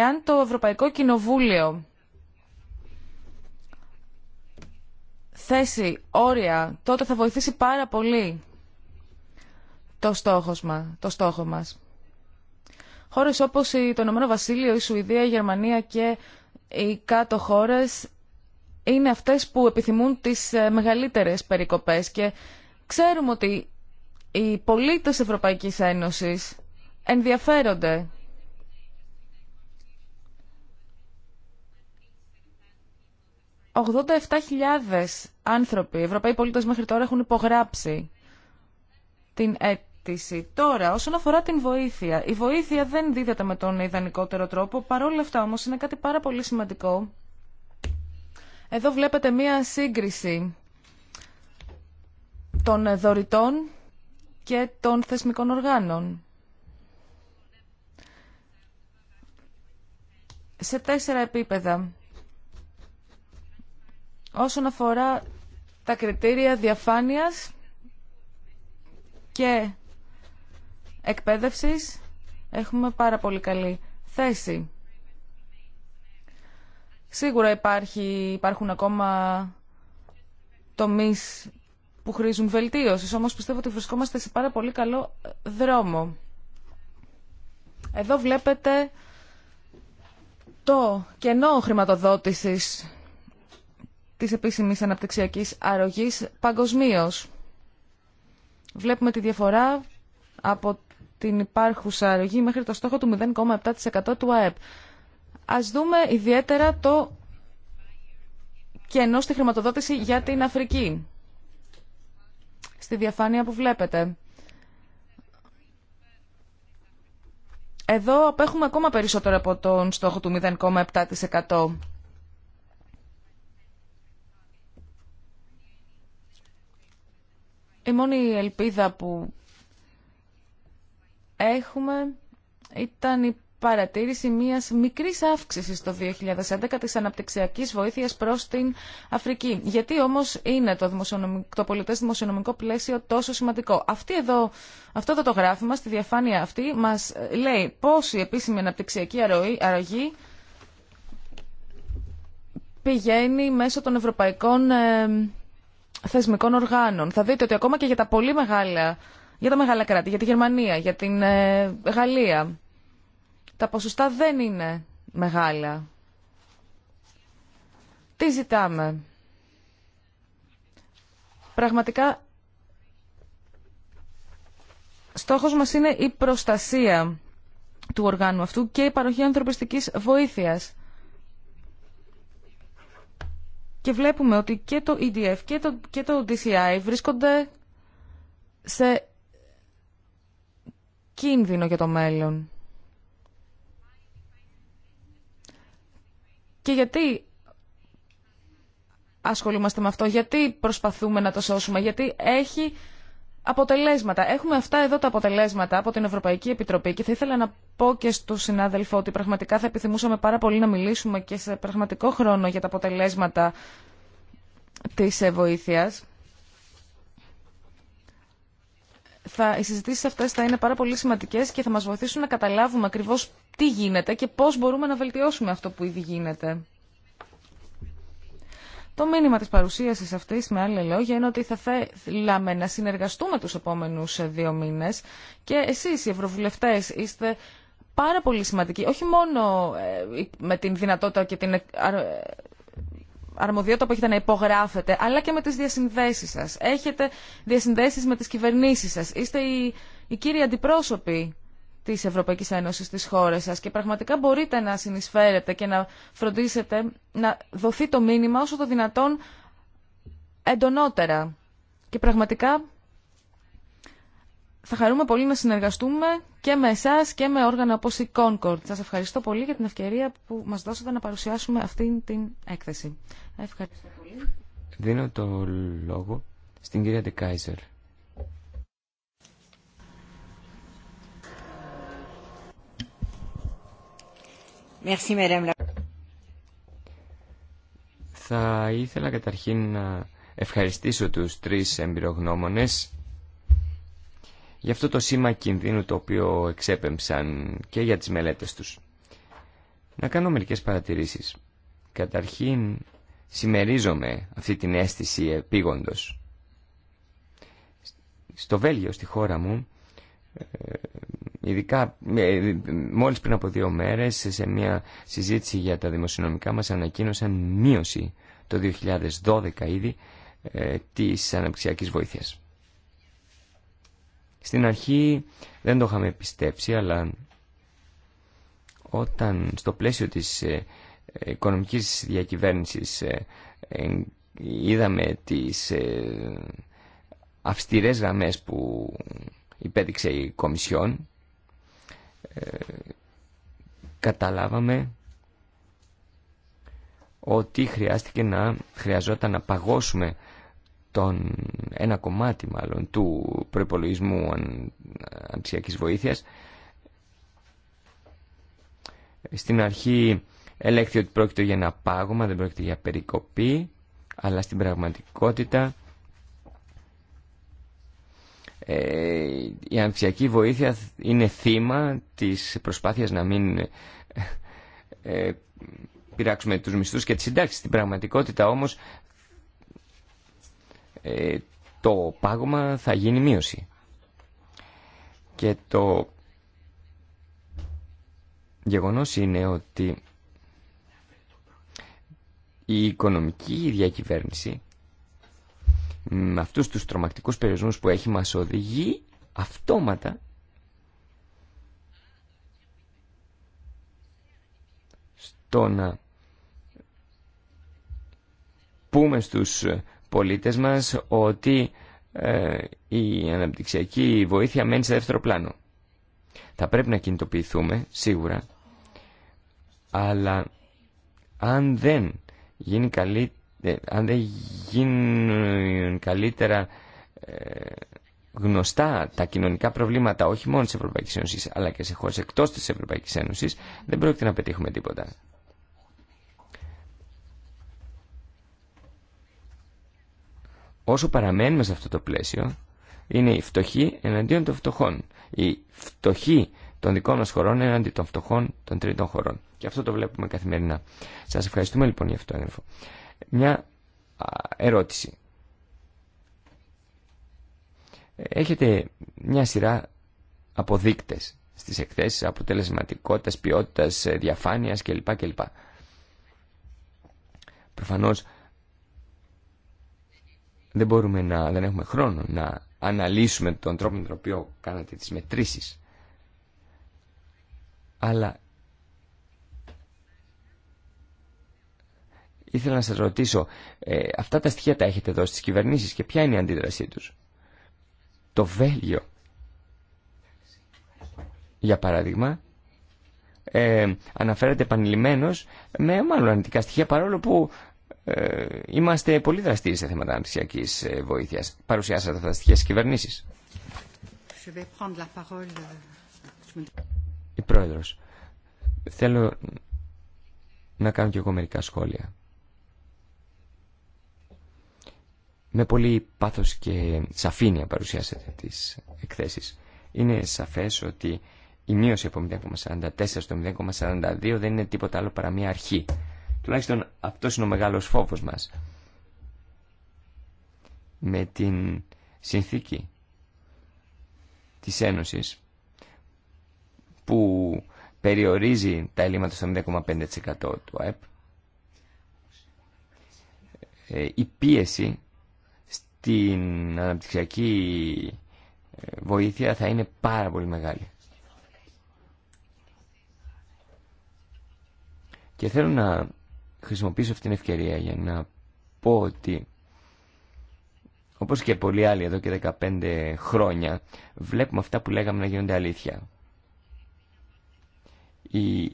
αν ε, το Ευρωπαϊκό Κοινοβούλιο θέσει όρια, τότε θα βοηθήσει πάρα πολύ το, στόχος μα, το στόχο μας. Χώρες όπως το Ηνωμένο Βασίλειο, η Σουηδία, η Γερμανία και οι κάτω χώρες είναι αυτές που επιθυμούν τις ε, μεγαλύτερες περικοπές και ξέρουμε ότι οι πολίτες Ευρωπαϊκής Ένωσης ενδιαφέρονται «87.000 άνθρωποι, Ευρωπαίοι πολίτες μέχρι τώρα, έχουν υπογράψει την αίτηση. Τώρα, όσον αφορά την βοήθεια, η βοήθεια δεν δίδεται με τον ιδανικότερο τρόπο, παρόλα αυτά όμως είναι κάτι πάρα πολύ σημαντικό. Εδώ βλέπετε μία σύγκριση των δωρητών και των θεσμικών οργάνων. Σε τέσσερα επίπεδα. Όσον αφορά τα κριτήρια διαφάνειας και εκπαίδευσης, έχουμε πάρα πολύ καλή θέση. Σίγουρα υπάρχει, υπάρχουν ακόμα τομείς που χρήζουν βελτίωση. όμως πιστεύω ότι βρισκόμαστε σε πάρα πολύ καλό ε, δρόμο. Εδώ βλέπετε το κενό χρηματοδότησης της επίσημης αναπτυξιακής αρρωγής παγκοσμίω. Βλέπουμε τη διαφορά από την υπάρχουσα αρρωγή μέχρι το στόχο του 0,7% του ΑΕΠ. Ας δούμε ιδιαίτερα το κενό στη χρηματοδότηση για την Αφρική στη διαφάνεια που βλέπετε. Εδώ απέχουμε ακόμα περισσότερο από τον στόχο του 0,7%. Η μόνη ελπίδα που έχουμε ήταν η παρατήρηση μια μικρή αύξηση το 2011 τη αναπτυξιακή βοήθεια προ την Αφρική. Γιατί όμω είναι το, το δημοσιονομικό πλαίσιο τόσο σημαντικό. Αυτή εδώ, αυτό εδώ το γράφημα, στη διαφάνεια αυτή, μα λέει πώ η επίσημη αναπτυξιακή αρρωγή πηγαίνει μέσω των ευρωπαϊκών ε, θεσμικών οργάνων. Θα δείτε ότι ακόμα και για τα πολύ μεγάλα, για τα μεγάλα κράτη, για τη Γερμανία, για την ε, Γαλλία, τα ποσοστά δεν είναι μεγάλα. Τι ζητάμε. Πραγματικά στόχος μας είναι η προστασία του οργάνου αυτού και η παροχή ανθρωπιστικής βοήθειας. Και βλέπουμε ότι και το EDF και το, και το DCI βρίσκονται σε κίνδυνο για το μέλλον. Και γιατί ασχολούμαστε με αυτό, γιατί προσπαθούμε να το σώσουμε, γιατί έχει αποτελέσματα. Έχουμε αυτά εδώ τα αποτελέσματα από την Ευρωπαϊκή Επιτροπή και θα ήθελα να πω και στον συνάδελφο ότι πραγματικά θα επιθυμούσαμε πάρα πολύ να μιλήσουμε και σε πραγματικό χρόνο για τα αποτελέσματα της βοήθειας. θα, οι συζητήσει αυτέ θα είναι πάρα πολύ σημαντικές και θα μας βοηθήσουν να καταλάβουμε ακριβώς τι γίνεται και πώς μπορούμε να βελτιώσουμε αυτό που ήδη γίνεται. Το μήνυμα της παρουσίασης αυτής, με άλλα λόγια, είναι ότι θα θέλαμε να συνεργαστούμε τους επόμενους ε, δύο μήνες και εσείς οι ευρωβουλευτές είστε πάρα πολύ σημαντικοί, όχι μόνο ε, με την δυνατότητα και την ε, αρμοδιότητα που έχετε να υπογράφετε, αλλά και με τις διασυνδέσεις σας. Έχετε διασυνδέσεις με τις κυβερνήσεις σας. Είστε οι, οι κύριοι αντιπρόσωποι της Ευρωπαϊκής Ένωσης στις χώρες σας και πραγματικά μπορείτε να συνεισφέρετε και να φροντίσετε να δοθεί το μήνυμα όσο το δυνατόν εντονότερα. Και πραγματικά θα χαρούμε πολύ να συνεργαστούμε και με εσά και με όργανα όπω η Concord. Σας ευχαριστώ πολύ για την ευκαιρία που μας δώσατε να παρουσιάσουμε αυτή την έκθεση. Ευχαριστώ πολύ. Δίνω το λόγο στην κυρία Ντεκάιζερ. Θα ήθελα καταρχήν να ευχαριστήσω τους τρεις εμπειρογνώμονες για αυτό το σήμα κινδύνου το οποίο εξέπεμψαν και για τις μελέτες τους. Να κάνω μερικές παρατηρήσεις. Καταρχήν, συμμερίζομαι αυτή την αίσθηση επίγοντος. Στο Βέλγιο, στη χώρα μου, ε, ειδικά ε, μόλις πριν από δύο μέρες σε μια συζήτηση για τα δημοσιονομικά μας ανακοίνωσαν μείωση το 2012 ήδη ε, της αναπτυξιακής βοήθειας. Στην αρχή δεν το είχαμε πιστέψει, αλλά όταν στο πλαίσιο της ε, οικονομικής διακυβέρνησης ε, ε, είδαμε τις αυστηρές γραμμές που υπέδειξε η Κομισιόν, καταλάβαμε ότι χρειάστηκε να χρειαζόταν να παγώσουμε τον, ένα κομμάτι μάλλον του προπολογισμού ανθιακής βοήθειας. Στην αρχή ελέγχθη ότι πρόκειται για ένα πάγωμα, δεν πρόκειται για περικοπή, αλλά στην πραγματικότητα ε, η ανθιακή βοήθεια είναι θύμα της προσπάθειας να μην ε, ε, πειράξουμε τους μισθούς και τις συντάξεις. Στην πραγματικότητα όμως ε, το πάγωμα θα γίνει μείωση. Και το γεγονός είναι ότι η οικονομική διακυβέρνηση με αυτούς τους τρομακτικούς περιορισμούς που έχει μας οδηγεί αυτόματα στο να πούμε στους πολίτες μας ότι ε, η αναπτυξιακή βοήθεια μένει σε δεύτερο πλάνο. Θα πρέπει να κινητοποιηθούμε, σίγουρα, αλλά αν δεν, γίνει ε, γίνουν καλύτερα ε, γνωστά τα κοινωνικά προβλήματα όχι μόνο της ευρωπαϊκή Ένωσης αλλά και σε χώρες εκτός της Ευρωπαϊκής Ένωσης δεν πρόκειται να πετύχουμε τίποτα. Όσο παραμένουμε σε αυτό το πλαίσιο, είναι η φτωχή εναντίον των φτωχών. Η φτωχή των δικών μας χωρών εναντίον των φτωχών των τρίτων χωρών. Και αυτό το βλέπουμε καθημερινά. Σας ευχαριστούμε λοιπόν για αυτό το έγγραφο. Μια ερώτηση. Έχετε μια σειρά αποδείκτες στις εκθέσεις αποτελεσματικότητας, ποιότητας, ε, διαφάνειας κλπ. κλπ. Προφανώς δεν μπορούμε να, δεν έχουμε χρόνο να αναλύσουμε τον τρόπο με τον οποίο κάνατε τις μετρήσεις. Αλλά ήθελα να σας ρωτήσω, ε, αυτά τα στοιχεία τα έχετε δώσει στις κυβερνήσεις και ποια είναι η αντίδρασή τους. Το Βέλγιο, για παράδειγμα, ε, αναφέρεται επανειλημμένος με μάλλον αντικά στοιχεία παρόλο που ε, είμαστε πολύ δραστήριοι σε θέματα αναπτυξιακή ε, βοήθειας. Παρουσιάσατε αυτά τα στοιχεία στι κυβερνήσει. Euh, η Πρόεδρος, θέλω να κάνω και εγώ μερικά σχόλια. Με πολύ πάθος και σαφήνεια παρουσιάσετε τις εκθέσεις. Είναι σαφές ότι η μείωση από 0,44 στο 0,42 δεν είναι τίποτα άλλο παρά μια αρχή. Τουλάχιστον αυτό είναι ο μεγάλος φόβος μας. Με την συνθήκη της Ένωσης που περιορίζει τα ελλείμματα στο 0,5% του ΑΕΠ ε, η πίεση στην αναπτυξιακή ε, βοήθεια θα είναι πάρα πολύ μεγάλη. Και θέλω να χρησιμοποιήσω αυτή την ευκαιρία για να πω ότι όπως και πολλοί άλλοι εδώ και 15 χρόνια βλέπουμε αυτά που λέγαμε να γίνονται αλήθεια. Η...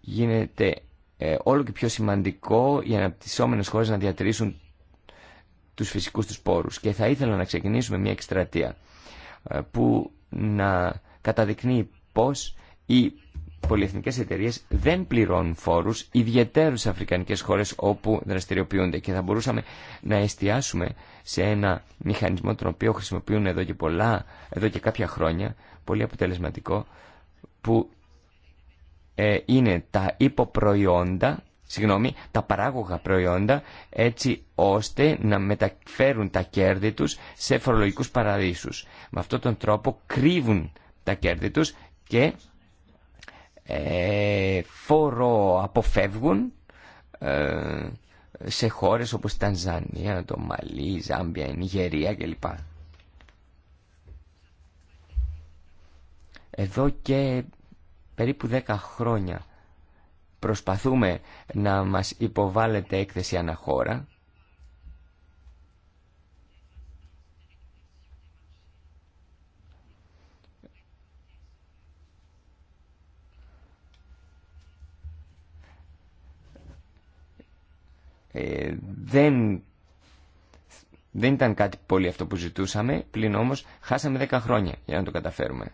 Γίνεται ε, όλο και πιο σημαντικό οι αναπτυσσόμενες χώρες να διατηρήσουν τους φυσικούς τους πόρους και θα ήθελα να ξεκινήσουμε μια εκστρατεία ε, που να καταδεικνύει πώς η πολυεθνικέ εταιρείε δεν πληρώνουν φόρους, ιδιαίτερου σε αφρικανικές χώρες όπου δραστηριοποιούνται και θα μπορούσαμε να εστιάσουμε σε ένα μηχανισμό τον οποίο χρησιμοποιούν εδώ και πολλά, εδώ και κάποια χρόνια, πολύ αποτελεσματικό, που ε, είναι τα υποπροϊόντα, συγγνώμη, τα παράγωγα προϊόντα, έτσι ώστε να μεταφέρουν τα κέρδη τους σε φορολογικούς παραδείσους. Με αυτόν τον τρόπο κρύβουν τα κέρδη τους και ε, φόρο αποφεύγουν ε, σε χώρες όπως η Τανζανία, το Μαλί, η Ζάμπια, η Νιγερία κλπ. Εδώ και περίπου 10 χρόνια προσπαθούμε να μας υποβάλλεται έκθεση αναχώρα Ε, δεν, δεν ήταν κάτι πολύ αυτό που ζητούσαμε, πλην όμως χάσαμε 10 χρόνια για να το καταφέρουμε.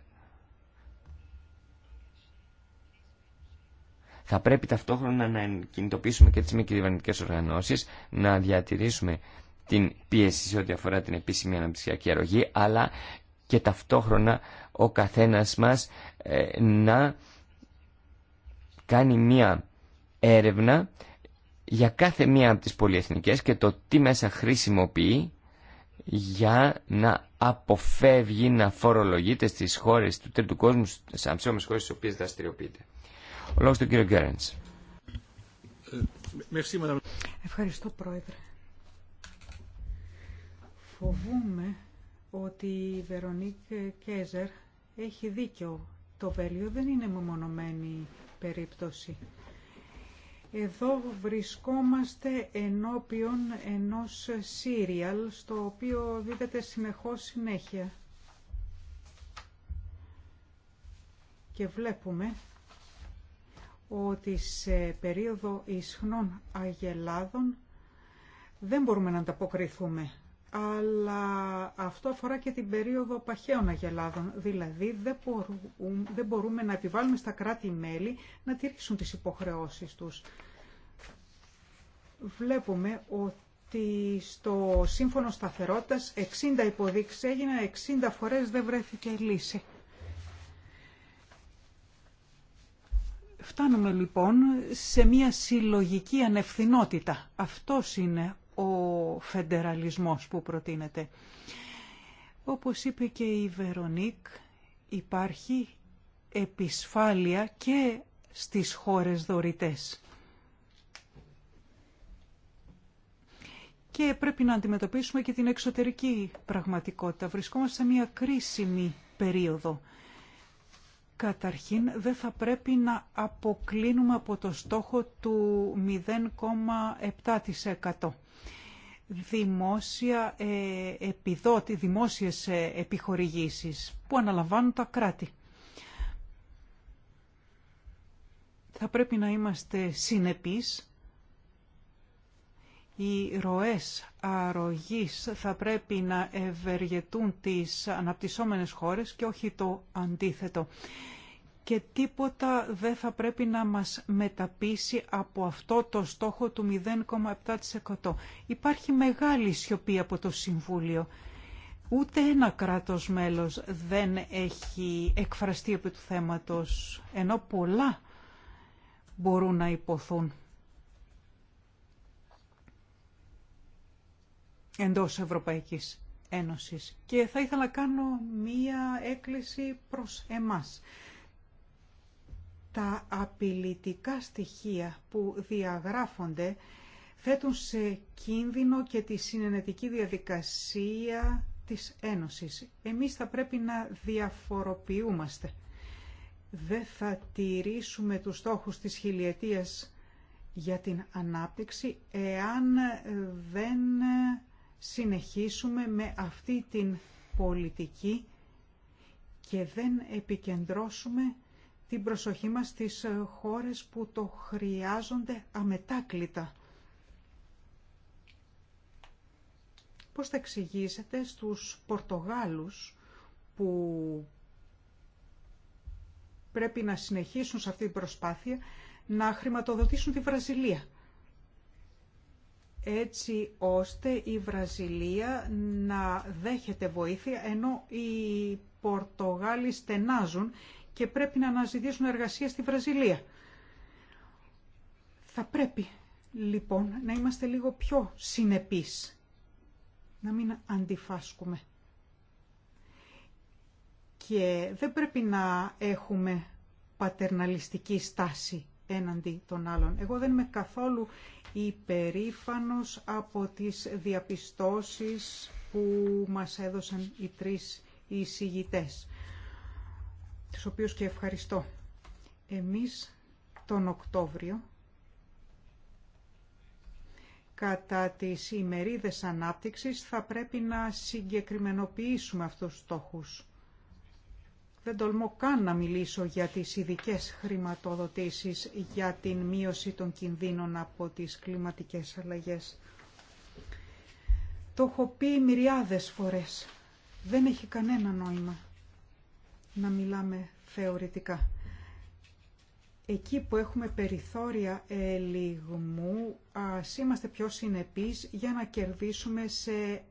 Θα πρέπει ταυτόχρονα να κινητοποιήσουμε και τις μη κυβερνητικέ οργανώσεις, να διατηρήσουμε την πίεση σε ό,τι αφορά την επίσημη αναπτυξιακή αρρωγή, αλλά και ταυτόχρονα ο καθένας μας ε, να κάνει μία έρευνα για κάθε μία από τις πολυεθνικές και το τι μέσα χρησιμοποιεί για να αποφεύγει να φορολογείται στις χώρες του τρίτου κόσμου, στις αμψιόμενες χώρες στις οποίες δραστηριοποιείται. Ο λόγος του κύριο Γκέρεντς. Ε, Ευχαριστώ Πρόεδρε. Φοβούμαι ότι η Βερονίκ Κέζερ έχει δίκιο. Το Βέλιο δεν είναι μεμονωμένη περίπτωση. Εδώ βρισκόμαστε ενώπιον ενός σύριαλ, στο οποίο δίδεται συνεχώς συνέχεια. Και βλέπουμε ότι σε περίοδο ισχνών αγελάδων δεν μπορούμε να ανταποκριθούμε αλλά αυτό αφορά και την περίοδο παχαίων αγελάδων. Δηλαδή δεν μπορούμε, μπορούμε να επιβάλλουμε στα κράτη-μέλη να τηρήσουν τις υποχρεώσεις τους. Βλέπουμε ότι στο Σύμφωνο Σταθερότητας 60 υποδείξεις έγιναν, 60 φορές δεν βρέθηκε λύση. Φτάνουμε λοιπόν σε μια συλλογική ανευθυνότητα. Αυτός είναι ο φεντεραλισμός που προτείνεται. Όπως είπε και η Βερονίκ, υπάρχει επισφάλεια και στις χώρες δωρητές. Και πρέπει να αντιμετωπίσουμε και την εξωτερική πραγματικότητα. Βρισκόμαστε σε μια κρίσιμη περίοδο. Καταρχήν δεν θα πρέπει να αποκλίνουμε από το στόχο του 0,7% δημόσια ε, επιδότη, δημόσιες ε, επιχορηγήσεις που αναλαμβάνουν τα κράτη. Θα πρέπει να είμαστε συνεπείς. Οι ροές αρρωγής θα πρέπει να ευεργετούν τις αναπτυσσόμενες χώρες και όχι το αντίθετο και τίποτα δεν θα πρέπει να μας μεταπίσει από αυτό το στόχο του 0,7%. Υπάρχει μεγάλη σιωπή από το Συμβούλιο. Ούτε ένα κράτος μέλος δεν έχει εκφραστεί επί του θέματος, ενώ πολλά μπορούν να υποθούν εντός Ευρωπαϊκής Ένωσης. Και θα ήθελα να κάνω μία έκκληση προς εμάς τα απειλητικά στοιχεία που διαγράφονται θέτουν σε κίνδυνο και τη συνενετική διαδικασία της Ένωσης. Εμείς θα πρέπει να διαφοροποιούμαστε. Δεν θα τηρήσουμε τους στόχους της χιλιετίας για την ανάπτυξη εάν δεν συνεχίσουμε με αυτή την πολιτική και δεν επικεντρώσουμε την προσοχή μας στις ε, χώρες που το χρειάζονται αμετάκλητα. Πώς θα εξηγήσετε στους Πορτογάλους που πρέπει να συνεχίσουν σε αυτή την προσπάθεια να χρηματοδοτήσουν τη Βραζιλία έτσι ώστε η Βραζιλία να δέχεται βοήθεια ενώ οι Πορτογάλοι στενάζουν και πρέπει να αναζητήσουν εργασία στη Βραζιλία. Θα πρέπει λοιπόν να είμαστε λίγο πιο συνεπείς, να μην αντιφάσκουμε. Και δεν πρέπει να έχουμε πατερναλιστική στάση έναντι των άλλων. Εγώ δεν είμαι καθόλου υπερήφανος από τις διαπιστώσεις που μας έδωσαν οι τρεις εισηγητές τους οποίους και ευχαριστώ. Εμείς τον Οκτώβριο, κατά τις ημερίδες ανάπτυξης, θα πρέπει να συγκεκριμενοποιήσουμε αυτούς τους στόχους. Δεν τολμώ καν να μιλήσω για τις ειδικέ χρηματοδοτήσεις για την μείωση των κινδύνων από τις κλιματικές αλλαγές. Το έχω πει μυριάδες φορές. Δεν έχει κανένα νόημα να μιλάμε θεωρητικά. Εκεί που έχουμε περιθώρια ελιγμού, ας είμαστε πιο συνεπείς για να κερδίσουμε σε,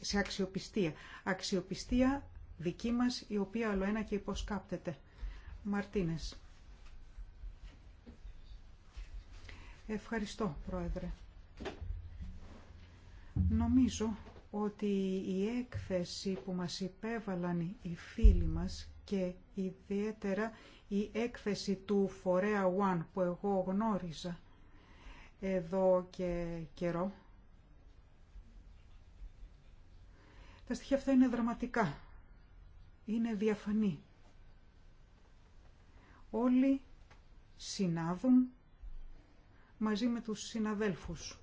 σε αξιοπιστία. Αξιοπιστία δική μας, η οποία άλλο ένα και υποσκάπτεται. Μαρτίνες. Ευχαριστώ, Πρόεδρε. Νομίζω ότι η έκθεση που μας υπέβαλαν οι φίλοι μας και ιδιαίτερα η έκθεση του Φορέα One που εγώ γνώριζα εδώ και καιρό. Τα στοιχεία αυτά είναι δραματικά, είναι διαφανή. Όλοι συνάδουν μαζί με τους συναδέλφους.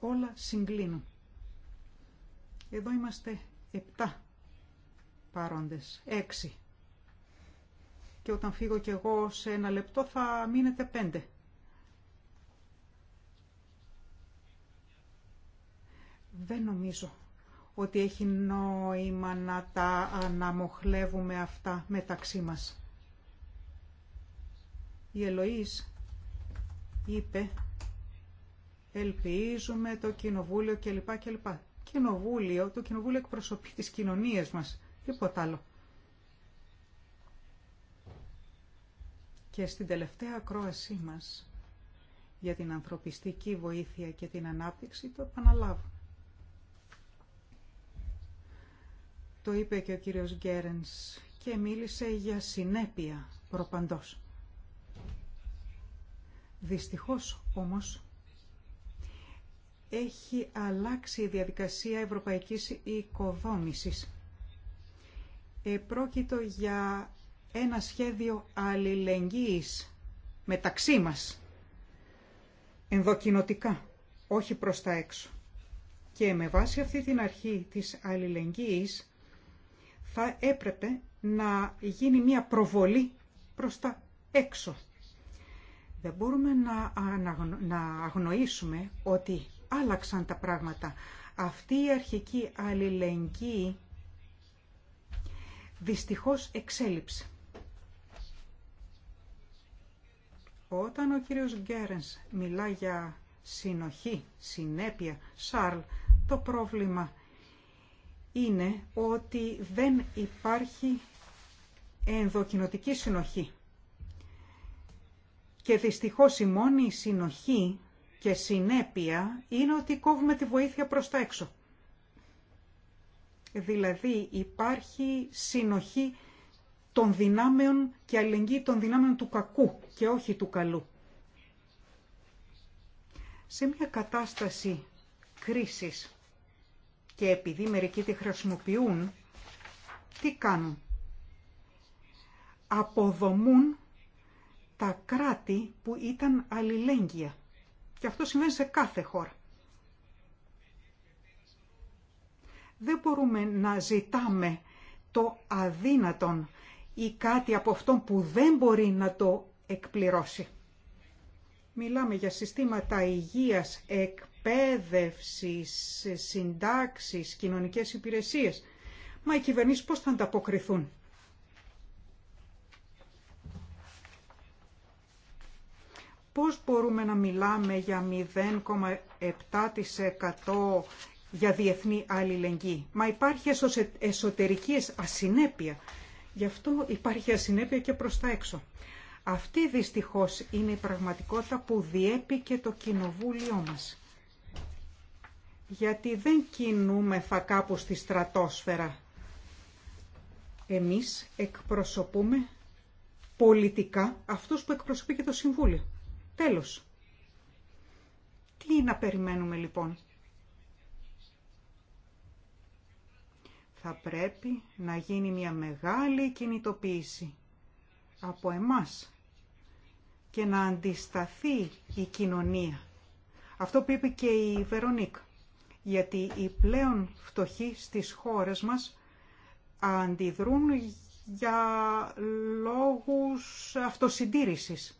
Όλα συγκλίνουν. Εδώ είμαστε επτά παρόντες, έξι. Και όταν φύγω κι εγώ σε ένα λεπτό θα μείνετε πέντε. Δεν νομίζω ότι έχει νόημα να τα αναμοχλεύουμε αυτά μεταξύ μας. Η Ελοής είπε «Ελπίζουμε το κοινοβούλιο» κλπ. κλπ κοινοβούλιο, το κοινοβούλιο εκπροσωπεί τις κοινωνίες μας, τίποτα άλλο. Και στην τελευταία ακρόασή μας για την ανθρωπιστική βοήθεια και την ανάπτυξη το επαναλάβω. Το είπε και ο κύριος Γκέρενς και μίλησε για συνέπεια προπαντός. Δυστυχώς όμως έχει αλλάξει η διαδικασία ευρωπαϊκής οικοδόμησης. Επρόκειτο για ένα σχέδιο αλληλεγγύης μεταξύ μας, ενδοκινοτικά, όχι προς τα έξω. Και με βάση αυτή την αρχή της αλληλεγγύης θα έπρεπε να γίνει μια προβολή προς τα έξω. Δεν μπορούμε να, αγνοήσουμε ότι άλλαξαν τα πράγματα. Αυτή η αρχική αλληλεγγύη δυστυχώς εξέλιψε. Όταν ο κύριος Γκέρενς μιλά για συνοχή, συνέπεια, Σαρλ, το πρόβλημα είναι ότι δεν υπάρχει ενδοκινοτική συνοχή. Και δυστυχώς η μόνη συνοχή και συνέπεια είναι ότι κόβουμε τη βοήθεια προς τα έξω. Δηλαδή υπάρχει συνοχή των δυνάμεων και αλληλεγγύη των δυνάμεων του κακού και όχι του καλού. Σε μια κατάσταση κρίσης και επειδή μερικοί τη χρησιμοποιούν, τι κάνουν. Αποδομούν τα κράτη που ήταν αλληλέγγυα. Και αυτό συμβαίνει σε κάθε χώρα. Δεν μπορούμε να ζητάμε το αδύνατον ή κάτι από αυτόν που δεν μπορεί να το εκπληρώσει. Μιλάμε για συστήματα υγείας, εκπαίδευσης, συντάξεις, κοινωνικές υπηρεσίες. Μα οι κυβερνήσεις πώς θα ανταποκριθούν. Πώς μπορούμε να μιλάμε για 0,7% για διεθνή αλληλεγγύη. Μα υπάρχει εσωτερική ασυνέπεια. Γι' αυτό υπάρχει ασυνέπεια και προς τα έξω. Αυτή δυστυχώς είναι η πραγματικότητα που διέπει και το κοινοβούλιο μας. Γιατί δεν κινούμεθα κάπου στη στρατόσφαιρα. Εμείς εκπροσωπούμε πολιτικά αυτούς που εκπροσωπεί και το Συμβούλιο. Τέλος. Τι να περιμένουμε λοιπόν. Θα πρέπει να γίνει μια μεγάλη κινητοποίηση από εμάς και να αντισταθεί η κοινωνία. Αυτό που είπε και η Βερονίκ, γιατί οι πλέον φτωχοί στις χώρες μας αντιδρούν για λόγους αυτοσυντήρησης.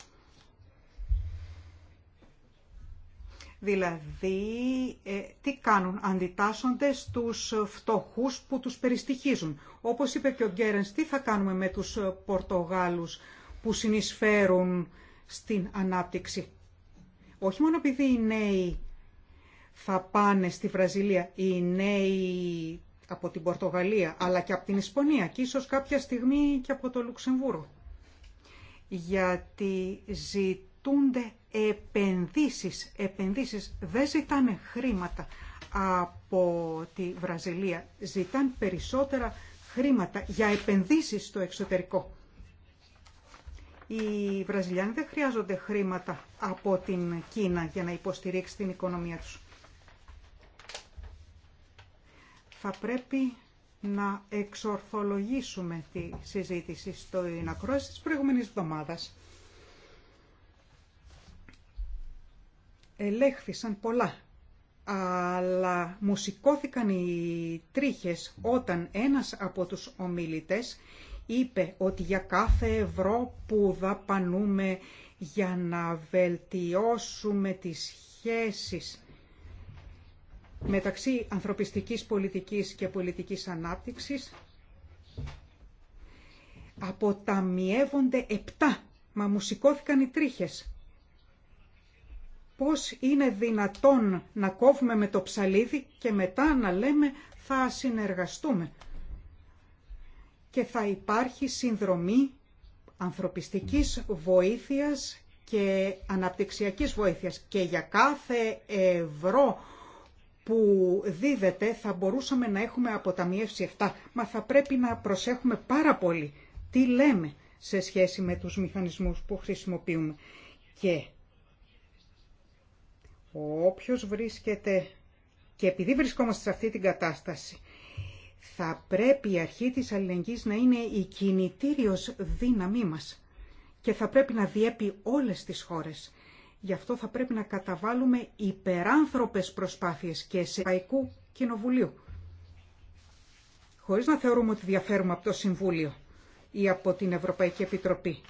Δηλαδή, ε, τι κάνουν, αντιτάσσονται στους φτωχούς που τους περιστοιχίζουν. Όπως είπε και ο Γκέρενς, τι θα κάνουμε με τους Πορτογάλους που συνεισφέρουν στην ανάπτυξη. Όχι μόνο επειδή οι νέοι θα πάνε στη Βραζιλία, οι νέοι από την Πορτογαλία, αλλά και από την Ισπανία και ίσως κάποια στιγμή και από το Λουξεμβούργο. Γιατί ζητούνται επενδύσεις, επενδύσεις δεν ζητάνε χρήματα από τη Βραζιλία, ζητάνε περισσότερα χρήματα για επενδύσεις στο εξωτερικό. Οι Βραζιλιάνοι δεν χρειάζονται χρήματα από την Κίνα για να υποστηρίξει την οικονομία τους. Θα πρέπει να εξορθολογήσουμε τη συζήτηση στο ακρόαση της προηγούμενης εβδομάδας ελέγχθησαν πολλά, αλλά μου σηκώθηκαν οι τρίχες όταν ένας από τους ομιλητές είπε ότι για κάθε ευρώ που δαπανούμε για να βελτιώσουμε τις σχέσεις μεταξύ ανθρωπιστικής πολιτικής και πολιτικής ανάπτυξης αποταμιεύονται επτά, μα μου σηκώθηκαν οι τρίχες πώς είναι δυνατόν να κόβουμε με το ψαλίδι και μετά να λέμε θα συνεργαστούμε. Και θα υπάρχει συνδρομή ανθρωπιστικής βοήθειας και αναπτυξιακής βοήθειας. Και για κάθε ευρώ που δίδεται θα μπορούσαμε να έχουμε αποταμιεύσει 7. Μα θα πρέπει να προσέχουμε πάρα πολύ τι λέμε σε σχέση με τους μηχανισμούς που χρησιμοποιούμε. Και όποιος βρίσκεται και επειδή βρισκόμαστε σε αυτή την κατάσταση, θα πρέπει η αρχή της αλληλεγγύης να είναι η κινητήριος δύναμή μας και θα πρέπει να διέπει όλες τις χώρες. Γι' αυτό θα πρέπει να καταβάλουμε υπεράνθρωπες προσπάθειες και σε Ευρωπαϊκού Κοινοβουλίου. Χωρίς να θεωρούμε ότι διαφέρουμε από το Συμβούλιο ή από την Ευρωπαϊκή Επιτροπή.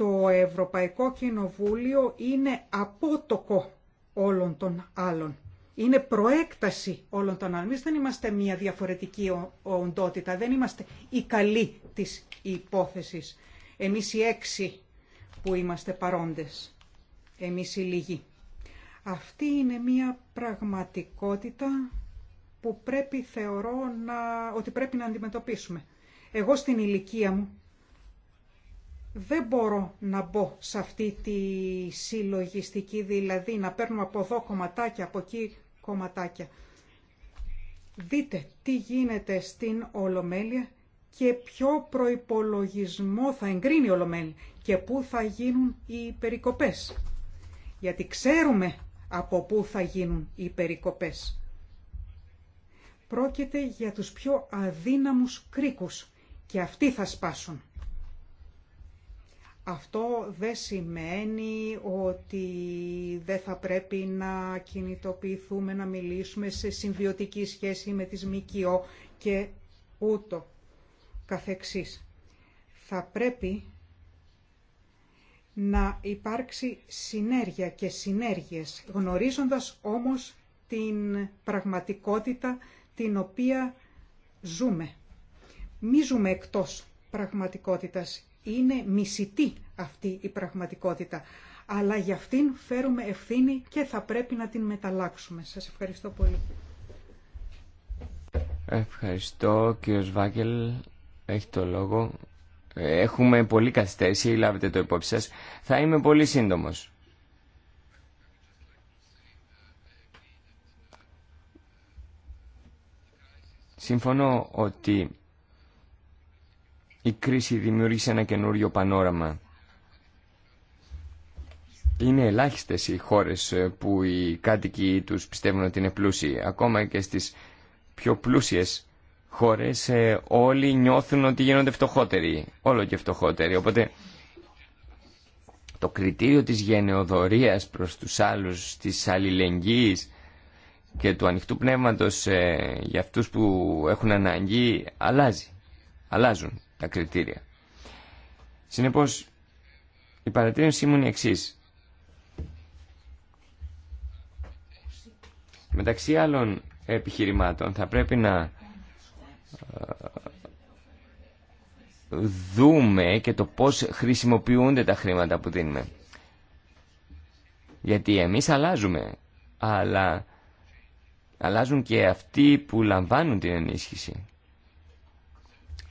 Το Ευρωπαϊκό Κοινοβούλιο είναι απότοκο όλων των άλλων. Είναι προέκταση όλων των άλλων. Εμείς δεν είμαστε μια διαφορετική οντότητα, δεν είμαστε οι καλοί της υπόθεσης. Εμείς οι έξι που είμαστε παρόντες, εμείς οι λίγοι. Αυτή είναι μια πραγματικότητα που πρέπει θεωρώ ότι πρέπει να αντιμετωπίσουμε. Εγώ στην ηλικία μου δεν μπορώ να μπω σε αυτή τη συλλογιστική, δηλαδή να παίρνουμε από εδώ κομματάκια, από εκεί κομματάκια. Δείτε τι γίνεται στην Ολομέλεια και ποιο προϋπολογισμό θα εγκρίνει η Ολομέλεια και πού θα γίνουν οι περικοπές. Γιατί ξέρουμε από πού θα γίνουν οι περικοπές. Πρόκειται για τους πιο αδύναμους κρίκους και αυτοί θα σπάσουν. Αυτό δεν σημαίνει ότι δεν θα πρέπει να κινητοποιηθούμε, να μιλήσουμε σε συμβιωτική σχέση με τις ΜΚΟ και ούτω καθεξής. Θα πρέπει να υπάρξει συνέργεια και συνέργειες, γνωρίζοντας όμως την πραγματικότητα την οποία ζούμε. Μη ζούμε εκτός πραγματικότητας είναι μισητή αυτή η πραγματικότητα. Αλλά για αυτήν φέρουμε ευθύνη και θα πρέπει να την μεταλλάξουμε. Σας ευχαριστώ πολύ. Ευχαριστώ κύριος Βάγκελ. Έχει το λόγο. Έχουμε πολύ καθυστέρηση, λάβετε το υπόψη σας. Θα είμαι πολύ σύντομος. Συμφωνώ ότι η κρίση δημιούργησε ένα καινούριο πανόραμα. Είναι ελάχιστες οι χώρες ε, που οι κάτοικοι τους πιστεύουν ότι είναι πλούσιοι. Ακόμα και στις πιο πλούσιες χώρες ε, όλοι νιώθουν ότι γίνονται φτωχότεροι. Όλο και φτωχότεροι. Οπότε το κριτήριο της γενεοδορίας προς τους άλλους, της αλληλεγγύης και του ανοιχτού πνεύματος ε, για αυτούς που έχουν αναγκή αλλάζει. Αλλάζουν τα κριτήρια. Συνεπώς, η παρατήρησή μου είναι εξή. Μεταξύ άλλων επιχειρημάτων θα πρέπει να ε, δούμε και το πώς χρησιμοποιούνται τα χρήματα που δίνουμε. Γιατί εμείς αλλάζουμε, αλλά αλλάζουν και αυτοί που λαμβάνουν την ενίσχυση.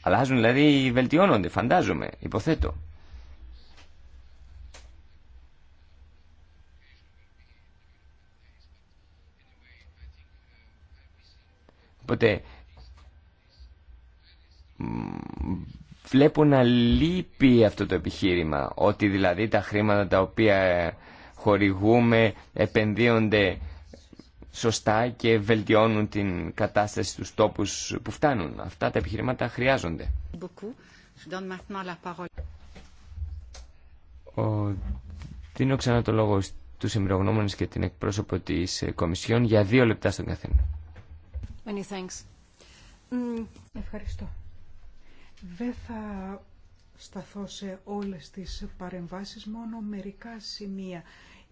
Αλλάζουν δηλαδή, βελτιώνονται, φαντάζομαι, υποθέτω. Οπότε βλέπω να λείπει αυτό το επιχείρημα, ότι δηλαδή τα χρήματα τα οποία χορηγούμε επενδύονται σωστά και βελτιώνουν την κατάσταση στους τόπους που φτάνουν. Αυτά τα επιχειρήματα χρειάζονται. Ο... Δίνω ξανά το λόγο στους εμπειρογνώμονες και την εκπρόσωπο της ε, Κομισιόν για δύο λεπτά στον καθένα. Many thanks. Ευχαριστώ. Δεν θα σταθώ σε όλες τις παρεμβάσεις, μόνο μερικά σημεία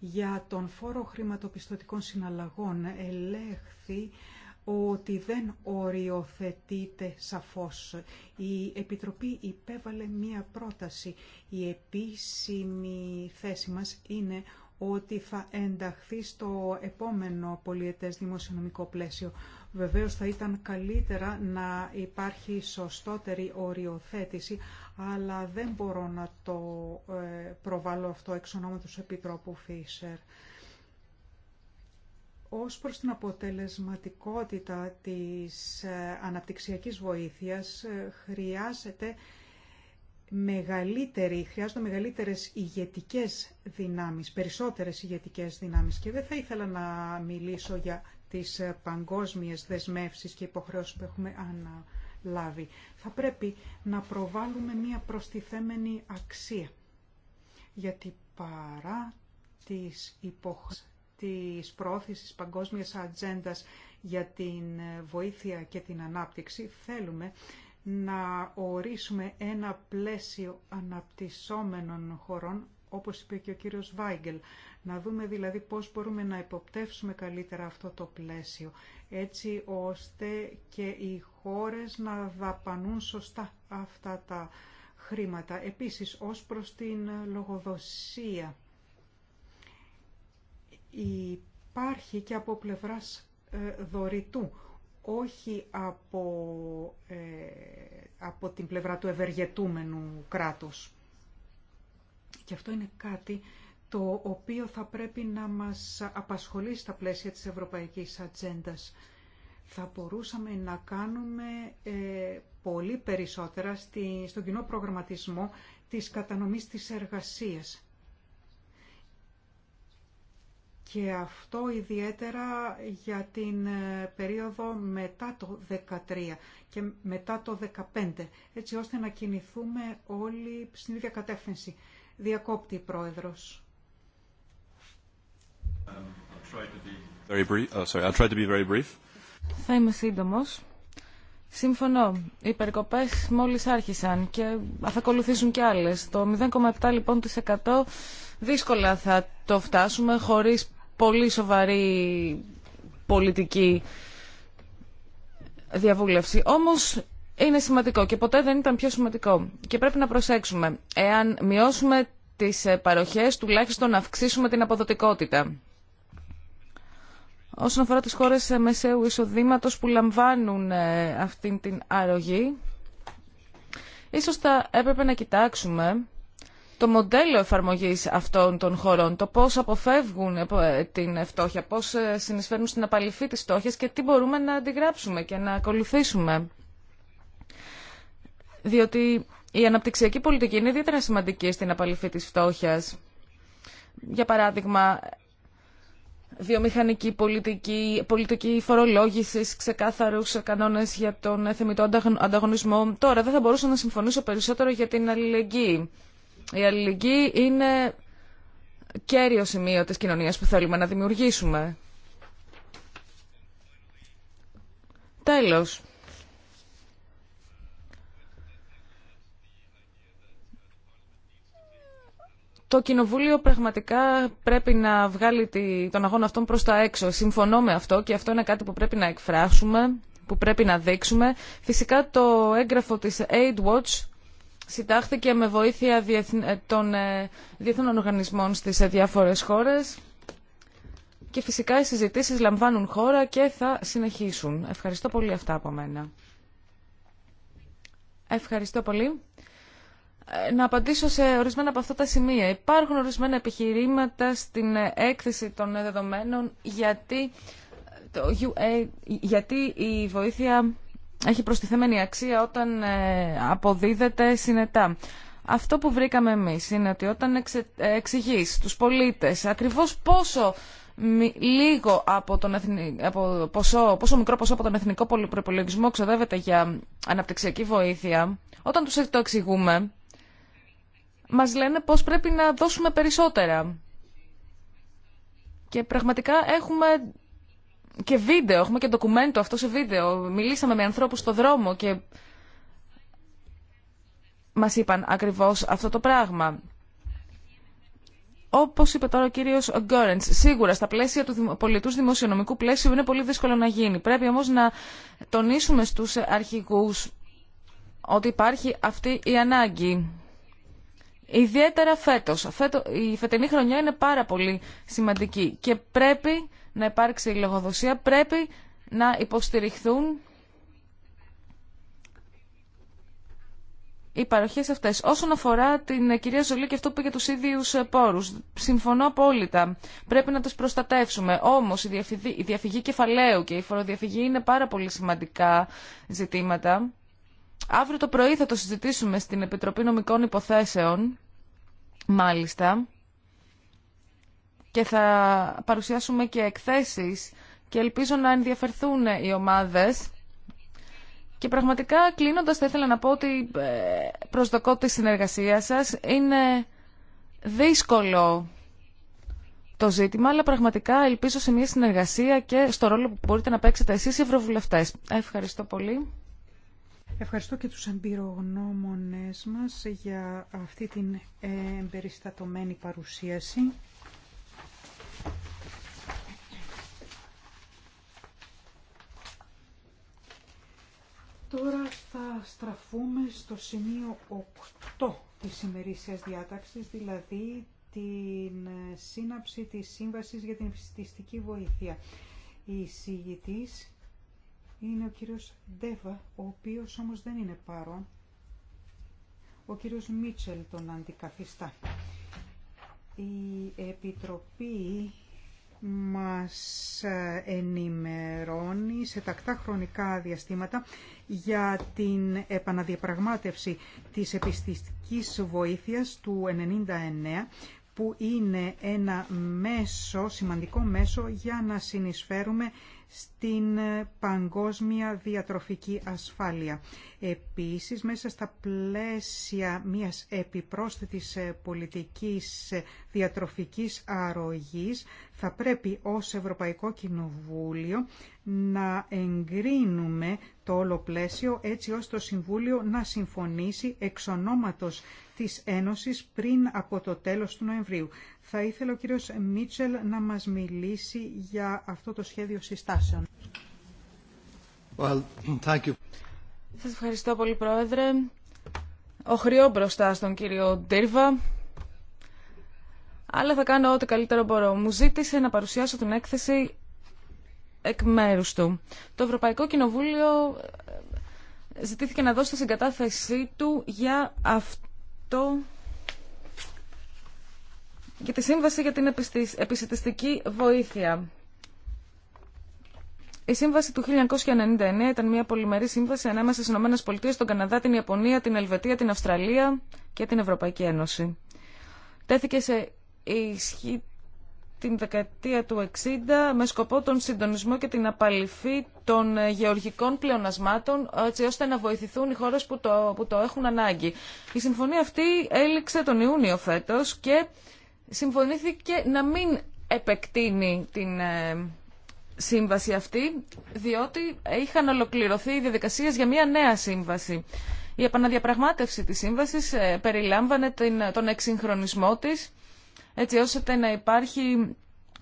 για τον φόρο χρηματοπιστωτικών συναλλαγών ελέγχθη ότι δεν οριοθετείται σαφώς. Η Επιτροπή υπέβαλε μία πρόταση. Η επίσημη θέση μας είναι ότι θα ενταχθεί στο επόμενο πολιετές δημοσιονομικό πλαίσιο. Βεβαίως θα ήταν καλύτερα να υπάρχει σωστότερη οριοθέτηση, αλλά δεν μπορώ να το ε, προβάλλω αυτό εξ ονόματος Επιτρόπου Φίσερ. Ως προς την αποτελεσματικότητα της ε, αναπτυξιακής βοήθειας ε, χρειάζεται μεγαλύτερη, χρειάζονται μεγαλύτερες ηγετικές δυνάμεις, περισσότερες ηγετικές δυνάμεις και δεν θα ήθελα να μιλήσω για τις ε, παγκόσμιες δεσμεύσεις και υποχρεώσεις που έχουμε αναλάβει. Θα πρέπει να προβάλλουμε μία προστιθέμενη αξία, γιατί παρά τις υποχρεώσεις της προώθησης παγκόσμιας ατζέντα για την ε, βοήθεια και την ανάπτυξη, θέλουμε να ορίσουμε ένα πλαίσιο αναπτυσσόμενων χωρών, όπως είπε και ο κύριος Βάιγκελ, να δούμε δηλαδή πώς μπορούμε να υποπτεύσουμε καλύτερα αυτό το πλαίσιο, έτσι ώστε και οι χώρες να δαπανούν σωστά αυτά τα χρήματα. Επίσης, ως προς την λογοδοσία, υπάρχει και από πλευράς ε, δωρητού, όχι από, ε, από την πλευρά του ευεργετούμενου κράτους. Και αυτό είναι κάτι το οποίο θα πρέπει να μας απασχολεί στα πλαίσια της ευρωπαϊκής ατζέντα. Θα μπορούσαμε να κάνουμε ε, πολύ περισσότερα στη, στον κοινό προγραμματισμό της κατανομής της εργασίας. Και αυτό ιδιαίτερα για την ε, περίοδο μετά το 2013 και μετά το 2015, έτσι ώστε να κινηθούμε όλοι στην ίδια κατεύθυνση. Διακόπτη, Πρόεδρος. Θα είμαι σύντομο. Συμφωνώ. Οι περικοπές μόλις άρχισαν και θα ακολουθήσουν και άλλες. Το 0,7 λοιπόν δύσκολα θα το φτάσουμε χωρίς πολύ σοβαρή πολιτική διαβούλευση. Όμως είναι σημαντικό και ποτέ δεν ήταν πιο σημαντικό. Και πρέπει να προσέξουμε. Εάν μειώσουμε τις ε, παροχέ τουλάχιστον να αυξήσουμε την αποδοτικότητα όσον αφορά τις χώρες μεσαίου εισοδήματος που λαμβάνουν ε, αυτήν την αρρωγή, ίσως θα έπρεπε να κοιτάξουμε το μοντέλο εφαρμογής αυτών των χωρών, το πώς αποφεύγουν ε, ε, την φτώχεια, πώς συνεισφέρουν στην απαλυφή της φτώχειας και τι μπορούμε να αντιγράψουμε και να ακολουθήσουμε. Διότι η αναπτυξιακή πολιτική είναι ιδιαίτερα σημαντική στην απαλυφή της φτώχειας. Για παράδειγμα, βιομηχανική πολιτική, πολιτική φορολόγηση, ξεκάθαρου κανόνε για τον θεμητό ανταγωνισμό. Τώρα δεν θα μπορούσα να συμφωνήσω περισσότερο για την αλληλεγγύη. Η αλληλεγγύη είναι κέριο σημείο της κοινωνίας που θέλουμε να δημιουργήσουμε. Τέλος. το Κοινοβούλιο πραγματικά πρέπει να βγάλει τον αγώνα αυτόν προς τα έξω. Συμφωνώ με αυτό και αυτό είναι κάτι που πρέπει να εκφράσουμε, που πρέπει να δείξουμε. Φυσικά το έγγραφο της Aid Watch συντάχθηκε με βοήθεια ε, των ε, διεθνών οργανισμών στις ε, διάφορες χώρες και φυσικά οι συζητήσεις λαμβάνουν χώρα και θα συνεχίσουν. Ευχαριστώ πολύ αυτά από μένα. Ευχαριστώ πολύ να απαντήσω σε ορισμένα από αυτά τα σημεία. Υπάρχουν ορισμένα επιχειρήματα στην έκθεση των δεδομένων γιατί, UA, γιατί η βοήθεια έχει προστιθέμενη αξία όταν ε, αποδίδεται συνετά. Αυτό που βρήκαμε εμείς είναι ότι όταν ε, εξηγεί τους πολίτες ακριβώς πόσο λίγο από τον εθνι... από ποσό, πόσο μικρό ποσό από τον εθνικό προπολογισμό ξοδεύεται για αναπτυξιακή βοήθεια, όταν τους το εξηγούμε, μας λένε πως πρέπει να δώσουμε περισσότερα. Και πραγματικά έχουμε και βίντεο, έχουμε και ντοκουμέντο αυτό σε βίντεο. Μιλήσαμε με ανθρώπους στο δρόμο και μας είπαν ακριβώς αυτό το πράγμα. Όπω είπε τώρα ο κύριο Γκόρεντ, σίγουρα στα πλαίσια του πολιτού δημοσιονομικού πλαίσιου είναι πολύ δύσκολο να γίνει. Πρέπει όμω να τονίσουμε στου αρχηγού ότι υπάρχει αυτή η ανάγκη. Ιδιαίτερα φέτο. η φετινή χρονιά είναι πάρα πολύ σημαντική και πρέπει να υπάρξει λογοδοσία, πρέπει να υποστηριχθούν οι παροχέ αυτέ. Όσον αφορά την ε, κυρία Ζολή και αυτό που είπε για του ίδιου ε, πόρου, συμφωνώ απόλυτα. Πρέπει να του προστατεύσουμε. Όμω η διαφυγή κεφαλαίου και η φοροδιαφυγή είναι πάρα πολύ σημαντικά ζητήματα. Αύριο το πρωί θα το συζητήσουμε στην Επιτροπή Νομικών Υποθέσεων, μάλιστα, και θα παρουσιάσουμε και εκθέσεις και ελπίζω να ενδιαφερθούν οι ομάδες. Και πραγματικά κλείνοντας θα ήθελα να πω ότι ε, προσδοκώ τη συνεργασία σας. Είναι δύσκολο το ζήτημα, αλλά πραγματικά ελπίζω σε μια συνεργασία και στο ρόλο που μπορείτε να παίξετε εσείς οι ευρωβουλευτές. Ευχαριστώ πολύ. Ευχαριστώ και τους εμπειρογνώμονες μας για αυτή την εμπεριστατωμένη παρουσίαση. Τώρα θα στραφούμε στο σημείο 8 της ημερήσιας διάταξης, δηλαδή την σύναψη της Σύμβασης για την Φυσιστική Βοήθεια. Η συγητής είναι ο κύριος Ντέβα, ο οποίος όμως δεν είναι παρόν. Ο κύριος Μίτσελ τον αντικαθιστά. Η Επιτροπή μας ε, ενημερώνει σε τακτά χρονικά διαστήματα για την επαναδιαπραγμάτευση της επιστηστικής βοήθειας του 99 που είναι ένα μέσο, σημαντικό μέσο για να συνεισφέρουμε στην παγκόσμια διατροφική ασφάλεια. Επίσης, μέσα στα πλαίσια μιας επιπρόσθετης ε, πολιτικής ε, διατροφικής αρρωγής, θα πρέπει ως Ευρωπαϊκό Κοινοβούλιο να εγκρίνουμε το όλο πλαίσιο έτσι ώστε το Συμβούλιο να συμφωνήσει εξ ονόματος της Ένωσης πριν από το τέλος του Νοεμβρίου. Θα ήθελα ο κύριος Μίτσελ να μας μιλήσει για αυτό το σχέδιο συστάσεων. Well, σας ευχαριστώ πολύ Πρόεδρε. Οχριό μπροστά στον κύριο Ντύρβα. Αλλά θα κάνω ό,τι καλύτερο μπορώ. Μου ζήτησε να παρουσιάσω την έκθεση εκ μέρους του. Το Ευρωπαϊκό Κοινοβούλιο ε, ζητήθηκε να δώσει τη συγκατάθεσή του για αυτό για τη σύμβαση για την επιστηστική βοήθεια. Η σύμβαση του 1999 ήταν μια πολυμερή σύμβαση ανάμεσα στι ΗΠΑ, τον Καναδά, την Ιαπωνία, την Ελβετία, την Αυστραλία και την Ευρωπαϊκή Ένωση. Τέθηκε σε ισχύ την δεκαετία του 60 με σκοπό τον συντονισμό και την απαλυφή των γεωργικών πλεονασμάτων έτσι ώστε να βοηθηθούν οι χώρες που το, που το έχουν ανάγκη. Η συμφωνία αυτή έληξε τον Ιούνιο φέτος και συμφωνήθηκε να μην επεκτείνει την ε, σύμβαση αυτή, διότι είχαν ολοκληρωθεί οι διαδικασίες για μια νέα σύμβαση. Η επαναδιαπραγμάτευση της σύμβασης ε, περιλάμβανε τον εξυγχρονισμό της, έτσι ώστε να υπάρχει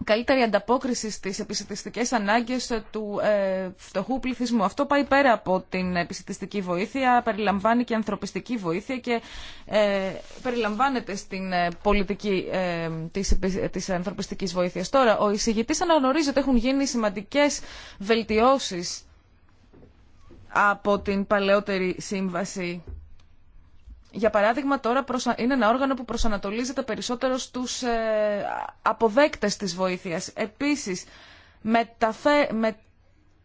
καλύτερη ανταπόκριση στις επιστημιστικές ανάγκες του ε, φτωχού πληθυσμού. Αυτό πάει πέρα από την επιστημιστική βοήθεια, περιλαμβάνει και ανθρωπιστική βοήθεια και ε, περιλαμβάνεται στην ε, πολιτική ε, της, της ανθρωπιστικής βοήθειας. Τώρα, ο εισηγητής αναγνωρίζει ότι έχουν γίνει σημαντικές βελτιώσεις από την παλαιότερη σύμβαση για παράδειγμα, τώρα είναι ένα όργανο που προσανατολίζεται περισσότερο στους ε, αποδέκτες της βοήθειας. Επίσης, μεταφε...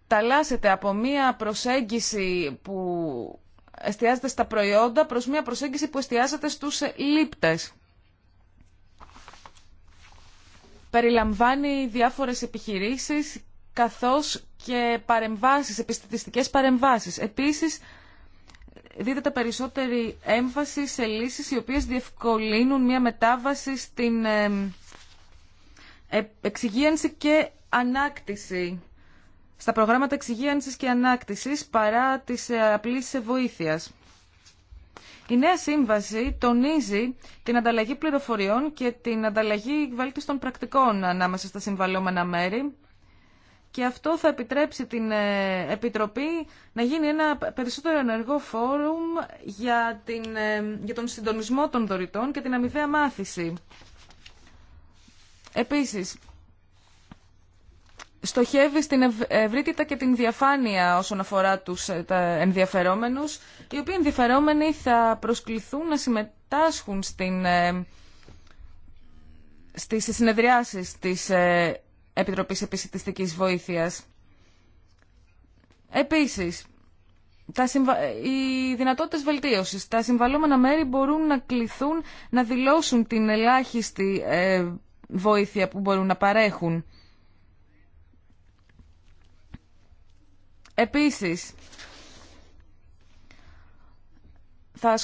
μεταλλάσσεται από μία προσέγγιση που εστιάζεται στα προϊόντα προς μία προσέγγιση που εστιάζεται στους ε, λήπτες. Περιλαμβάνει διάφορες επιχειρήσεις καθώς και παρεμβάσεις, επιστημιστικές παρεμβάσεις. Επίσης, δίδεται περισσότερη έμφαση σε λύσεις οι οποίες διευκολύνουν μια μετάβαση στην ε, εξυγίανση και ανάκτηση στα προγράμματα εξυγίανσης και ανάκτησης παρά της ε, απλής βοήθειας. Η νέα σύμβαση τονίζει την ανταλλαγή πληροφοριών και την ανταλλαγή βέλτιστων πρακτικών ανάμεσα στα συμβαλλόμενα μέρη, και αυτό θα επιτρέψει την ε, Επιτροπή να γίνει ένα περισσότερο ενεργό φόρουμ για, την, ε, για τον συντονισμό των δωρητών και την αμοιβαία μάθηση. Επίσης, στοχεύει στην ευ ευρύτητα και την διαφάνεια όσον αφορά τους ε, τα ενδιαφερόμενους, οι οποίοι ενδιαφερόμενοι θα προσκληθούν να συμμετάσχουν στην, ε, στις συνεδριάσεις της Επιτροπής Επισητιστικής Βοήθειας. Επίσης, τα οι δυνατότητες βελτίωσης. Τα συμβαλώμενα μέρη μπορούν να κληθούν να δηλώσουν την ελάχιστη ε, βοήθεια που μπορούν να παρέχουν. Επίσης, θα,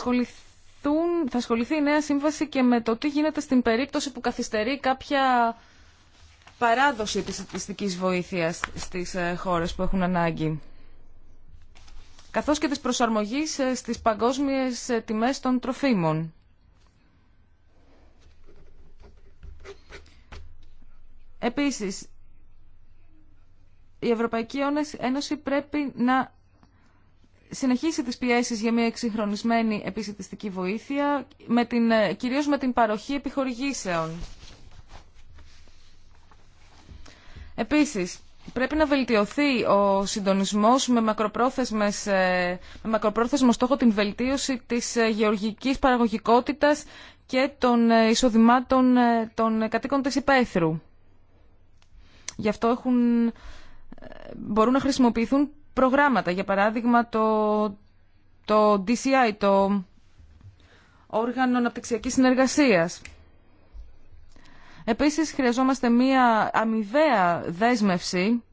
θα ασχοληθεί η νέα σύμβαση και με το τι γίνεται στην περίπτωση που καθυστερεί κάποια παράδοση της βοήθειας στις ε, χώρες που έχουν ανάγκη καθώς και της προσαρμογής ε, στις παγκόσμιες ε, τιμές των τροφίμων. Επίσης, η Ευρωπαϊκή Ένωση πρέπει να συνεχίσει τις πιέσεις για μια εξυγχρονισμένη επιστημιστική βοήθεια, με την, κυρίως με την παροχή επιχορηγήσεων. Επίσης, πρέπει να βελτιωθεί ο συντονισμός με, μακροπρόθεσμες, ε, με μακροπρόθεσμο στόχο την βελτίωση της ε, γεωργικής παραγωγικότητας και των ε, εισοδημάτων των κατοίκων της υπαίθρου. Γι' αυτό έχουν, μπορούν να χρησιμοποιηθούν προγράμματα. Για παράδειγμα, το, το DCI, το Όργανο Αναπτυξιακής Συνεργασίας. Επίσης χρειαζόμαστε μία αμοιβαία δέσμευση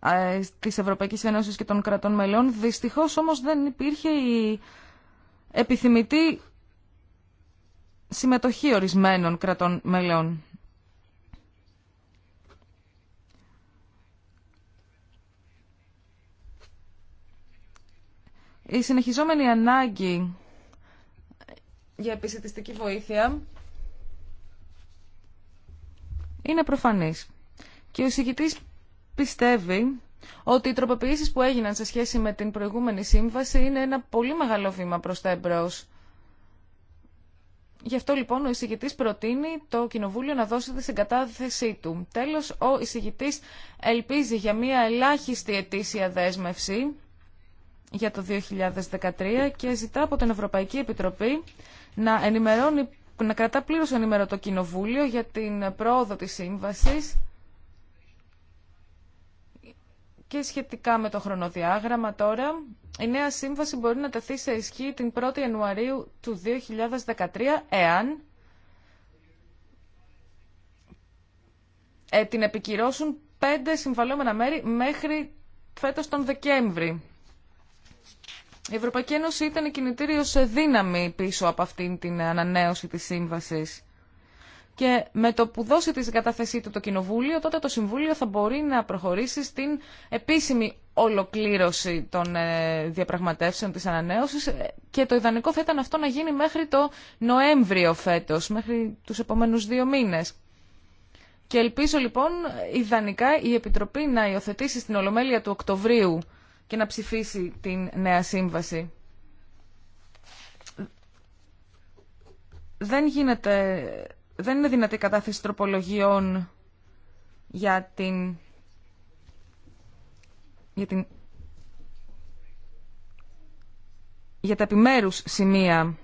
ε, της Ευρωπαϊκής Ένωσης και των κρατών μελών. Δυστυχώς όμως δεν υπήρχε η επιθυμητή συμμετοχή ορισμένων κρατών μελών. Η συνεχιζόμενη ανάγκη για επισητιστική βοήθεια είναι προφανής. Και ο εισηγητής πιστεύει ότι οι τροποποιήσεις που έγιναν σε σχέση με την προηγούμενη σύμβαση είναι ένα πολύ μεγάλο βήμα προς τα εμπρός. Γι' αυτό λοιπόν ο εισηγητής προτείνει το Κοινοβούλιο να δώσει τη συγκατάθεσή του. Τέλος, ο εισηγητής ελπίζει για μια ελάχιστη ετήσια δέσμευση για το 2013 και ζητά από την Ευρωπαϊκή Επιτροπή να ενημερώνει να κρατά πλήρως ενημερωτό το Κοινοβούλιο για την πρόοδο της σύμβασης και σχετικά με το χρονοδιάγραμμα τώρα, η νέα σύμβαση μπορεί να τεθεί σε ισχύ την 1η Ιανουαρίου του 2013, εάν ε, την επικυρώσουν πέντε συμβαλόμενα μέρη μέχρι φέτος τον Δεκέμβρη. Η Ευρωπαϊκή Ένωση ήταν η κινητήριος δύναμη πίσω από αυτήν την ανανέωση της σύμβασης. Και με το που δώσει τη κατάθεσή του το Κοινοβούλιο, τότε το Συμβούλιο θα μπορεί να προχωρήσει στην επίσημη ολοκλήρωση των ε, διαπραγματεύσεων της ανανέωσης ε, και το ιδανικό θα ήταν αυτό να γίνει μέχρι το Νοέμβριο φέτος, μέχρι τους επόμενους δύο μήνες. Και ελπίζω λοιπόν ιδανικά η Επιτροπή να υιοθετήσει στην Ολομέλεια του Οκτωβρίου και να ψηφίσει την νέα σύμβαση. Δεν, γίνεται, δεν είναι δυνατή κατάθεση τροπολογιών για την, για την για τα επιμέρους σημεία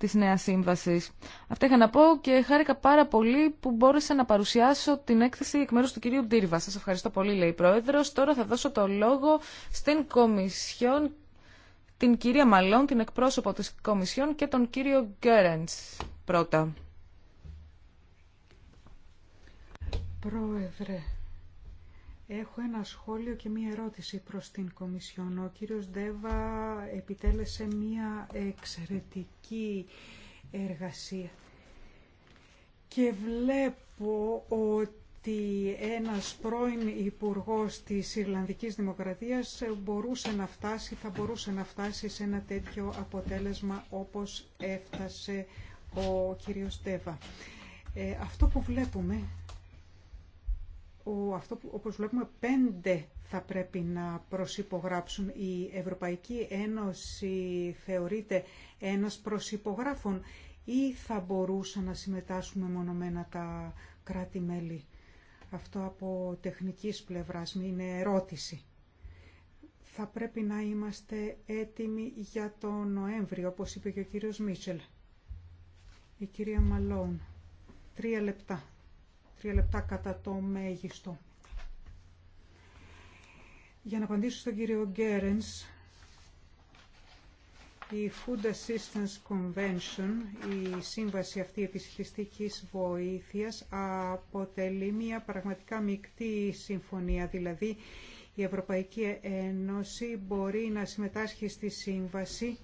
Τη νέα σύμβαση. Αυτά είχα να πω και χάρηκα πάρα πολύ που μπόρεσα να παρουσιάσω την έκθεση εκ μέρου του κυρίου Ντύρβα. Σας ευχαριστώ πολύ, λέει η Πρόεδρος. Τώρα θα δώσω το λόγο στην Κομισιόν, την κυρία Μαλόν, την εκπρόσωπο της Κομισιόν και τον κύριο Γκέρεντ πρώτα. Πρόεδρε, Έχω ένα σχόλιο και μία ερώτηση προς την Κομισιόν. Ο κύριος Ντέβα επιτέλεσε μία εξαιρετική εργασία. Και βλέπω ότι ένας πρώην υπουργός της Ιρλανδικής Δημοκρατίας μπορούσε να φτάσει, θα μπορούσε να φτάσει σε ένα τέτοιο αποτέλεσμα όπως έφτασε ο κύριος Ντέβα. Ε, αυτό που βλέπουμε ο, αυτό που, όπως βλέπουμε, πέντε θα πρέπει να προσυπογράψουν. Η Ευρωπαϊκή Ένωση θεωρείται ένας προσυπογράφων ή θα μπορούσαν να συμμετάσχουν μονομένα τα κράτη-μέλη. Αυτό από τεχνικής πλευράς είναι ερώτηση. Θα πρέπει να είμαστε έτοιμοι για το Νοέμβριο, όπως είπε και ο κύριος Μίτσελ. Η κυρία Μαλόν. Τρία λεπτά τρία λεπτά κατά το μέγιστο. Για να απαντήσω στον κύριο Γκέρενς, η Food Assistance Convention, η σύμβαση αυτή επισχιστικής βοήθειας, αποτελεί μια πραγματικά μεικτή συμφωνία, δηλαδή η Ευρωπαϊκή Ένωση μπορεί να συμμετάσχει στη σύμβαση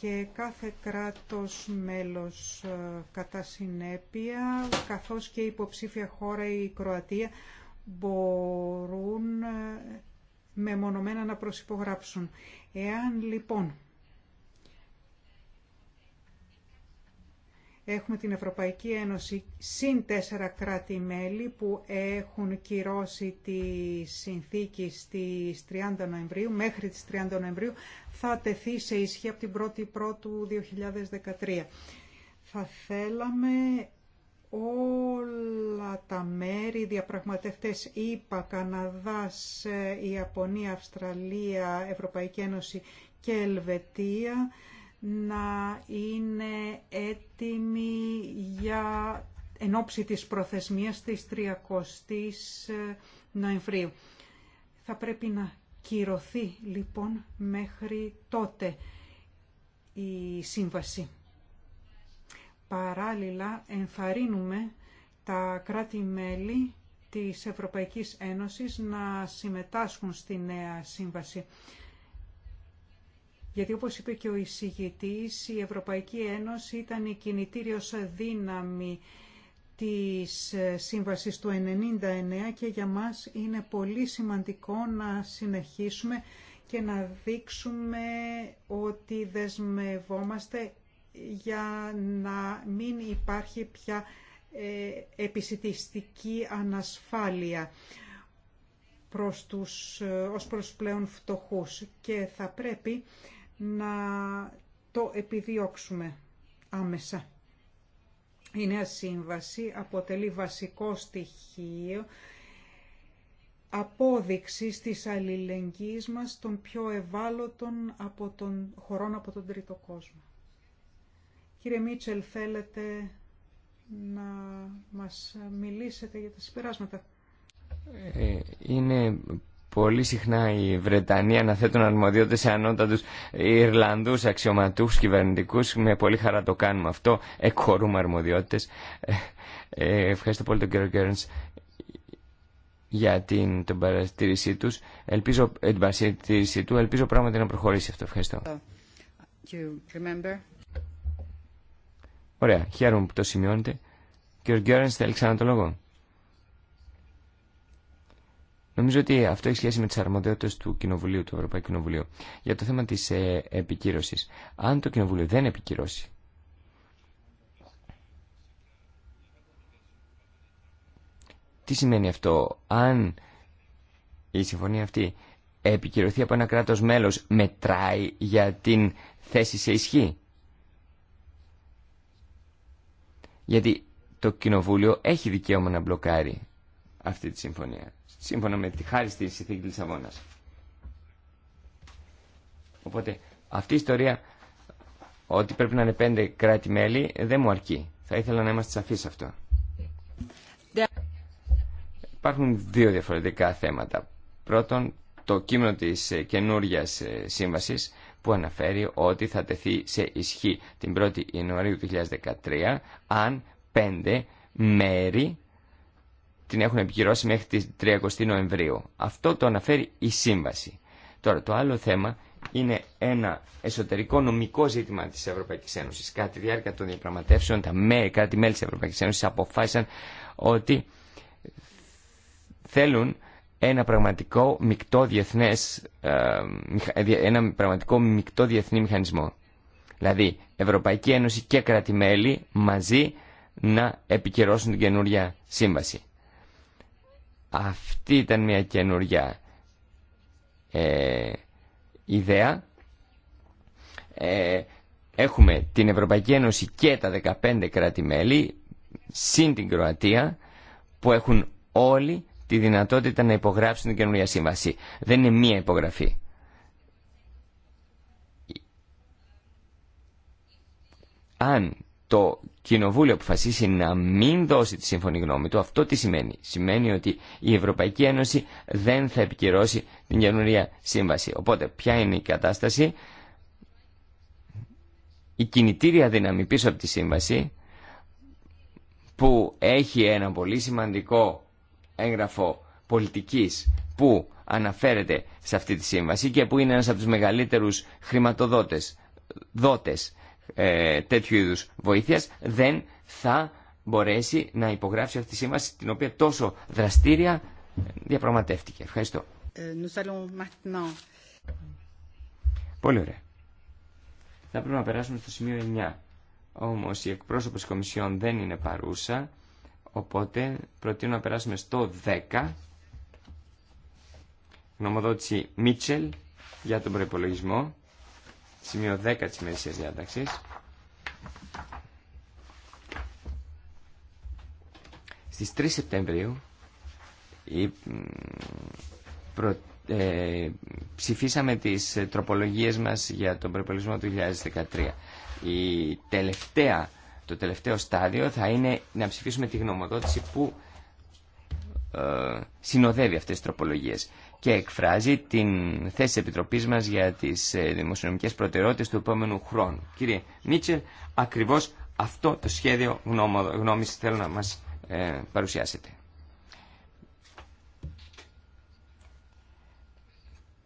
και κάθε κράτος μέλος ε, κατά συνέπεια, καθώς και η υποψήφια χώρα η Κροατία μπορούν ε, μεμονωμένα να προσυπογράψουν. Εάν λοιπόν Έχουμε την Ευρωπαϊκή Ένωση συν τέσσερα κράτη-μέλη που έχουν κυρώσει τη συνθήκη στις 30 Νοεμβρίου. Μέχρι τις 30 Νοεμβρίου θα τεθεί σε ισχύ από την 1η Πρώτου 2013. Θα θέλαμε όλα τα μέρη, διαπραγματευτές ΗΠΑ, Καναδάς, Ιαπωνία, Αυστραλία, Ευρωπαϊκή Ένωση και Ελβετία να είναι έτοιμη για εν ώψη της προθεσμίας της 30ης ε, Νοεμβρίου. Θα πρέπει να κυρωθεί λοιπόν μέχρι τότε η σύμβαση. Παράλληλα ενθαρρύνουμε τα κράτη-μέλη της Ευρωπαϊκής Ένωσης να συμμετάσχουν στη νέα σύμβαση. Γιατί όπως είπε και ο εισηγητής, η Ευρωπαϊκή Ένωση ήταν η κινητήριος δύναμη της Σύμβασης του 1999 και για μας είναι πολύ σημαντικό να συνεχίσουμε και να δείξουμε ότι δεσμευόμαστε για να μην υπάρχει πια ε, επισητιστική ανασφάλεια προς τους, ε, ως προς πλέον φτωχούς και θα πρέπει να το επιδιώξουμε άμεσα. Η νέα σύμβαση αποτελεί βασικό στοιχείο απόδειξης της αλληλεγγύης μας των πιο ευάλωτων από τον, χωρών από τον τρίτο κόσμο. Κύριε Μίτσελ, θέλετε να μας μιλήσετε για τα συμπεράσματα. Ε, είναι Πολύ συχνά οι Βρετανοί αναθέτουν αρμοδιότητε σε ανώτατου Ιρλανδού αξιωματού κυβερνητικού. Με πολύ χαρά το κάνουμε αυτό. Εκχωρούμε αρμοδιότητε. Ε, ε, ευχαριστώ πολύ τον κύριο για την, την παρατήρησή του. Ελπίζω, ε, την παρατήρησή του. Ελπίζω πράγματι να προχωρήσει αυτό. Ευχαριστώ. Ωραία. Χαίρομαι που το σημειώνετε. Κύριο Γκέρνς, θέλει ξανά το λόγο. Νομίζω ότι αυτό έχει σχέση με τι αρμοδιότητε του Κοινοβουλίου, του Ευρωπαϊκού Κοινοβουλίου. Για το θέμα τη ε, επικύρωση. Αν το Κοινοβούλιο δεν επικυρώσει. Τι σημαίνει αυτό, αν η συμφωνία αυτή επικυρωθεί από ένα κράτος μέλος, μετράει για την θέση σε ισχύ. Γιατί το Κοινοβούλιο έχει δικαίωμα να μπλοκάρει αυτή τη συμφωνία. Σύμφωνα με τη χάρη στη συνθήκη Λισαβόνας. Οπότε αυτή η ιστορία ότι πρέπει να είναι πέντε κράτη-μέλη δεν μου αρκεί. Θα ήθελα να είμαστε σαφείς σε αυτό. Υπάρχουν δύο διαφορετικά θέματα. Πρώτον, το κείμενο της καινούρια σύμβασης που αναφέρει ότι θα τεθεί σε ισχύ την 1η Ιανουαρίου 2013 αν πέντε μέρη την έχουν επικυρώσει μέχρι τη 30 Νοεμβρίου. Αυτό το αναφέρει η σύμβαση. Τώρα το άλλο θέμα είναι ένα εσωτερικό νομικό ζήτημα της Ευρωπαϊκής Ένωσης. Κάτι τη διάρκεια των διαπραγματεύσεων τα μέρη, κάτι μέλη της Ευρωπαϊκής Ένωσης αποφάσισαν ότι θέλουν ένα πραγματικό μεικτό διεθνές, ε, ε, ένα πραγματικό μεικτό διεθνή μηχανισμό. Δηλαδή Ευρωπαϊκή Ένωση και κράτη-μέλη μαζί να επικυρώσουν την καινούρια σύμβαση. Αυτή ήταν μια καινούργια ε, ιδέα. Ε, έχουμε την Ευρωπαϊκή Ένωση και τα 15 κράτη-μέλη, συν την Κροατία, που έχουν όλοι τη δυνατότητα να υπογράψουν την καινούργια σύμβαση. Δεν είναι μία υπογραφή. Αν το κοινοβούλιο αποφασίσει να μην δώσει τη σύμφωνη γνώμη του, αυτό τι σημαίνει. Σημαίνει ότι η Ευρωπαϊκή Ένωση δεν θα επικυρώσει την καινούρια σύμβαση. Οπότε, ποια είναι η κατάσταση. Η κινητήρια δύναμη πίσω από τη σύμβαση που έχει ένα πολύ σημαντικό έγγραφο πολιτικής που αναφέρεται σε αυτή τη σύμβαση και που είναι ένας από τους μεγαλύτερους χρηματοδότες, δότες ε, τέτοιου είδου βοήθεια, δεν θα μπορέσει να υπογράψει αυτή τη σύμβαση την οποία τόσο δραστήρια διαπραγματεύτηκε. Ευχαριστώ. Ε, Πολύ ωραία. Θα πρέπει να περάσουμε στο σημείο 9. Όμως η τη Κομισιόν δεν είναι παρούσα, οπότε προτείνω να περάσουμε στο 10. Γνωμοδότηση Μίτσελ για τον προπολογισμό σημείο 10 της ημερησίας διάταξης. Στις 3 Σεπτεμβρίου η, προ, ε, ψηφίσαμε τις ε, τροπολογίες μας για τον προπολογισμό του 2013. Η τελευταία, το τελευταίο στάδιο θα είναι να ψηφίσουμε τη γνωμοδότηση που ε, συνοδεύει αυτές τις τροπολογίες και εκφράζει την θέση της Επιτροπής μας για τις ε, δημοσιονομικές προτεραιότητες του επόμενου χρόνου. Κύριε Μίτσελ, ακριβώς αυτό το σχέδιο γνώμης θέλω να μας ε, παρουσιάσετε.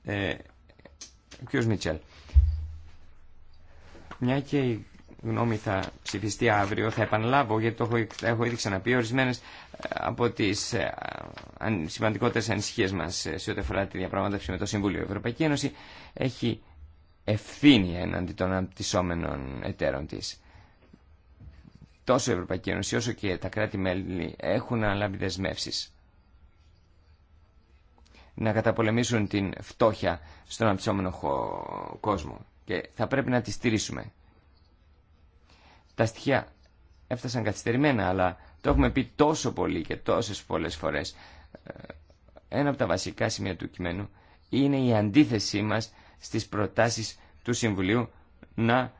Ε, κύριος Μίτσελ, μια και η γνώμη θα ψηφιστεί αύριο, θα επαναλάβω γιατί το έχω, έχω ήδη ξαναπεί, ορισμένες από τις ε, σημαντικότερες ανησυχίες μας σε ό,τι αφορά τη διαπραγμάτευση με το Συμβούλιο. Η Ευρωπαϊκή Ένωση έχει ευθύνη εναντί των αναπτυσσόμενων εταίρων της. Τόσο η Ευρωπαϊκή Ένωση όσο και τα κράτη-μέλη έχουν αναλάβει δεσμεύσει να καταπολεμήσουν την φτώχεια στον αναπτυσσόμενο κόσμο και θα πρέπει να τη στηρίσουμε. Τα στοιχεία έφτασαν καθυστερημένα αλλά το έχουμε πει τόσο πολύ και τόσες πολλές φορές. Ε, ένα από τα βασικά σημεία του κειμένου είναι η αντίθεσή μας στις προτάσεις του Συμβουλίου να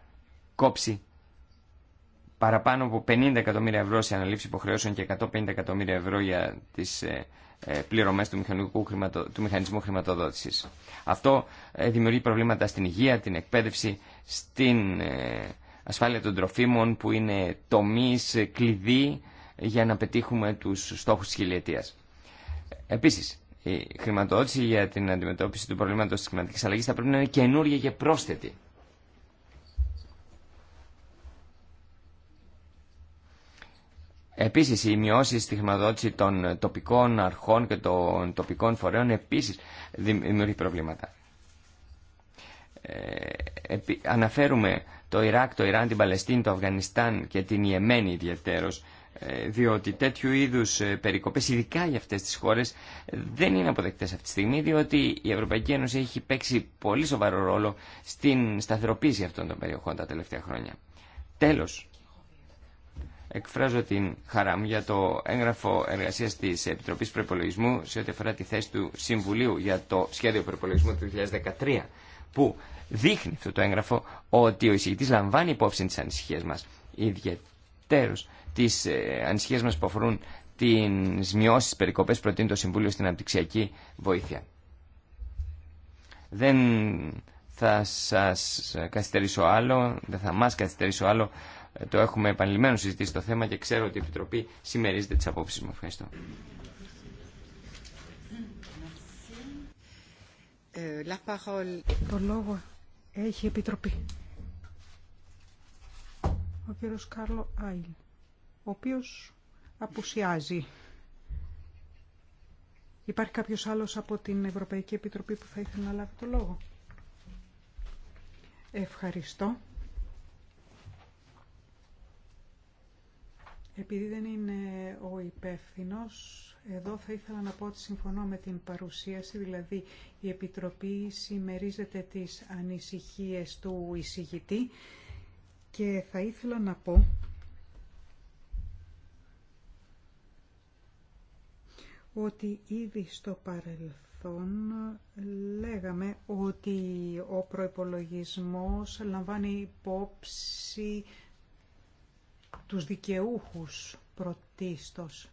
κόψει παραπάνω από 50 εκατομμύρια ευρώ σε αναλήψη υποχρεώσεων και 150 εκατομμύρια ευρώ για τις ε, ε, πληρωμές του, του μηχανισμού χρηματοδότησης. Αυτό δημιουργεί προβλήματα στην υγεία, την εκπαίδευση, στην ασφάλεια των τροφίμων που είναι τομείς κλειδί για να πετύχουμε τους στόχους της χιλιετίας. Επίσης, η χρηματοδότηση για την αντιμετώπιση του προβλήματος της κλιματικής αλλαγής θα πρέπει να είναι καινούργια και πρόσθετη. Επίσης, οι μειώσει στη χρηματοδότηση των τοπικών αρχών και των τοπικών φορέων επίσης δημιουργεί προβλήματα. Ε, αναφέρουμε το Ιράκ, το Ιράν, την Παλαιστίνη, το Αφγανιστάν και την Ιεμένη ιδιαίτερως ε, διότι τέτοιου είδους ε, περικοπές, ειδικά για αυτές τις χώρες, δεν είναι αποδεκτές αυτή τη στιγμή, διότι η Ευρωπαϊκή Ένωση έχει παίξει πολύ σοβαρό ρόλο στην σταθεροποίηση αυτών των περιοχών τα τελευταία χρόνια. Τέλος, εκφράζω την χαρά μου για το έγγραφο εργασία τη Επιτροπή Προπολογισμού σε ό,τι αφορά τη θέση του Συμβουλίου για το σχέδιο προπολογισμού του 2013, που δείχνει αυτό το έγγραφο ότι ο εισηγητής λαμβάνει υπόψη τι ανησυχίε μα, τέρους τις ε, ανησυχίες μας που αφορούν τις μειώσεις, τις περικοπές προτείνει το Συμβούλιο στην Αναπτυξιακή Βοήθεια. Δεν θα σας καθυστερήσω άλλο, δεν θα μας καθυστερήσω άλλο. Ε, το έχουμε επανειλημμένο συζητήσει το θέμα και ξέρω ότι η Επιτροπή συμμερίζεται τις απόψεις μου. Ευχαριστώ. Ε, το λόγο έχει Επιτροπή ο κύριος Κάρλο Άιλ, ο οποίος απουσιάζει. Υπάρχει κάποιος άλλος από την Ευρωπαϊκή Επιτροπή που θα ήθελε να λάβει το λόγο. Ευχαριστώ. Επειδή δεν είναι ο υπεύθυνο, εδώ θα ήθελα να πω ότι συμφωνώ με την παρουσίαση, δηλαδή η Επιτροπή συμμερίζεται τις ανησυχίες του εισηγητή και θα ήθελα να πω ότι ήδη στο παρελθόν λέγαμε ότι ο προϋπολογισμός λαμβάνει υπόψη τους δικαιούχους πρωτίστως.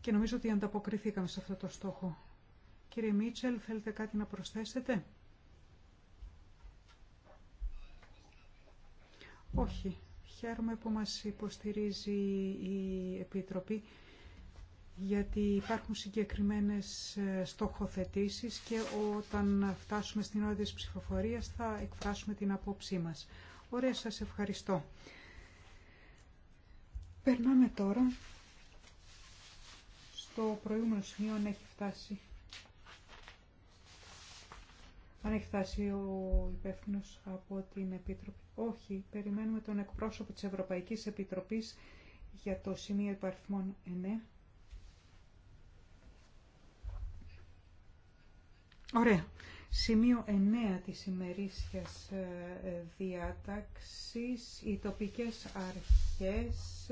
Και νομίζω ότι ανταποκριθήκαμε σε αυτό το στόχο. Κύριε Μίτσελ, θέλετε κάτι να προσθέσετε. Όχι. Χαίρομαι που μας υποστηρίζει η Επιτροπή γιατί υπάρχουν συγκεκριμένες ε, στοχοθετήσεις και όταν φτάσουμε στην ώρα της ψηφοφορίας θα εκφράσουμε την απόψή μας. Ωραία, σας ευχαριστώ. Περνάμε τώρα στο προηγούμενο σημείο αν έχει φτάσει αν έχει φτάσει ο υπεύθυνο από την Επίτροπη. Όχι, περιμένουμε τον εκπρόσωπο της Ευρωπαϊκής Επιτροπής για το σημείο υπαριθμών 9. Ωραία. Σημείο 9 της ημερήσιας ε, διάταξης, οι τοπικές αρχές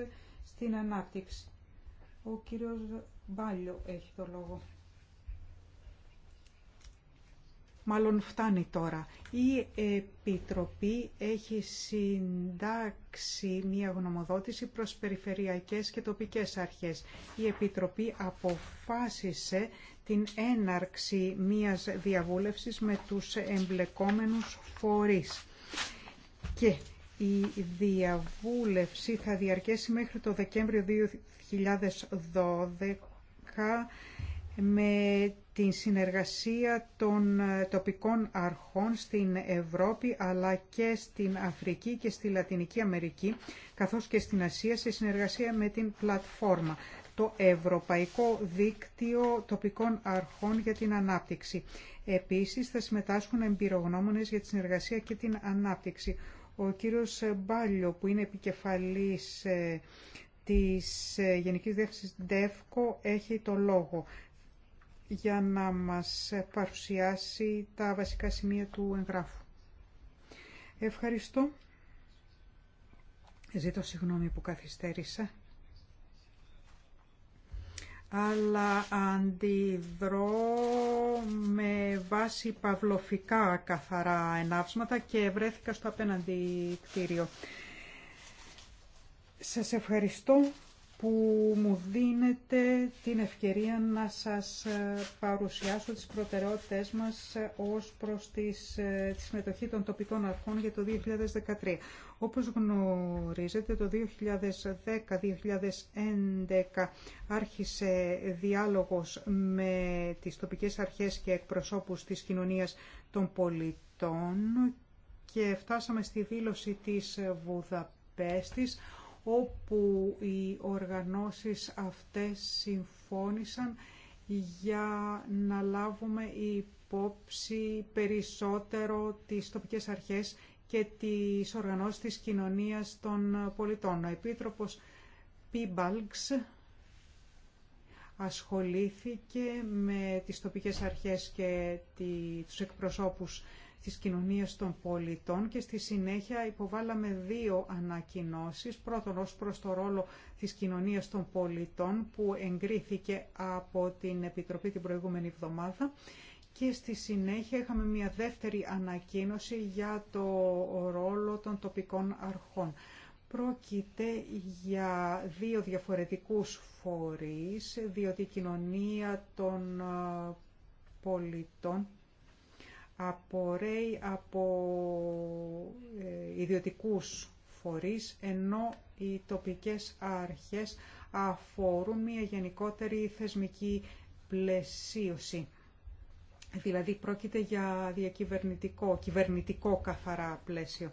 στην ανάπτυξη. Ο κύριος Μπάλιο έχει το λόγο. Μάλλον φτάνει τώρα. Η Επιτροπή έχει συντάξει μία γνωμοδότηση προς περιφερειακές και τοπικές αρχές. Η Επιτροπή αποφάσισε την έναρξη μίας διαβούλευσης με τους εμπλεκόμενους φορείς. Και η διαβούλευση θα διαρκέσει μέχρι το Δεκέμβριο 2012 με την συνεργασία των ε, τοπικών αρχών στην Ευρώπη αλλά και στην Αφρική και στη Λατινική Αμερική καθώς και στην Ασία σε συνεργασία με την πλατφόρμα το Ευρωπαϊκό Δίκτυο Τοπικών Αρχών για την Ανάπτυξη. Επίσης θα συμμετάσχουν εμπειρογνώμονες για τη συνεργασία και την ανάπτυξη. Ο κύριος Μπάλιο που είναι επικεφαλής ε, της ε, Γενικής Διεύθυνσης ΔΕΦΚΟ έχει το λόγο για να μας παρουσιάσει τα βασικά σημεία του εγγράφου. Ευχαριστώ. Ζήτω συγγνώμη που καθυστέρησα. Αλλά αντιδρώ με βάση παυλοφικά καθαρά ενάψματα και βρέθηκα στο απέναντι κτίριο. Σας ευχαριστώ που μου δίνετε την ευκαιρία να σας ε, παρουσιάσω τις προτεραιότητες μας ε, ως προς τις, ε, τη συμμετοχή των τοπικών αρχών για το 2013. Όπως γνωρίζετε, το 2010-2011 άρχισε διάλογος με τις τοπικές αρχές και εκπροσώπους της κοινωνίας των πολιτών και φτάσαμε στη δήλωση της Βουδαπέστης όπου οι οργανώσεις αυτές συμφώνησαν για να λάβουμε υπόψη περισσότερο τις τοπικές αρχές και τις οργανώσεις της κοινωνίας των πολιτών. Ο Επίτροπος Πίμπαλξ ασχολήθηκε με τις τοπικές αρχές και τους εκπροσώπους της κοινωνίας των πολιτών και στη συνέχεια υποβάλαμε δύο ανακοινώσεις. Πρώτον ως προς το ρόλο της κοινωνίας των πολιτών που εγκρίθηκε από την Επιτροπή την προηγούμενη εβδομάδα και στη συνέχεια είχαμε μια δεύτερη ανακοίνωση για το ρόλο των τοπικών αρχών. Πρόκειται για δύο διαφορετικούς φορείς, διότι η κοινωνία των ε, πολιτών απορρέει από ε, ιδιωτικούς φορείς, ενώ οι τοπικές αρχές αφορούν μια γενικότερη θεσμική πλαισίωση. Δηλαδή πρόκειται για διακυβερνητικό, κυβερνητικό καθαρά πλαίσιο.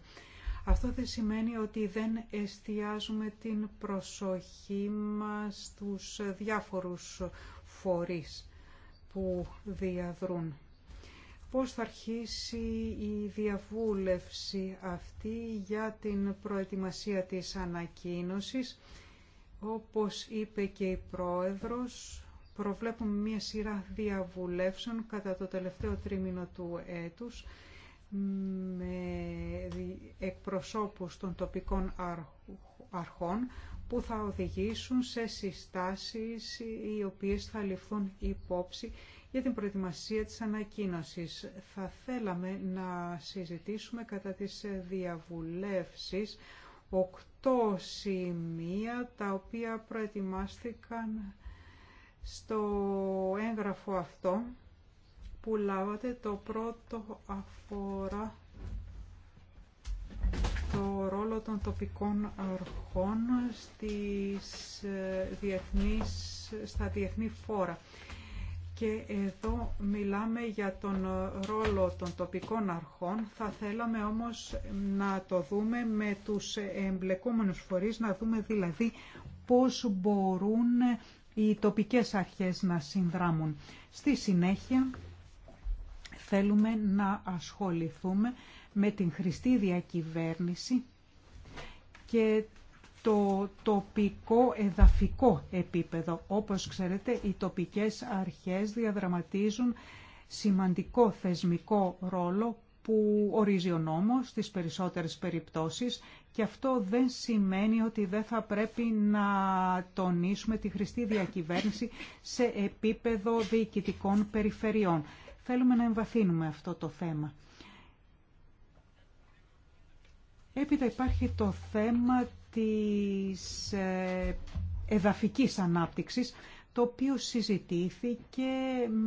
Αυτό δεν σημαίνει ότι δεν εστιάζουμε την προσοχή μας στους διάφορους φορείς που διαδρούν πώς θα αρχίσει η διαβούλευση αυτή για την προετοιμασία της ανακοίνωσης. Όπως είπε και η Πρόεδρος, προβλέπουμε μία σειρά διαβουλεύσεων κατά το τελευταίο τρίμηνο του έτους με εκπροσώπους των τοπικών αρχών που θα οδηγήσουν σε συστάσεις οι οποίες θα ληφθούν υπόψη για την προετοιμασία της ανακοίνωσης. Θα θέλαμε να συζητήσουμε κατά τις διαβουλεύσεις οκτώ σημεία τα οποία προετοιμάστηκαν στο έγγραφο αυτό που λάβατε. Το πρώτο αφορά το ρόλο των τοπικών αρχών στις ε, διεθνείς, στα διεθνή φόρα και εδώ μιλάμε για τον ρόλο των τοπικών αρχών. Θα θέλαμε όμως να το δούμε με τους εμπλεκόμενους φορείς, να δούμε δηλαδή πώς μπορούν οι τοπικές αρχές να συνδράμουν. Στη συνέχεια θέλουμε να ασχοληθούμε με την χρηστή διακυβέρνηση και το τοπικό εδαφικό επίπεδο. Όπως ξέρετε, οι τοπικές αρχές διαδραματίζουν σημαντικό θεσμικό ρόλο που ορίζει ο νόμος στις περισσότερες περιπτώσεις και αυτό δεν σημαίνει ότι δεν θα πρέπει να τονίσουμε τη χρηστή διακυβέρνηση σε επίπεδο διοικητικών περιφερειών. Θέλουμε να εμβαθύνουμε αυτό το θέμα. Έπειτα υπάρχει το θέμα της ε, εδαφικής ανάπτυξης, το οποίο συζητήθηκε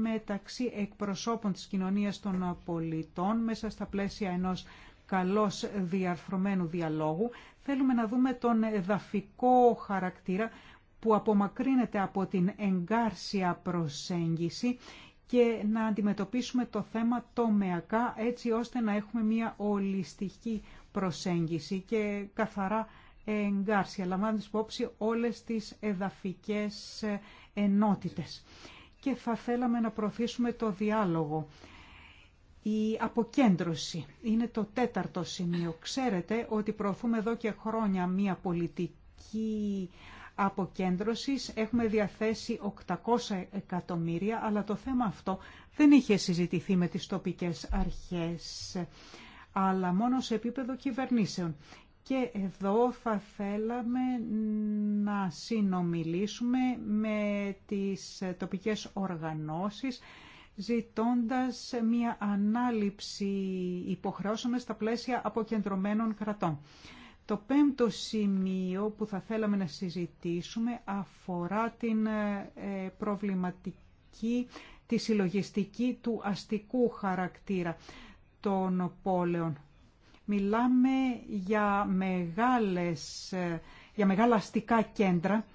μεταξύ εκπροσώπων της κοινωνίας των πολιτών μέσα στα πλαίσια ενός καλώς διαρθρωμένου διαλόγου. Θέλουμε να δούμε τον εδαφικό χαρακτήρα που απομακρύνεται από την εγκάρσια προσέγγιση και να αντιμετωπίσουμε το θέμα τομεακά έτσι ώστε να έχουμε μια ολιστική προσέγγιση και καθαρά εγκάρσια, λαμβάνοντας υπόψη όλες τις εδαφικές ε, ενότητες. Και θα θέλαμε να προωθήσουμε το διάλογο. Η αποκέντρωση είναι το τέταρτο σημείο. Ξέρετε ότι προωθούμε εδώ και χρόνια μία πολιτική αποκέντρωσης. Έχουμε διαθέσει 800 εκατομμύρια, αλλά το θέμα αυτό δεν είχε συζητηθεί με τις τοπικές αρχές αλλά μόνο σε επίπεδο κυβερνήσεων. Και εδώ θα θέλαμε να συνομιλήσουμε με τις τοπικές οργανώσεις ζητώντας μια ανάληψη υποχρεώσεων στα πλαίσια αποκεντρωμένων κρατών. Το πέμπτο σημείο που θα θέλαμε να συζητήσουμε αφορά την ε, προβληματική, τη συλλογιστική του αστικού χαρακτήρα των πόλεων. Μιλάμε για, μεγάλες, ε, για μεγάλα αστικά κέντρα,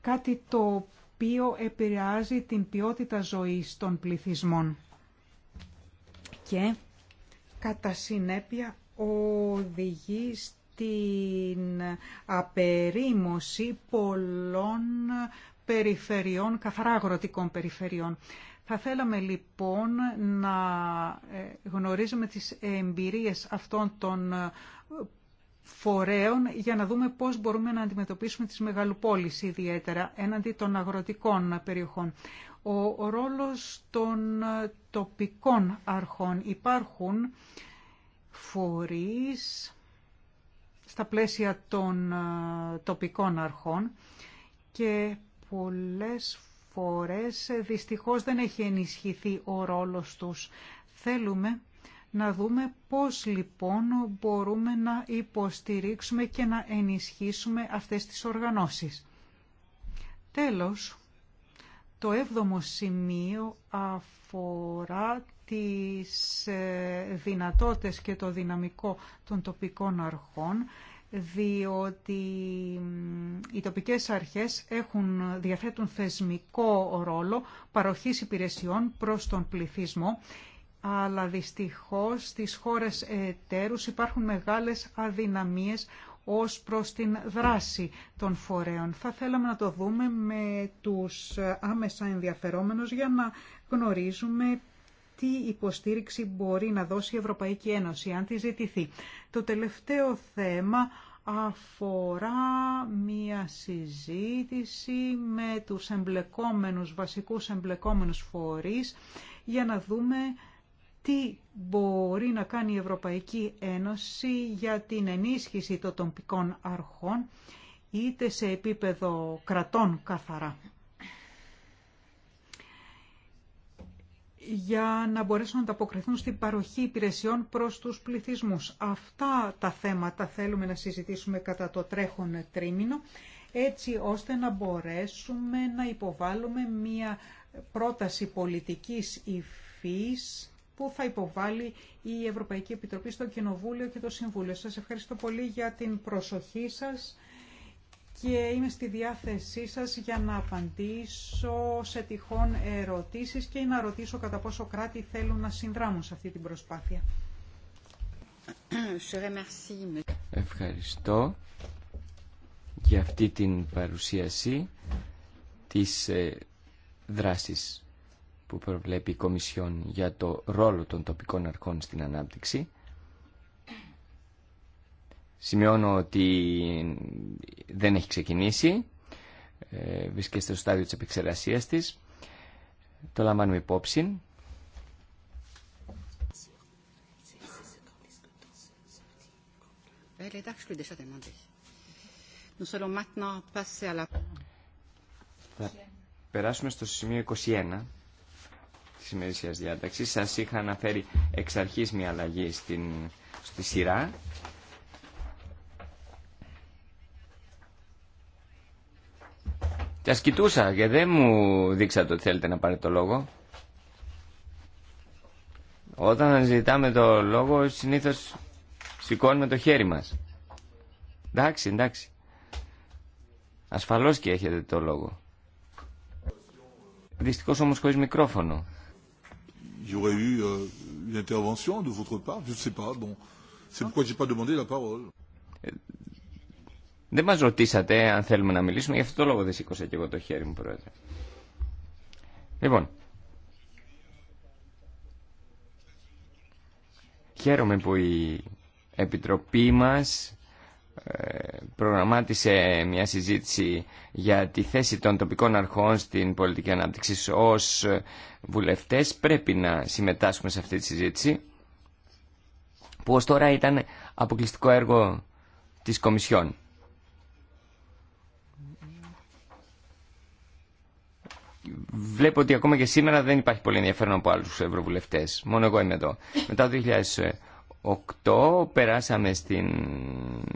κάτι το οποίο επηρεάζει την ποιότητα ζωής των πληθυσμών. Και κατά συνέπεια οδηγεί στην απερίμωση πολλών περιφερειών, καθαρά αγροτικών περιφερειών. Θα θέλαμε λοιπόν να ε, γνωρίζουμε τις εμπειρίες αυτών των ε, φορέων για να δούμε πώς μπορούμε να αντιμετωπίσουμε τις μεγαλοπόλεις ιδιαίτερα έναντι των αγροτικών περιοχών. Ο ρόλος των ε, τοπικών αρχών υπάρχουν φορείς στα πλαίσια των τοπικών αρχών και πολλές χώρες δυστυχώς δεν έχει ενισχυθεί ο ρόλος τους. Θέλουμε να δούμε πώς λοιπόν μπορούμε να υποστηρίξουμε και να ενισχύσουμε αυτές τις οργανώσεις. Τέλος, το έβδομο σημείο αφορά τις ε, δυνατότητες και το δυναμικό των τοπικών αρχών διότι οι τοπικές αρχές έχουν, διαθέτουν θεσμικό ρόλο παροχής υπηρεσιών προς τον πληθυσμό, αλλά δυστυχώς στις χώρες εταίρους υπάρχουν μεγάλες αδυναμίες ως προς την δράση των φορέων. Θα θέλαμε να το δούμε με τους άμεσα ενδιαφερόμενους για να γνωρίζουμε τι υποστήριξη μπορεί να δώσει η Ευρωπαϊκή Ένωση, αν τη ζητηθεί. Το τελευταίο θέμα αφορά μία συζήτηση με τους εμπλεκόμενους, βασικούς εμπλεκόμενους φορείς για να δούμε τι μπορεί να κάνει η Ευρωπαϊκή Ένωση για την ενίσχυση των τοπικών αρχών είτε σε επίπεδο κρατών καθαρά. για να μπορέσουν να ανταποκριθούν στην παροχή υπηρεσιών προς τους πληθυσμούς. Αυτά τα θέματα θέλουμε να συζητήσουμε κατά το τρέχον τρίμηνο, έτσι ώστε να μπορέσουμε να υποβάλουμε μία πρόταση πολιτικής υφής που θα υποβάλει η Ευρωπαϊκή Επιτροπή στο Κοινοβούλιο και το Συμβούλιο. Σας ευχαριστώ πολύ για την προσοχή σας και είμαι στη διάθεσή σας για να απαντήσω σε τυχόν ερωτήσεις και να ρωτήσω κατά πόσο κράτη θέλουν να συνδράμουν σε αυτή την προσπάθεια. Ευχαριστώ για αυτή την παρουσίαση της ε, δράσης που προβλέπει η Κομισιόν για το ρόλο των τοπικών αρχών στην ανάπτυξη. Σημειώνω ότι δεν έχει ξεκινήσει, ε, βρίσκεται στο στάδιο της επεξεργασίας της. Το λαμβάνουμε υπόψη. Ε, Θα περάσουμε στο σημείο 21 της ημερήσιας διάταξης. Σας είχα αναφέρει εξ αρχής μια αλλαγή στην, στη σειρά Τα κοιτούσα και δεν μου δείξατε ότι θέλετε να πάρετε το λόγο. Όταν ζητάμε το λόγο συνήθως σηκώνουμε το χέρι μας. Εντάξει, εντάξει. Ασφαλώς και έχετε το λόγο. Δυστυχώς όμως χωρίς μικρόφωνο. Δεν μας ρωτήσατε αν θέλουμε να μιλήσουμε, γι' αυτό το λόγο δεν σήκωσα και εγώ το χέρι μου, Πρόεδρε. Λοιπόν, χαίρομαι που η Επιτροπή μας ε, προγραμμάτισε μια συζήτηση για τη θέση των τοπικών αρχών στην πολιτική ανάπτυξη ως βουλευτές. Πρέπει να συμμετάσχουμε σε αυτή τη συζήτηση που ως τώρα ήταν αποκλειστικό έργο της Κομισιόν. βλέπω ότι ακόμα και σήμερα δεν υπάρχει πολύ ενδιαφέρον από άλλου ευρωβουλευτές. Μόνο εγώ είμαι εδώ. Μετά το 2008 περάσαμε στην,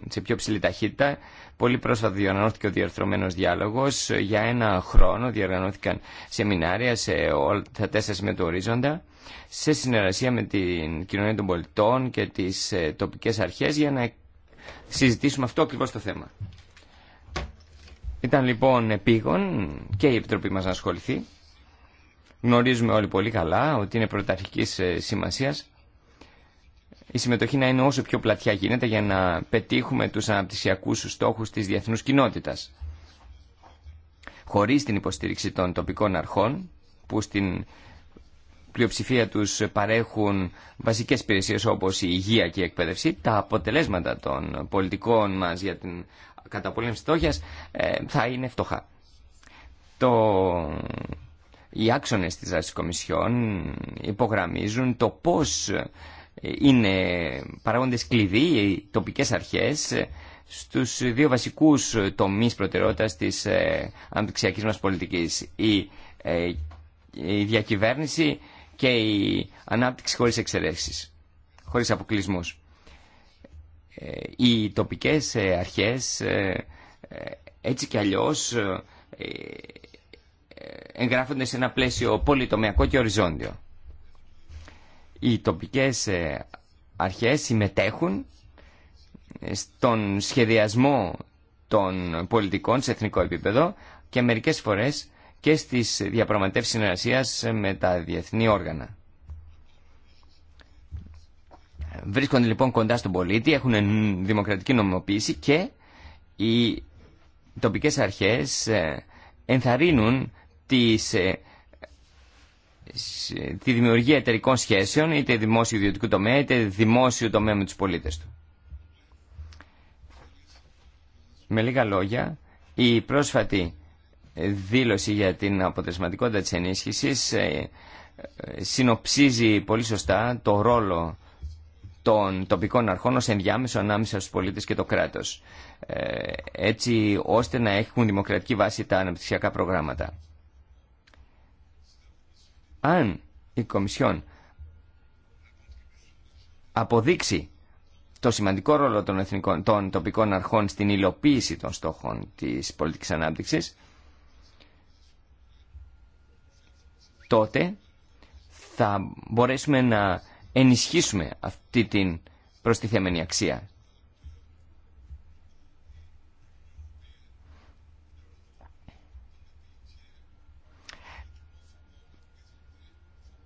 σε πιο ψηλή ταχύτητα. Πολύ πρόσφατα διοργανώθηκε ο διαρθρωμένος διάλογος. Για ένα χρόνο διοργανώθηκαν σεμινάρια σε όλα τα τέσσερα σημεία του ορίζοντα σε συνεργασία με την κοινωνία των πολιτών και τις ε, τοπικές αρχές για να συζητήσουμε αυτό ακριβώς το θέμα. Ήταν λοιπόν επίγον και η Επιτροπή μας να ασχοληθεί. Γνωρίζουμε όλοι πολύ καλά ότι είναι πρωταρχικής ε, σημασίας η συμμετοχή να είναι όσο πιο πλατιά γίνεται για να πετύχουμε τους αναπτυσιακούς στόχους της διεθνούς κοινότητας. Χωρίς την υποστήριξη των τοπικών αρχών που στην πλειοψηφία τους παρέχουν βασικές υπηρεσίε όπως η υγεία και η εκπαίδευση, τα αποτελέσματα των πολιτικών μας για την κατά τη ε, θα είναι φτωχά. Το... Οι άξονες της δράσης Κομισιόν υπογραμμίζουν το πώς είναι παράγοντες κλειδί οι τοπικές αρχές στους δύο βασικούς τομείς προτεραιότητας της ε, αναπτυξιακή μας πολιτικής. Η, ε, η διακυβέρνηση και η ανάπτυξη χωρίς εξαιρέσεις, χωρίς αποκλεισμούς. Ε, οι τοπικές ε, αρχές ε, έτσι κι αλλιώς εγγράφονται σε ένα πλαίσιο πολυτομιακό και οριζόντιο. Οι τοπικές αρχές συμμετέχουν στον σχεδιασμό των πολιτικών σε εθνικό επίπεδο και μερικές φορές και στις διαπραγματεύσεις συνεργασίας με τα διεθνή όργανα. Βρίσκονται λοιπόν κοντά στον πολίτη, έχουν δημοκρατική νομιμοποίηση και οι τοπικές αρχές ε, ενθαρρύνουν τις, ε, τη δημιουργία εταιρικών σχέσεων είτε δημόσιο ιδιωτικού τομέα είτε δημόσιο τομέα με τους πολίτες του. Με λίγα λόγια, η πρόσφατη ε, δήλωση για την αποτελεσματικότητα της ενίσχυσης συνοψίζει πολύ σωστά το ρόλο των τοπικών αρχών ως ενδιάμεσο ανάμεσα στους πολίτες και το κράτος, ε, έτσι ώστε να έχουν δημοκρατική βάση τα αναπτυξιακά προγράμματα. Αν η Κομισιόν αποδείξει το σημαντικό ρόλο των, εθνικών, των τοπικών αρχών στην υλοποίηση των στόχων της πολιτικής ανάπτυξης, τότε θα μπορέσουμε να ενισχύσουμε αυτή την προστιθέμενη αξία.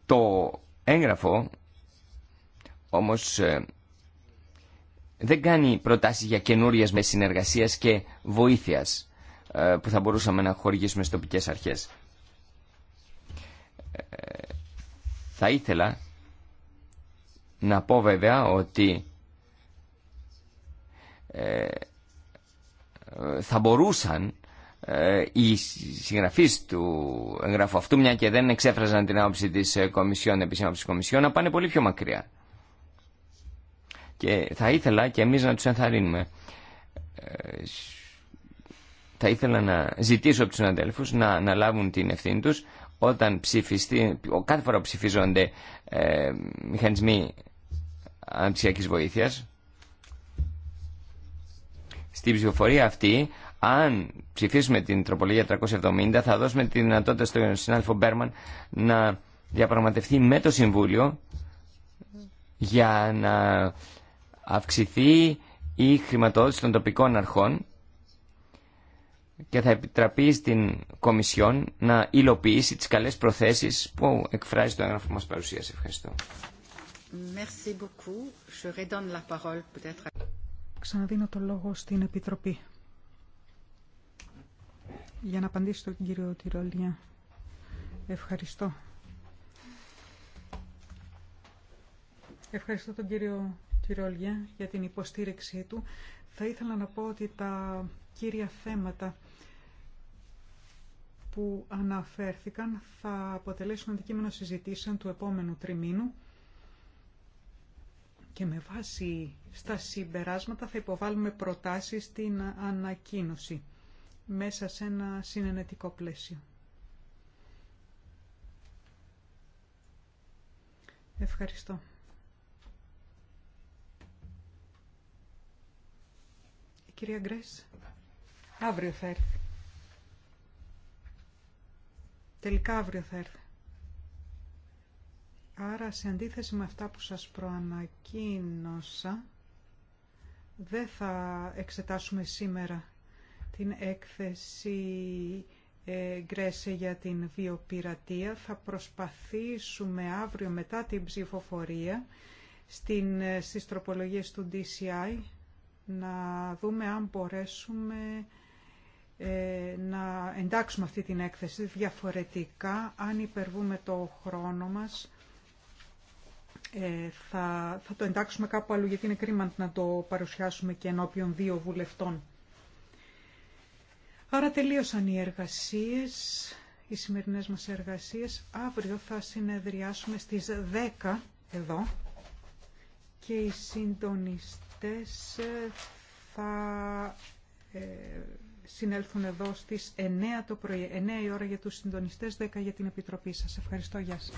Το έγγραφο όμως ε, δεν κάνει προτάσεις για καινούριες με συνεργασίας και βοήθειας ε, που θα μπορούσαμε να χορηγήσουμε στις τοπικές αρχές. Ε, θα ήθελα να πω βέβαια ότι ε, θα μπορούσαν ε, οι συγγραφείς του εγγράφου αυτού, μια και δεν εξέφραζαν την άποψη της ε, Κομισιόν, επίσημα της να πάνε πολύ πιο μακριά. Και θα ήθελα και εμείς να τους ενθαρρύνουμε. Θα ήθελα να ζητήσω από τους συναδέλφους να, να λάβουν την ευθύνη τους, όταν ψηφιστεί, κάθε φορά ψηφίζονται ε, μηχανισμοί αναψυχιακής βοήθειας, στην ψηφοφορία αυτή, αν ψηφίσουμε την τροπολογία 370, θα δώσουμε τη δυνατότητα στον συνάδελφο Μπέρμαν να διαπραγματευτεί με το Συμβούλιο για να αυξηθεί η χρηματοδότηση των τοπικών αρχών και θα επιτραπεί στην Κομισιόν να υλοποιήσει τις καλές προθέσεις που εκφράζει το έγγραφο μας παρουσίαση. Ευχαριστώ. Merci beaucoup. Je redonne la parole, Ξαναδίνω το λόγο στην Επιτροπή για να απαντήσω τον κύριο Τυρολιά. Ευχαριστώ. Ευχαριστώ τον κύριο Τυρολιά για την υποστήριξή του. Θα ήθελα να πω ότι τα κύρια θέματα που αναφέρθηκαν θα αποτελέσουν αντικείμενο συζητήσεων του επόμενου τριμήνου και με βάση στα συμπεράσματα θα υποβάλουμε προτάσεις στην ανακοίνωση μέσα σε ένα συνενετικό πλαίσιο. Ευχαριστώ. κυρία Γκρέσ, αύριο θα Τελικά αύριο θα έρθει. Άρα, σε αντίθεση με αυτά που σας προανακοίνωσα, δεν θα εξετάσουμε σήμερα την έκθεση ε, Γκρέσε για την βιοπειρατεία. Θα προσπαθήσουμε αύριο μετά την ψηφοφορία στην, ε, στις τροπολογίες του DCI να δούμε αν μπορέσουμε ε, να εντάξουμε αυτή την έκθεση. Διαφορετικά, αν υπερβούμε το χρόνο μας, ε, θα, θα το εντάξουμε κάπου αλλού, γιατί είναι κρίμα να το παρουσιάσουμε και ενώπιον δύο βουλευτών. Άρα τελείωσαν οι εργασίες, οι σημερινές μας εργασίες. Αύριο θα συνεδριάσουμε στις 10 εδώ και οι συντονιστές θα ε, συνέλθουν εδώ στις 9 το η ώρα για τους συντονιστές, 10 για την Επιτροπή σας. Ευχαριστώ, γεια σας.